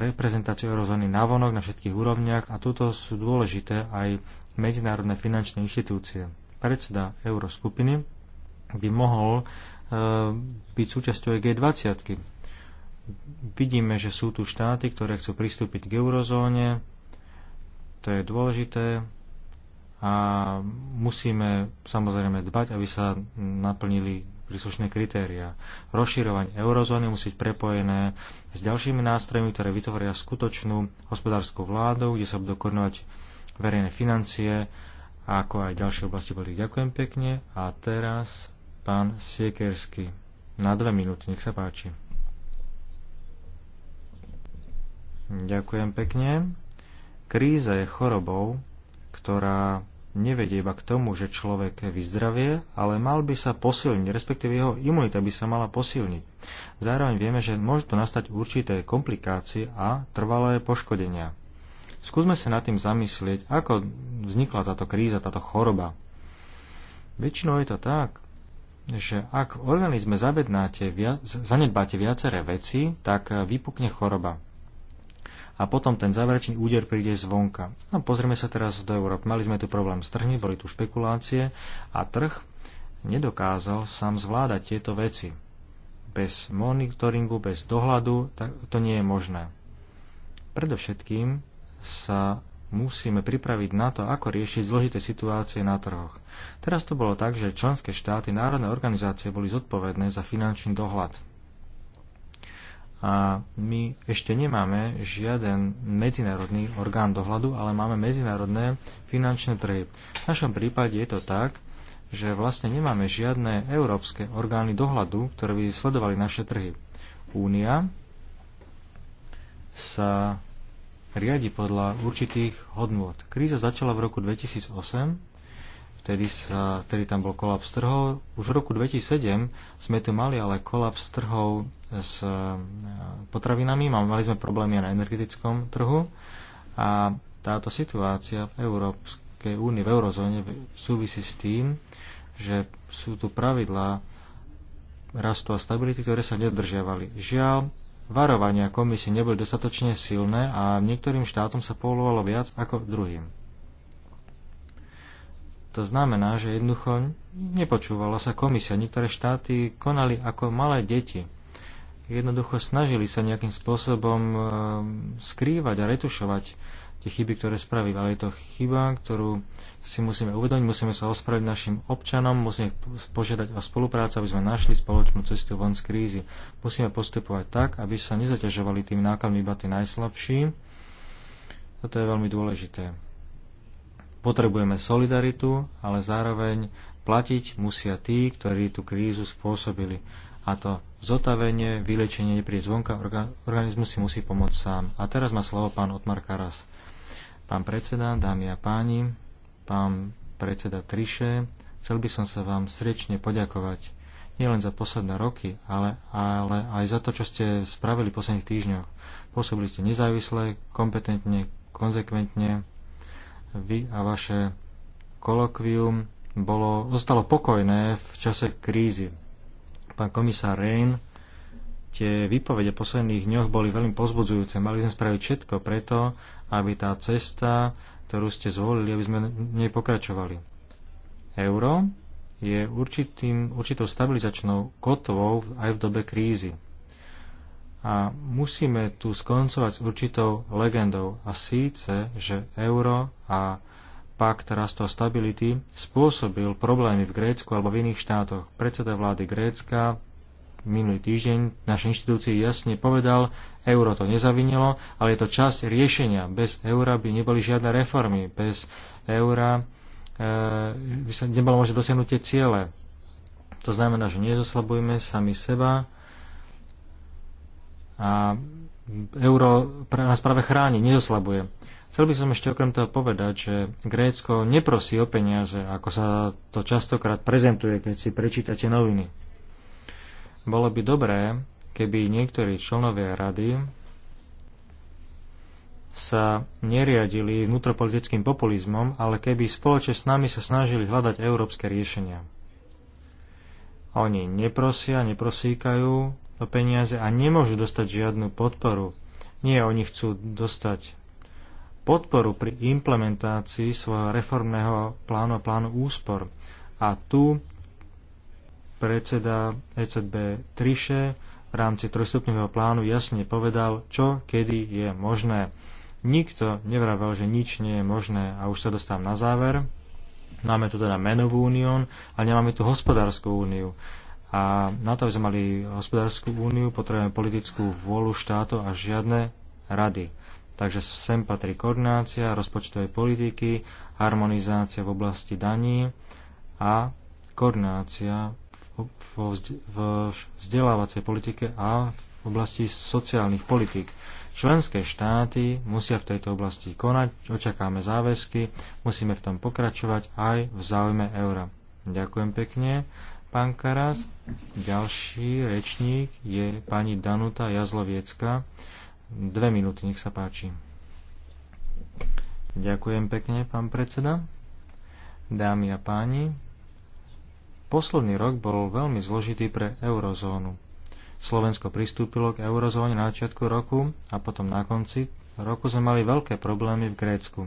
reprezentáciu eurozóny navonok na všetkých úrovniach a tuto sú dôležité aj medzinárodné finančné inštitúcie. Predseda euroskupiny by mohol e, byť súčasťou G20 vidíme, že sú tu štáty, ktoré chcú pristúpiť k eurozóne, to je dôležité a musíme samozrejme dbať, aby sa naplnili príslušné kritéria. Rozširovanie eurozóny musí byť prepojené s ďalšími nástrojmi, ktoré vytvoria skutočnú hospodárskú vládu, kde sa budú koordinovať verejné financie, ako aj ďalšie oblasti boli. Ďakujem pekne a teraz pán Siekersky na dve minúty, nech sa páči. Ďakujem pekne. Kríza je chorobou, ktorá nevedie iba k tomu, že človek vyzdravie, ale mal by sa posilniť, respektíve jeho imunita by sa mala posilniť. Zároveň vieme, že môžu tu nastať určité komplikácie a trvalé poškodenia. Skúsme sa nad tým zamyslieť, ako vznikla táto kríza, táto choroba. Väčšinou je to tak, že ak v organizme zanedbáte viaceré veci, tak vypukne choroba a potom ten záverečný úder príde zvonka. No pozrieme sa teraz do Európy. Mali sme tu problém s trhmi, boli tu špekulácie a trh nedokázal sám zvládať tieto veci. Bez monitoringu, bez dohľadu tak to nie je možné. Predovšetkým sa musíme pripraviť na to, ako riešiť zložité situácie na trhoch. Teraz to bolo tak, že členské štáty, národné organizácie boli zodpovedné za finančný dohľad a my ešte nemáme žiaden medzinárodný orgán dohľadu, ale máme medzinárodné finančné trhy. V našom prípade je to tak, že vlastne nemáme žiadne európske orgány dohľadu, ktoré by sledovali naše trhy. Únia sa riadi podľa určitých hodnôt. Kríza začala v roku 2008 vtedy, sa, vtedy tam bol kolaps trhov. Už v roku 2007 sme tu mali ale kolaps trhov s e, potravinami, mali sme problémy na energetickom trhu a táto situácia v Európskej únii, v eurozóne súvisí s tým, že sú tu pravidlá rastu a stability, ktoré sa nedržiavali. Žiaľ, varovania komisie neboli dostatočne silné a niektorým štátom sa povolovalo viac ako druhým. To znamená, že jednoducho nepočúvala sa komisia. Niektoré štáty konali ako malé deti. Jednoducho snažili sa nejakým spôsobom e, skrývať a retušovať tie chyby, ktoré spravili. Ale je to chyba, ktorú si musíme uvedomiť, musíme sa ospraviť našim občanom, musíme požiadať o spoluprácu, aby sme našli spoločnú cestu von z krízy. Musíme postupovať tak, aby sa nezaťažovali tým nákladmi iba tí najslabší. Toto je veľmi dôležité. Potrebujeme solidaritu, ale zároveň platiť musia tí, ktorí tú krízu spôsobili. A to zotavenie, vylečenie pri zvonka organizmu si musí pomôcť sám. A teraz má slovo pán Otmar Karas. Pán predseda, dámy a páni, pán predseda Triše, chcel by som sa vám srdečne poďakovať nielen za posledné roky, ale, ale aj za to, čo ste spravili v posledných týždňoch. Pôsobili ste nezávisle, kompetentne, konzekventne vy a vaše kolokvium bolo, zostalo pokojné v čase krízy. Pán komisár Rein, tie výpovede posledných dňoch boli veľmi pozbudzujúce. Mali sme spraviť všetko preto, aby tá cesta, ktorú ste zvolili, aby sme nej pokračovali. Euro je určitým, určitou stabilizačnou kotvou aj v dobe krízy a musíme tu skoncovať s určitou legendou a síce, že euro a pakt rastu a stability spôsobil problémy v Grécku alebo v iných štátoch. Predseda vlády Grécka minulý týždeň našej inštitúcii jasne povedal, euro to nezavinilo, ale je to časť riešenia. Bez eura by neboli žiadne reformy. Bez eura e, by sa nebolo možné dosiahnuť tie ciele. To znamená, že nezoslabujme sami seba, a euro nás práve chráni, nezoslabuje. Chcel by som ešte okrem toho povedať, že Grécko neprosí o peniaze, ako sa to častokrát prezentuje, keď si prečítate noviny. Bolo by dobré, keby niektorí členovia rady sa neriadili vnútropolitickým populizmom, ale keby spoločne s nami sa snažili hľadať európske riešenia. Oni neprosia, neprosíkajú, o peniaze a nemôžu dostať žiadnu podporu. Nie, oni chcú dostať podporu pri implementácii svojho reformného plánu a plánu úspor. A tu predseda ECB Triše v rámci trojstupňového plánu jasne povedal, čo kedy je možné. Nikto nevravel, že nič nie je možné a už sa dostávam na záver. Máme tu teda menovú únión, ale nemáme tu hospodárskú úniu. A na to, aby sme mali hospodárskú úniu, potrebujeme politickú vôľu štátov a žiadne rady. Takže sem patrí koordinácia rozpočtovej politiky, harmonizácia v oblasti daní a koordinácia v vzdelávacej politike a v oblasti sociálnych politik. Členské štáty musia v tejto oblasti konať, očakáme záväzky, musíme v tom pokračovať aj v záujme eura. Ďakujem pekne pán Karas. Ďalší rečník je pani Danuta Jazloviecka. Dve minúty, nech sa páči. Ďakujem pekne, pán predseda. Dámy a páni, posledný rok bol veľmi zložitý pre eurozónu. Slovensko pristúpilo k eurozóne na začiatku roku a potom na konci roku sme mali veľké problémy v Grécku.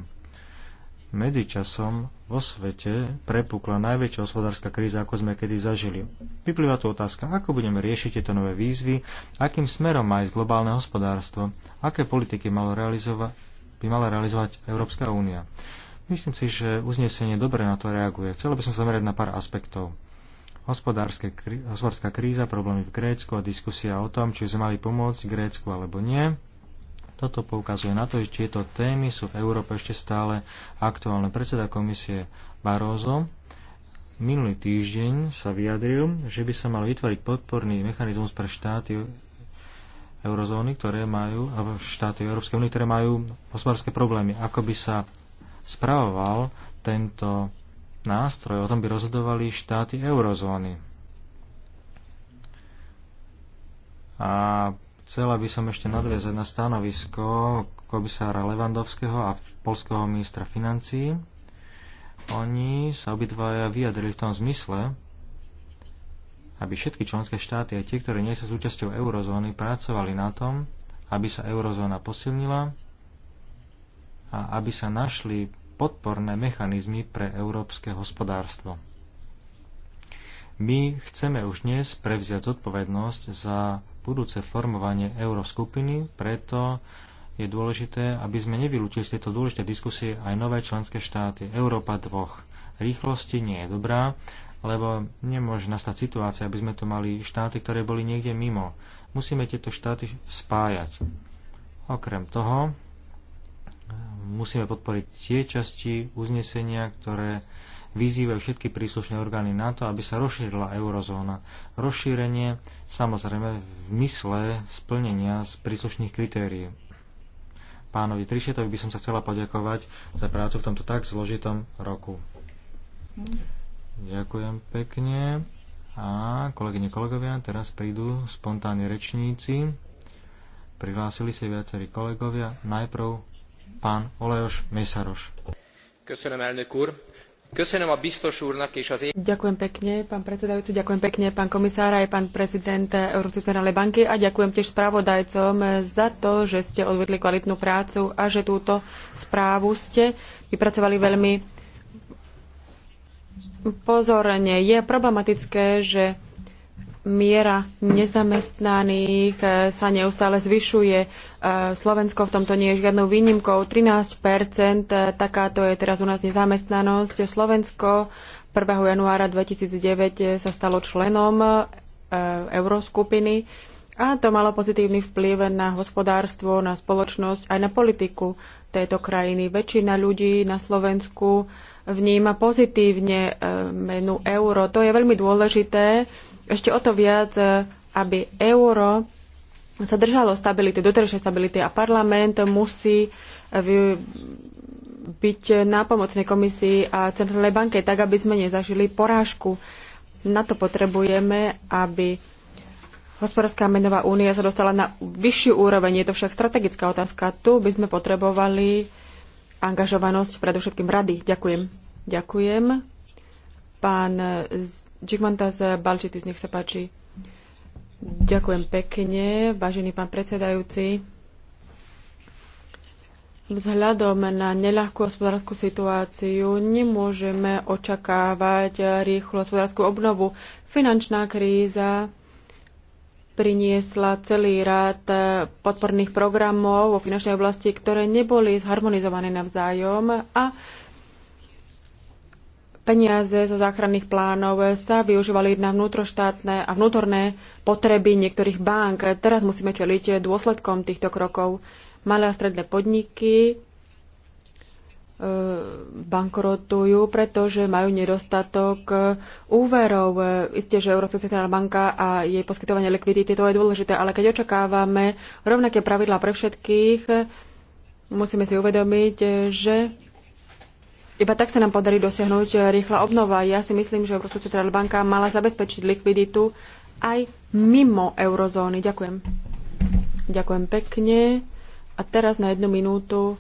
Medzičasom vo svete prepukla najväčšia hospodárska kríza, ako sme kedy zažili. Vyplýva tu otázka, ako budeme riešiť tieto nové výzvy, akým smerom má ísť globálne hospodárstvo, aké politiky malo realizova- by mala realizovať Európska únia. Myslím si, že uznesenie dobre na to reaguje. Chcel by som sa zamerať na pár aspektov. hospodárska kríza, problémy v Grécku a diskusia o tom, či sme mali pomôcť Grécku alebo nie toto poukazuje na to, že tieto témy sú v Európe ešte stále aktuálne. Predseda komisie Barózo minulý týždeň sa vyjadril, že by sa mal vytvoriť podporný mechanizmus pre štáty eurozóny, ktoré majú, alebo štáty Európskej únie, ktoré majú hospodárske problémy. Ako by sa spravoval tento nástroj, o tom by rozhodovali štáty eurozóny. A Chcela by som ešte nadviazať na stanovisko komisára Levandovského a polského ministra financií. Oni sa obidvaja vyjadrili v tom zmysle, aby všetky členské štáty, aj tie, ktoré nie sú súčasťou eurozóny, pracovali na tom, aby sa eurozóna posilnila a aby sa našli podporné mechanizmy pre európske hospodárstvo. My chceme už dnes prevziať zodpovednosť za budúce formovanie euroskupiny, preto je dôležité, aby sme nevylúčili z tejto dôležité diskusie aj nové členské štáty. Európa dvoch rýchlosti nie je dobrá, lebo nemôže nastať situácia, aby sme tu mali štáty, ktoré boli niekde mimo. Musíme tieto štáty spájať. Okrem toho musíme podporiť tie časti uznesenia, ktoré vyzývajú všetky príslušné orgány na to, aby sa rozšírila eurozóna. Rozšírenie samozrejme v mysle splnenia z príslušných kritérií. Pánovi Trišetovi by som sa chcela poďakovať za prácu v tomto tak zložitom roku. Ďakujem pekne. A kolegyne, kolegovia, teraz prídu spontánni rečníci. Prihlásili si viacerí kolegovia. Najprv pán Olejoš Mesaroš. Köszönöm, elnök úr. Ďakujem pekne, pán predsedajúci, ďakujem pekne, pán komisár, aj pán prezident Európskej centrálnej banky a ďakujem tiež spravodajcom za to, že ste odvedli kvalitnú prácu a že túto správu ste vypracovali veľmi pozorne. Je problematické, že miera nezamestnaných eh, sa neustále zvyšuje. Eh, Slovensko v tomto nie je žiadnou výnimkou. 13 eh, takáto je teraz u nás nezamestnanosť. Slovensko 1. januára 2009 sa stalo členom euroskupiny a to malo pozitívny vplyv na hospodárstvo, na spoločnosť, aj na politiku tejto krajiny. Väčšina ľudí na Slovensku vníma pozitívne menu euro. To je veľmi dôležité ešte o to viac, e, aby euro sa držalo stability, doterajšej stability a parlament musí e, byť pomocnej komisii a centrálnej banke, tak aby sme nezažili porážku. Na to potrebujeme, aby hospodárska menová únia sa dostala na vyššiu úroveň. Je to však strategická otázka. Tu by sme potrebovali angažovanosť predovšetkým rady. Ďakujem. Ďakujem. Pán Balčitis, nech sa páči. Ďakujem pekne, vážený pán predsedajúci. Vzhľadom na neľahkú hospodárskú situáciu nemôžeme očakávať rýchlu hospodárskú obnovu. Finančná kríza priniesla celý rád podporných programov vo finančnej oblasti, ktoré neboli zharmonizované navzájom a Peniaze zo záchranných plánov sa využívali na vnútroštátne a vnútorné potreby niektorých bank. Teraz musíme čeliť dôsledkom týchto krokov. Malé a stredné podniky e, bankrotujú, pretože majú nedostatok e, úverov. Isté, že Európska centrálna banka a jej poskytovanie likvidity, to je dôležité, ale keď očakávame rovnaké pravidlá pre všetkých, musíme si uvedomiť, že iba tak sa nám podarí dosiahnuť eh, rýchla obnova. Ja si myslím, že Európska centrálna banka mala zabezpečiť likviditu aj mimo eurozóny. Ďakujem. Ďakujem pekne. A teraz na jednu minútu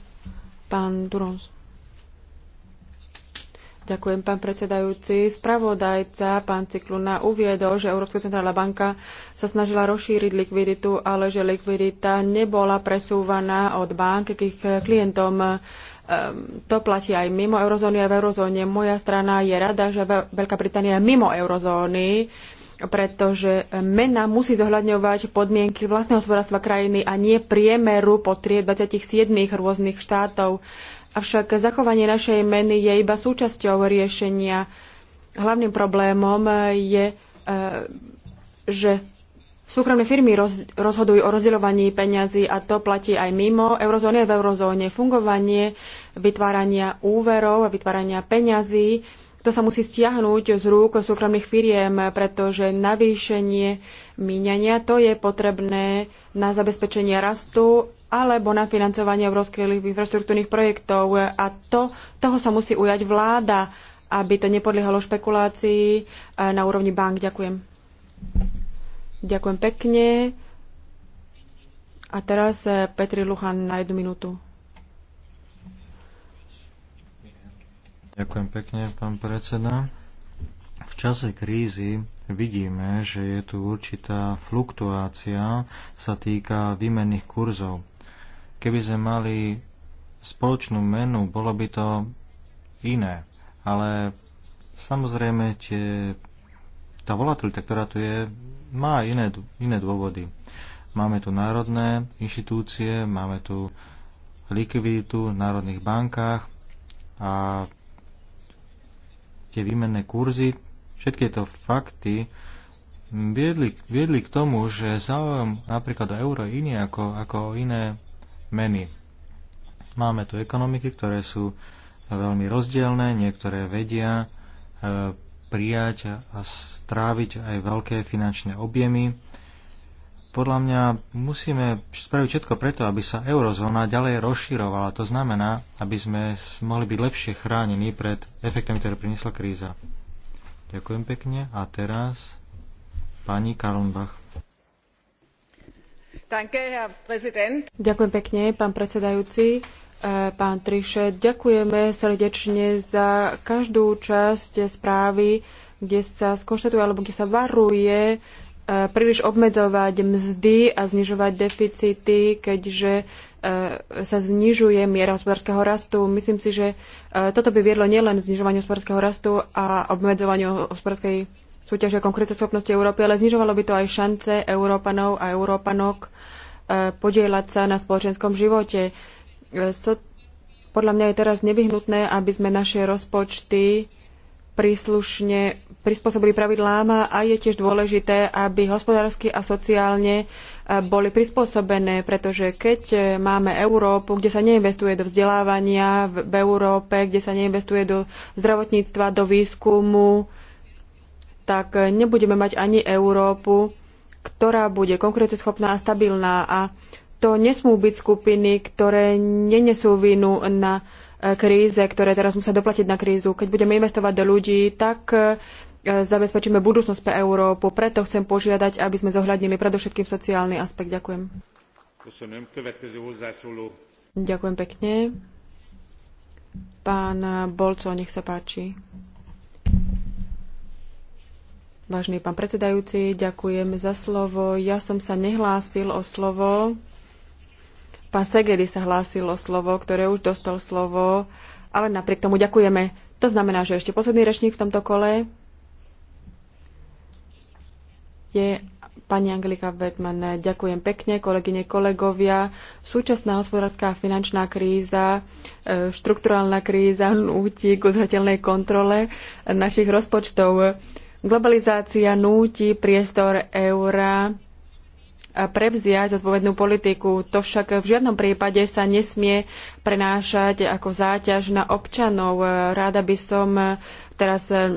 pán Durons. Ďakujem, pán predsedajúci. Spravodajca, pán Cikluna, uviedol, že Európska centrálna banka sa snažila rozšíriť likviditu, ale že likvidita nebola presúvaná od bank k ich klientom. Ehm, to platí aj mimo eurozóny a v eurozóne. Moja strana je rada, že Veľká Británia je mimo eurozóny, pretože mena musí zohľadňovať podmienky vlastného hospodárstva krajiny a nie priemeru po 27 rôznych štátov. Avšak zachovanie našej meny je iba súčasťou riešenia. Hlavným problémom je, ehm, že Súkromné firmy roz, rozhodujú o rozdeľovaní peňazí a to platí aj mimo eurozóny a v eurozóne. Fungovanie vytvárania úverov a vytvárania peňazí, to sa musí stiahnuť z rúk súkromných firiem, pretože navýšenie míňania to je potrebné na zabezpečenie rastu alebo na financovanie európskych infraštruktúrnych projektov. A to, toho sa musí ujať vláda, aby to nepodliehalo špekulácii eh, na úrovni bank. Ďakujem. Ďakujem pekne. A teraz eh, Petri Luchan na jednu minútu. Ďakujem pekne, pán predseda. V čase krízy vidíme, že je tu určitá fluktuácia, sa týka výmenných kurzov. Keby sme mali spoločnú menu, bolo by to iné, ale samozrejme tie, tá volatilita, ktorá tu je, má iné, iné dôvody. Máme tu národné inštitúcie, máme tu likviditu v národných bankách a tie výmenné kurzy, všetky tieto fakty viedli, viedli k tomu, že záujem napríklad o euro je iný ako, ako iné meny. Máme tu ekonomiky, ktoré sú veľmi rozdielne, niektoré vedia e, prijať a stráviť aj veľké finančné objemy. Podľa mňa musíme spraviť všetko preto, aby sa eurozóna ďalej rozširovala. To znamená, aby sme mohli byť lepšie chránení pred efektami, ktoré priniesla kríza. Ďakujem pekne. A teraz pani Karlenbach. Ďakujem pekne, pán predsedajúci. E, pán Triše. Ďakujeme srdečne za každú časť správy, kde sa skonštatuje alebo kde sa varuje e, príliš obmedzovať mzdy a znižovať deficity, keďže e, sa znižuje miera hospodárskeho rastu. Myslím si, že toto by viedlo nielen znižovaniu hospodárskeho rastu a obmedzovaniu hospodárskej súťaže a konkurenceschopnosti Európy, ale znižovalo by to aj šance Európanov a Európanok podielať sa na spoločenskom živote so, podľa mňa je teraz nevyhnutné, aby sme naše rozpočty príslušne prispôsobili pravidlám a je tiež dôležité, aby hospodársky a sociálne e, boli prispôsobené, pretože keď e, máme Európu, kde sa neinvestuje do vzdelávania v Európe, kde sa neinvestuje do zdravotníctva, do výskumu, tak e, nebudeme mať ani Európu, ktorá bude konkurenceschopná a stabilná. A to nesmú byť skupiny, ktoré nenesú vinu na e, kríze, ktoré teraz musia doplatiť na krízu. Keď budeme investovať do ľudí, tak e, zabezpečíme budúcnosť pre Európu. Preto chcem požiadať, aby sme zohľadnili predovšetkým sociálny aspekt. Ďakujem. Ďakujem pekne. Pán Bolco, nech sa páči. Vážený pán predsedajúci, ďakujem za slovo. Ja som sa nehlásil o slovo Pán Segedy sa hlásilo slovo, ktoré už dostal slovo, ale napriek tomu ďakujeme. To znamená, že ešte posledný rečník v tomto kole je pani Angelika Vetman. Ďakujem pekne, kolegyne, kolegovia. Súčasná hospodárska a finančná kríza, e, štrukturálna kríza núti k uzrateľnej kontrole našich rozpočtov. Globalizácia núti priestor eura prevziať zodpovednú politiku. To však v žiadnom prípade sa nesmie prenášať ako záťaž na občanov. Ráda by som eh, teraz eh,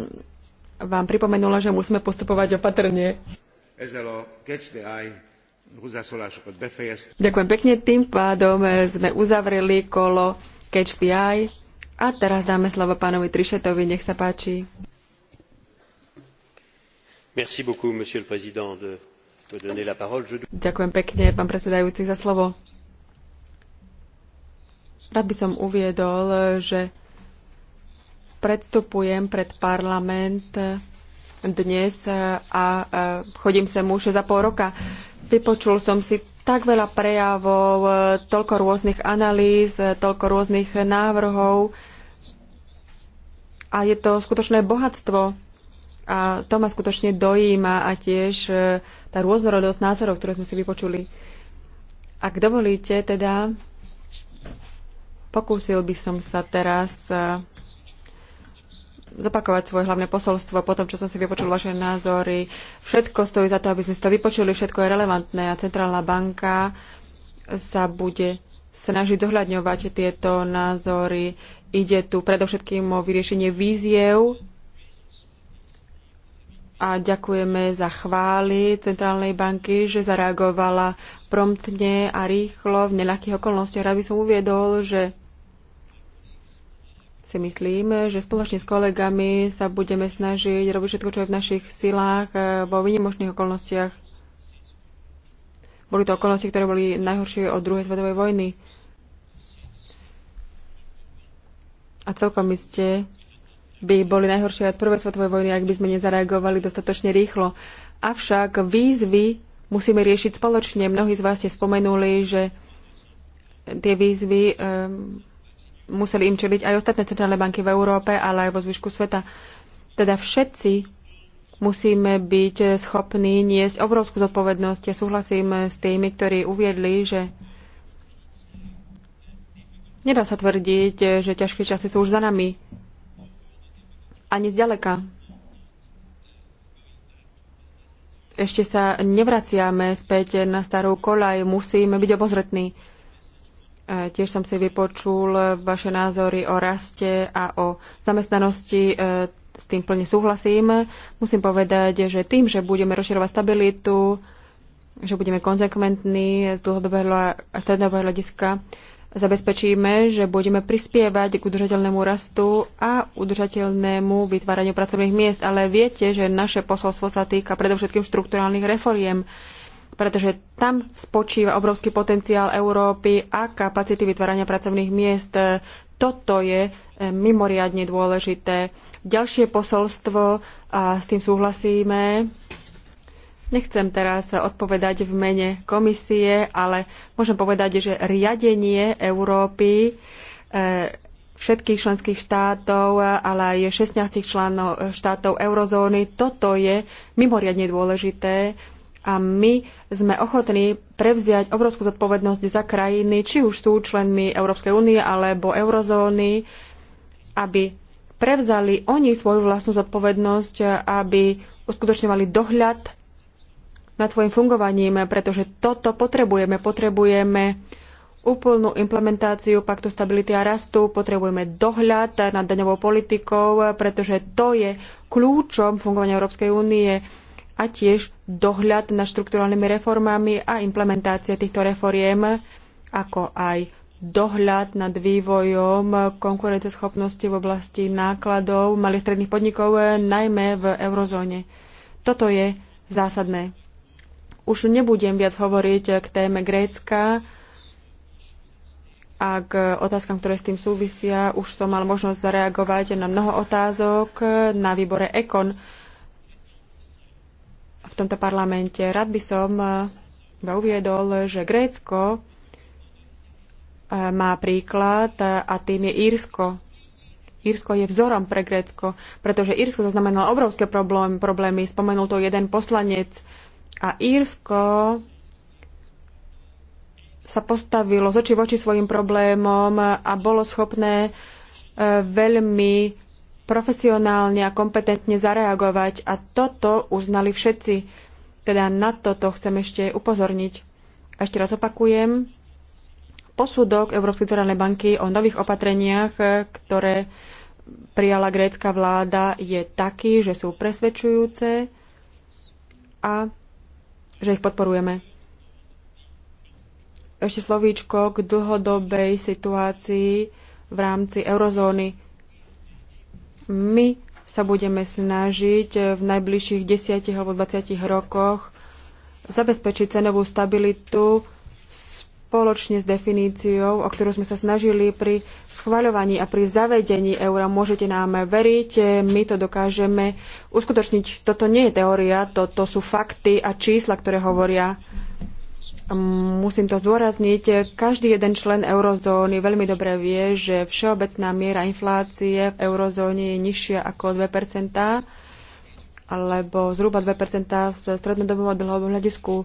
vám pripomenula, že musíme postupovať opatrne. Ďakujem pekne. Tým pádom eh, sme uzavreli kolo Catch the Eye. A teraz dáme slovo pánovi Trišetovi. Nech sa páči. Merci beaucoup, monsieur le président, de Ďakujem pekne, pán predsedajúci, za slovo. Rád by som uviedol, že predstupujem pred parlament dnes a chodím sem už za pol roka. Vypočul som si tak veľa prejavov, toľko rôznych analýz, toľko rôznych návrhov a je to skutočné bohatstvo. A to ma skutočne dojíma a tiež tá rôznorodosť názorov, ktoré sme si vypočuli. Ak dovolíte, teda pokúsil by som sa teraz e, zopakovať svoje hlavné posolstvo po tom, čo som si vypočul vaše názory. Všetko stojí za to, aby sme si to vypočuli, všetko je relevantné a Centrálna banka sa bude snažiť dohľadňovať tieto názory. Ide tu predovšetkým o vyriešenie víziev a ďakujeme za chvály Centrálnej banky, že zareagovala promptne a rýchlo v nejakých okolnostiach. Rád by som uviedol, že si myslím, že spoločne s kolegami sa budeme snažiť robiť všetko, čo je v našich silách eh, vo výnimočných okolnostiach. Boli to okolnosti, ktoré boli najhoršie od druhej svetovej vojny. A celkom iste by boli najhoršie od prvej svetovej vojny, ak by sme nezareagovali dostatočne rýchlo. Avšak výzvy musíme riešiť spoločne. Mnohí z vás ste spomenuli, že tie výzvy um, museli im čeliť aj ostatné centrálne banky v Európe, ale aj vo zvyšku sveta. Teda všetci musíme byť schopní niesť obrovskú zodpovednosť. Ja súhlasím s tými, ktorí uviedli, že nedá sa tvrdiť, že ťažké časy sú už za nami ani zďaleka. Ešte sa nevraciame späť na starú kolaj, musíme byť obozretní. E, tiež som si vypočul vaše názory o raste a o zamestnanosti. E, s tým plne súhlasím. Musím povedať, že tým, že budeme rozširovať stabilitu, že budeme konzekventní z dlhodobého a stredného hľadiska, zabezpečíme, že budeme prispievať k udržateľnému rastu a udržateľnému vytváraniu pracovných miest. Ale viete, že naše posolstvo sa týka predovšetkým štruktúrálnych reforiem, pretože tam spočíva obrovský potenciál Európy a kapacity vytvárania pracovných miest. Toto je eh, mimoriadne dôležité. Ďalšie posolstvo, a s tým súhlasíme, Nechcem teraz odpovedať v mene komisie, ale môžem povedať, že riadenie Európy e, všetkých členských štátov, ale aj 16 členov e, štátov eurozóny, toto je mimoriadne dôležité a my sme ochotní prevziať obrovskú zodpovednosť za krajiny, či už sú členmi Európskej únie alebo eurozóny, aby prevzali oni svoju vlastnú zodpovednosť, aby uskutočňovali dohľad nad svojim fungovaním, pretože toto potrebujeme. Potrebujeme úplnú implementáciu paktu stability a rastu, potrebujeme dohľad nad daňovou politikou, pretože to je kľúčom fungovania Európskej únie a tiež dohľad nad štrukturálnymi reformami a implementácia týchto reforiem, ako aj dohľad nad vývojom konkurenceschopnosti v oblasti nákladov malých stredných podnikov, najmä v eurozóne. Toto je zásadné. Už nebudem viac hovoriť k téme Grécka a k otázkam, ktoré s tým súvisia. Už som mal možnosť zareagovať na mnoho otázok na výbore EKON v tomto parlamente. Rád by som iba uviedol, že Grécko eh, má príklad a tým je Írsko. Írsko je vzorom pre Grécko, pretože Írsko zaznamenalo obrovské problémy. Spomenul to jeden poslanec. A Írsko sa postavilo z oči voči svojim problémom a bolo schopné e, veľmi profesionálne a kompetentne zareagovať a toto uznali všetci. Teda na toto chcem ešte upozorniť. ešte raz opakujem, posudok Európskej centrálnej banky o nových opatreniach, e, ktoré prijala grécka vláda, je taký, že sú presvedčujúce a že ich podporujeme. Ešte slovíčko k dlhodobej situácii v rámci eurozóny. My sa budeme snažiť v najbližších 10 alebo 20 rokoch zabezpečiť cenovú stabilitu spoločne s definíciou, o ktorú sme sa snažili pri schvaľovaní a pri zavedení eura. Môžete nám veriť, my to dokážeme uskutočniť. Toto nie je teória, toto sú fakty a čísla, ktoré hovoria. Musím to zdôrazniť, každý jeden člen eurozóny veľmi dobre vie, že všeobecná miera inflácie v eurozóne je nižšia ako 2% alebo zhruba 2% v strednodobom a dlhodobom hľadisku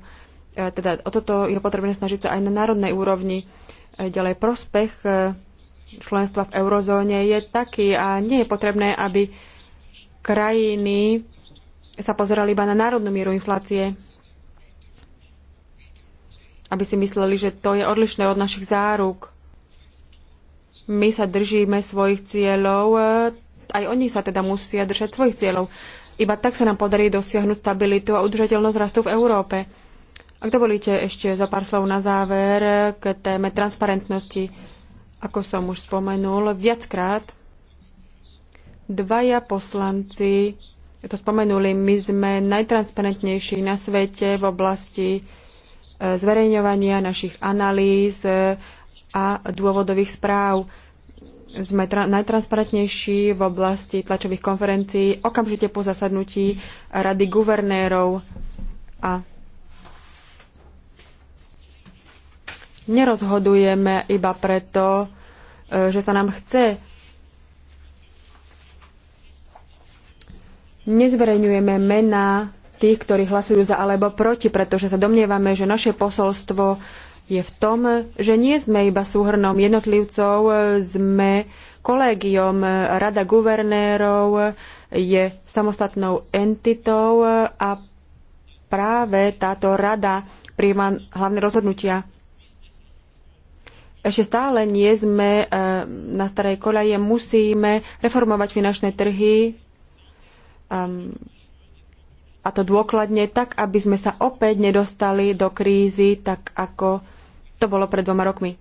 E, teda o toto je potrebné snažiť sa aj na národnej úrovni. E, ďalej prospech e, členstva v eurozóne je taký a nie je potrebné, aby krajiny sa pozerali iba na národnú mieru inflácie, aby si mysleli, že to je odlišné od našich záruk. My sa držíme svojich cieľov, aj oni sa teda musia držať svojich cieľov. Iba tak sa nám podarí dosiahnuť stabilitu a udržateľnosť rastu v Európe ak dovolíte ešte za pár slov na záver k téme transparentnosti, ako som už spomenul, viackrát dvaja poslanci to spomenuli, my sme najtransparentnejší na svete v oblasti e, zverejňovania našich analýz e, a dôvodových správ. Sme najtransparentnejší v oblasti tlačových konferencií okamžite po zasadnutí Rady guvernérov a nerozhodujeme iba preto, e, že sa nám chce. Nezverejňujeme mená tých, ktorí hlasujú za alebo proti, pretože sa domnievame, že naše posolstvo je v tom, že nie sme iba súhrnom jednotlivcov, e, sme kolégiom Rada guvernérov, je samostatnou entitou a práve táto rada príjma hlavné rozhodnutia ešte stále nie sme e, na starej koľaje, Musíme reformovať finančné trhy um, a to dôkladne, tak aby sme sa opäť nedostali do krízy, tak ako to bolo pred dvoma rokmi.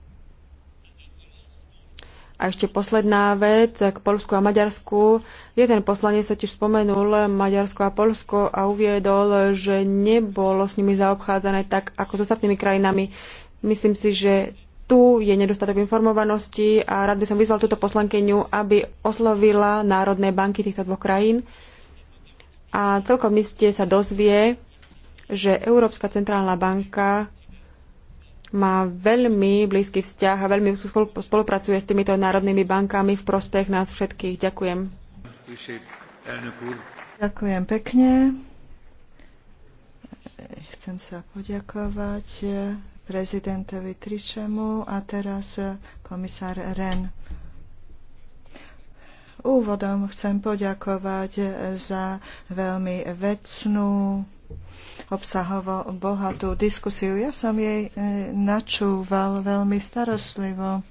A ešte posledná vec k Polsku a Maďarsku. Jeden poslanec sa tiež spomenul Maďarsko a Polsko a uviedol, že nebolo s nimi zaobchádzané tak ako s ostatnými krajinami. Myslím si, že tu je nedostatok informovanosti a rád by som vyzval túto poslankyňu, aby oslovila národné banky týchto dvoch krajín. A celkom iste sa dozvie, že Európska centrálna banka má veľmi blízky vzťah a veľmi spolupracuje s týmito národnými bankami v prospech nás všetkých. Ďakujem. Ďakujem pekne. Chcem sa poďakovať prezidentovi Trišemu a teraz eh, komisár Ren. Úvodom chcem poďakovať eh, za veľmi vecnú, obsahovo bohatú diskusiu. Ja som jej eh, načúval veľmi starostlivo.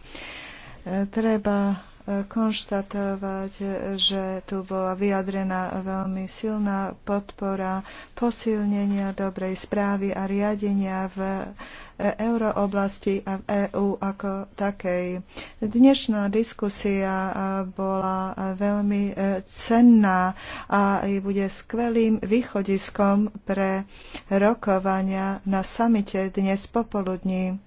Treba konštatovať, že tu bola vyjadrená veľmi silná podpora posilnenia dobrej správy a riadenia v eurooblasti a v EÚ ako takej. Dnešná diskusia bola veľmi cenná a bude skvelým východiskom pre rokovania na samite dnes popoludní.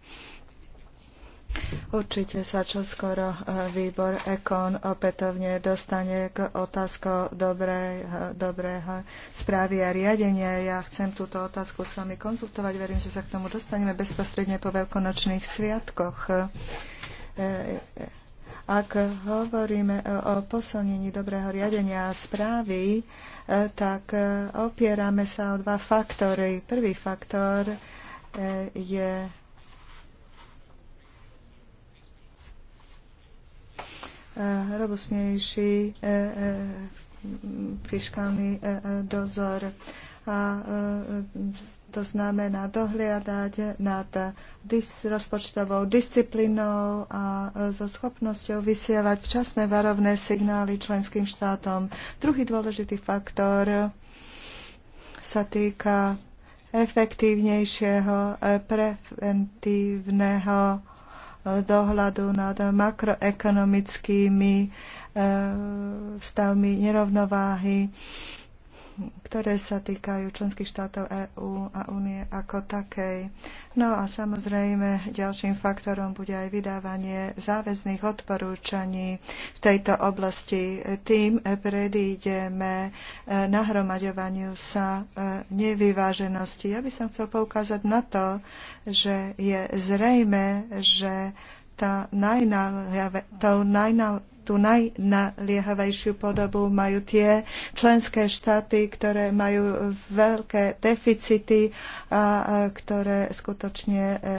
Určite sa čoskoro e, výbor Ekon opätovne dostane k otázku dobrej, dobrého správy a riadenia. Ja chcem túto otázku s vami konzultovať. Verím, že sa k tomu dostaneme bezprostredne po veľkonočných sviatkoch. E, e, ak hovoríme o posilnení dobrého riadenia a správy, tak opierame sa o dva faktory. Prvý faktor je robustnejší e, e, fiskálny e, dozor. A to znamená dohliadať nad dis- rozpočtovou disciplínou a so schopnosťou vysielať včasné varovné signály členským štátom. Druhý dôležitý faktor sa týka efektívnejšieho preventívneho dohľadu nad makroekonomickými eh, stavmi nerovnováhy ktoré sa týkajú členských štátov EÚ a únie ako takej. No a samozrejme ďalším faktorom bude aj vydávanie záväzných odporúčaní v tejto oblasti. Tým predídeme e, nahromaďovaniu sa e, nevyváženosti. Ja by som chcel poukázať na to, že je zrejme, že tá najnaliehavejšia tú najnaliehavejšiu podobu majú tie členské štáty, ktoré majú veľké deficity a ktoré skutočne e, e,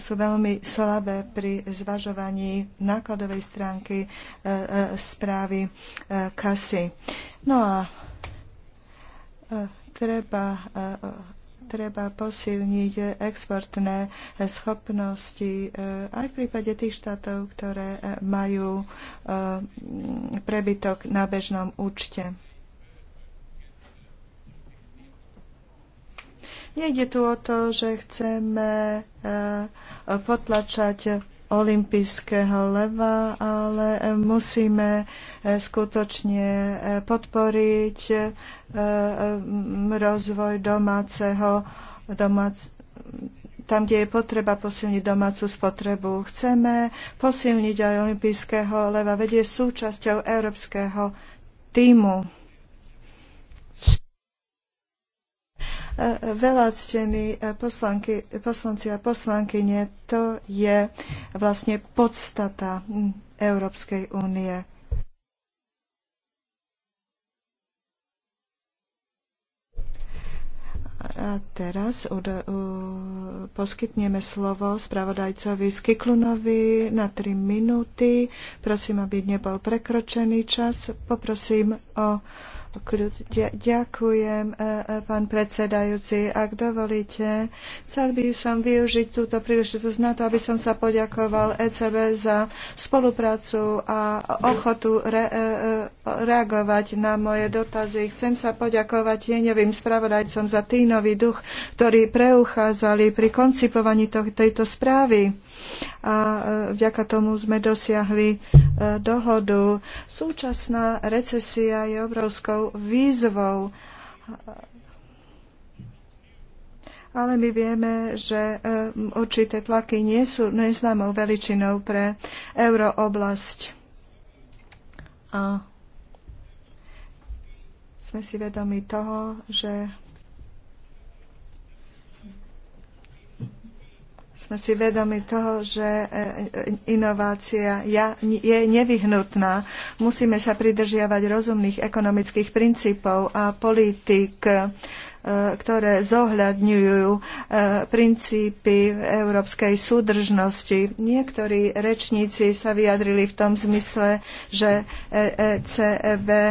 sú veľmi slabé pri zvažovaní nákladovej stránky e, správy kasy. No a treba treba posilniť exportné schopnosti e, aj v prípade tých štátov, ktoré e, majú e, prebytok na bežnom účte. Nejde tu o to, že chceme potlačať olympijského leva, ale musíme eh, skutočne eh, podporiť eh, rozvoj domáceho, domác, tam, kde je potreba posilniť domácu spotrebu. Chceme posilniť aj olympijského leva, vedie súčasťou európskeho týmu veľa ctení e, poslanky, poslanci a poslankyne, to je vlastne podstata Európskej únie. A teraz u, e, poskytneme slovo spravodajcovi Skiklunovi na 3 minúty. Prosím, aby nebol prekročený čas. Poprosím o Ďakujem, e, e, pán predsedajúci. Ak dovolíte, chcel by som využiť túto príležitosť na to, aby som sa poďakoval ECB za spoluprácu a ochotu re, e, reagovať na moje dotazy. Chcem sa poďakovať tieňovým spravodajcom za týnový duch, ktorý preuchádzali pri koncipovaní tejto správy a e, vďaka tomu sme dosiahli e, dohodu. Súčasná recesia je obrovskou výzvou ale my vieme, že e, určité tlaky nie sú neznámou veličinou pre eurooblasť. A sme si vedomi toho, že sme si vedomi toho, že e, e, inovácia je nevyhnutná. Musíme sa pridržiavať rozumných ekonomických princípov a politik ktoré zohľadňujú e, princípy európskej súdržnosti. Niektorí rečníci sa vyjadrili v tom zmysle, že ECB e e,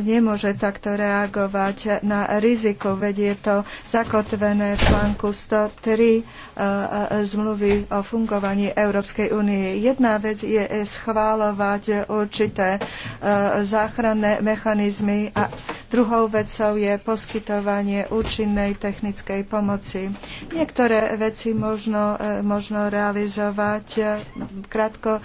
nemôže takto reagovať na riziko, veď je to zakotvené v článku 103 zmluvy o fungovaní Európskej únie. Jedna vec je schválovať určité záchranné mechanizmy a druhou vecou je poskytovanie poskytovanie účinnej technickej pomoci. Niektoré veci možno, e, možno realizovať e, krátko, e,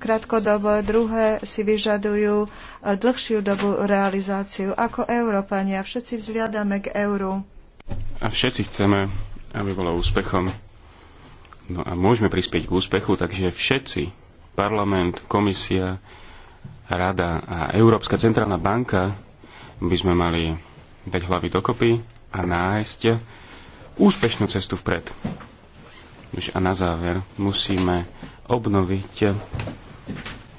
krátkodobo, druhé si vyžadujú dlhšiu dobu realizáciu. Ako Európania, všetci vzliadame k euru. A všetci chceme, aby bolo úspechom. No a môžeme prispieť k úspechu, takže všetci, parlament, komisia, rada a Európska centrálna banka by sme mali dať hlavy dokopy a nájsť úspešnú cestu vpred. Už a na záver musíme obnoviť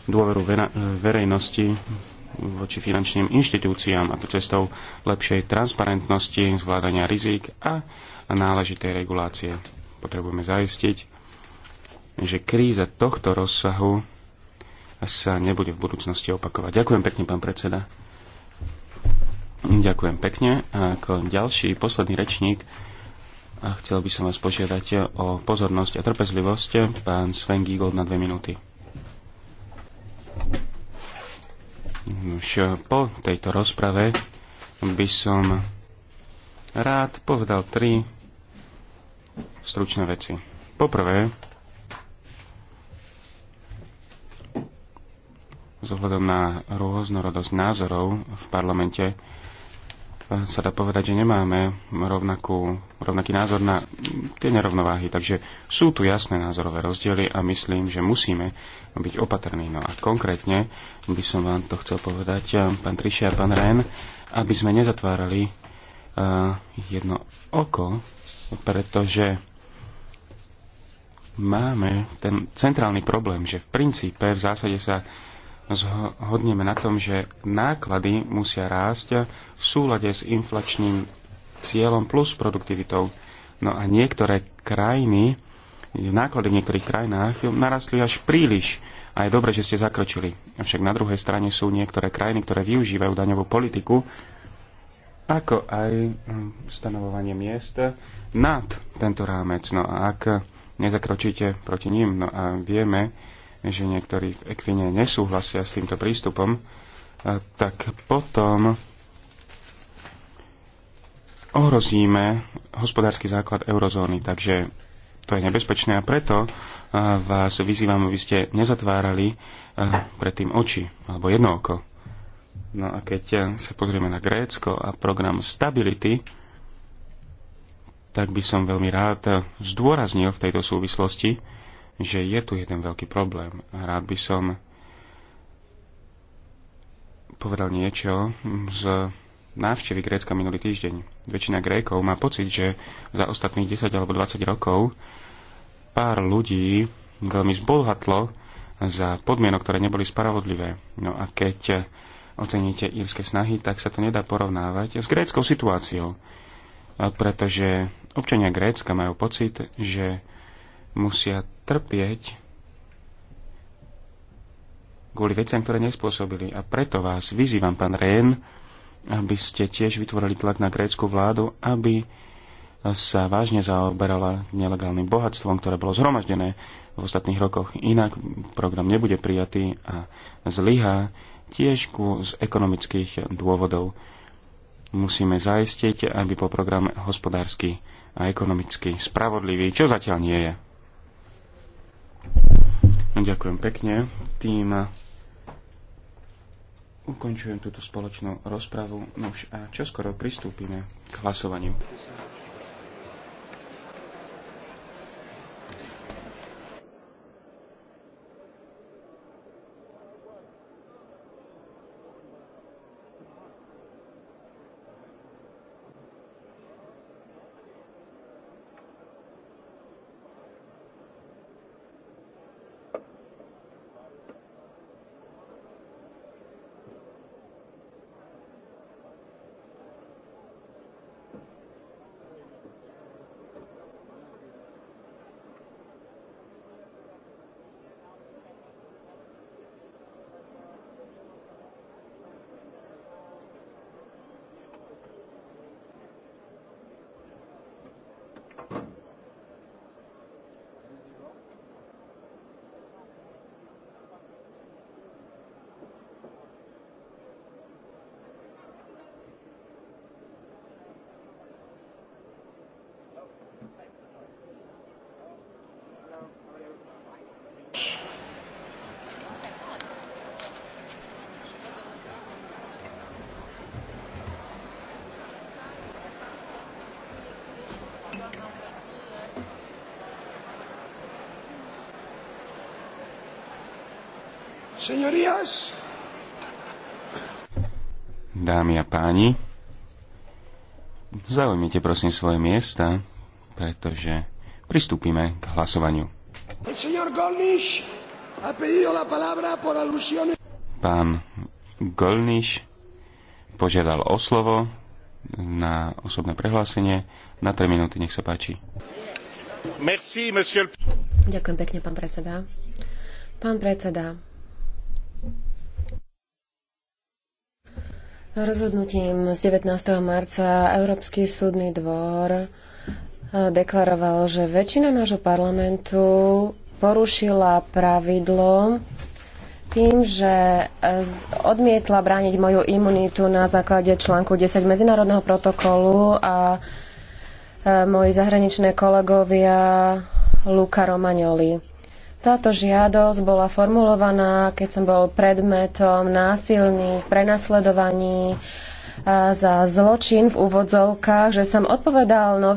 dôveru verejnosti voči finančným inštitúciám a to cestou lepšej transparentnosti, zvládania rizik a náležitej regulácie. Potrebujeme zaistiť, že kríza tohto rozsahu sa nebude v budúcnosti opakovať. Ďakujem pekne, pán predseda. Ďakujem pekne. A ako ďalší, posledný rečník, a chcel by som vás požiadať o pozornosť a trpezlivosť. Pán Sven Giegold na dve minúty. Už po tejto rozprave by som rád povedal tri stručné veci. Poprvé, s ohľadom na rôznorodosť názorov v parlamente, sa dá povedať, že nemáme rovnakú, rovnaký názor na tie nerovnováhy. Takže sú tu jasné názorové rozdiely a myslím, že musíme byť opatrní. No a konkrétne by som vám to chcel povedať, eh, pán Triši a pán Ren, aby sme nezatvárali uh, jedno oko, pretože máme ten centrálny problém, že v princípe v zásade sa zhodneme na tom, že náklady musia rásť v súlade s inflačným cieľom plus produktivitou. No a niektoré krajiny, náklady v niektorých krajinách narastli až príliš a je dobre, že ste zakročili. Avšak na druhej strane sú niektoré krajiny, ktoré využívajú daňovú politiku, ako aj stanovovanie miest nad tento rámec. No a ak nezakročíte proti ním, no a vieme, že niektorí v Ekvine nesúhlasia s týmto prístupom, e, tak potom ohrozíme hospodársky základ eurozóny. Takže to je nebezpečné a preto e, vás vyzývam, aby ste nezatvárali e, predtým oči alebo jedno oko. No a keď sa pozrieme na Grécko a program Stability, tak by som veľmi rád zdôraznil v tejto súvislosti, že je tu jeden veľký problém. Rád by som povedal niečo z návštevy Grécka minulý týždeň. Väčšina Grékov má pocit, že za ostatných 10 alebo 20 rokov pár ľudí veľmi zbohatlo za podmienok, ktoré neboli spravodlivé. No a keď oceníte írske snahy, tak sa to nedá porovnávať s gréckou situáciou, pretože občania Grécka majú pocit, že musia trpieť kvôli veciam, ktoré nespôsobili. A preto vás vyzývam, pán Rehn, aby ste tiež vytvorili tlak na grécku vládu, aby sa vážne zaoberala nelegálnym bohatstvom, ktoré bolo zhromaždené v ostatných rokoch. Inak program nebude prijatý a zlyhá tiež ku z ekonomických dôvodov. Musíme zaistiť, aby bol program hospodársky a ekonomicky spravodlivý, čo zatiaľ nie je. Ďakujem pekne. Tým ukončujem túto spoločnú rozpravu. už a čoskoro pristúpime k hlasovaniu. Señorías. Dámy a páni, zaujmite prosím svoje miesta, pretože pristúpime k hlasovaniu. Pán Golniš požiadal o slovo na osobné prehlásenie. Na 3 minúty, nech sa páči. Merci, monsieur... Ďakujem pekne, pán predseda. Pán predseda, Rozhodnutím z 19. marca Európsky súdny dvor eh, deklaroval, že väčšina nášho parlamentu porušila pravidlo tým, že eh, odmietla brániť moju imunitu na základe článku 10 medzinárodného protokolu a eh, moji zahraničné kolegovia Luka Romagnoli. Táto žiadosť bola formulovaná, keď som bol predmetom násilných prenasledovaní za zločin v úvodzovkách, že som odpovedal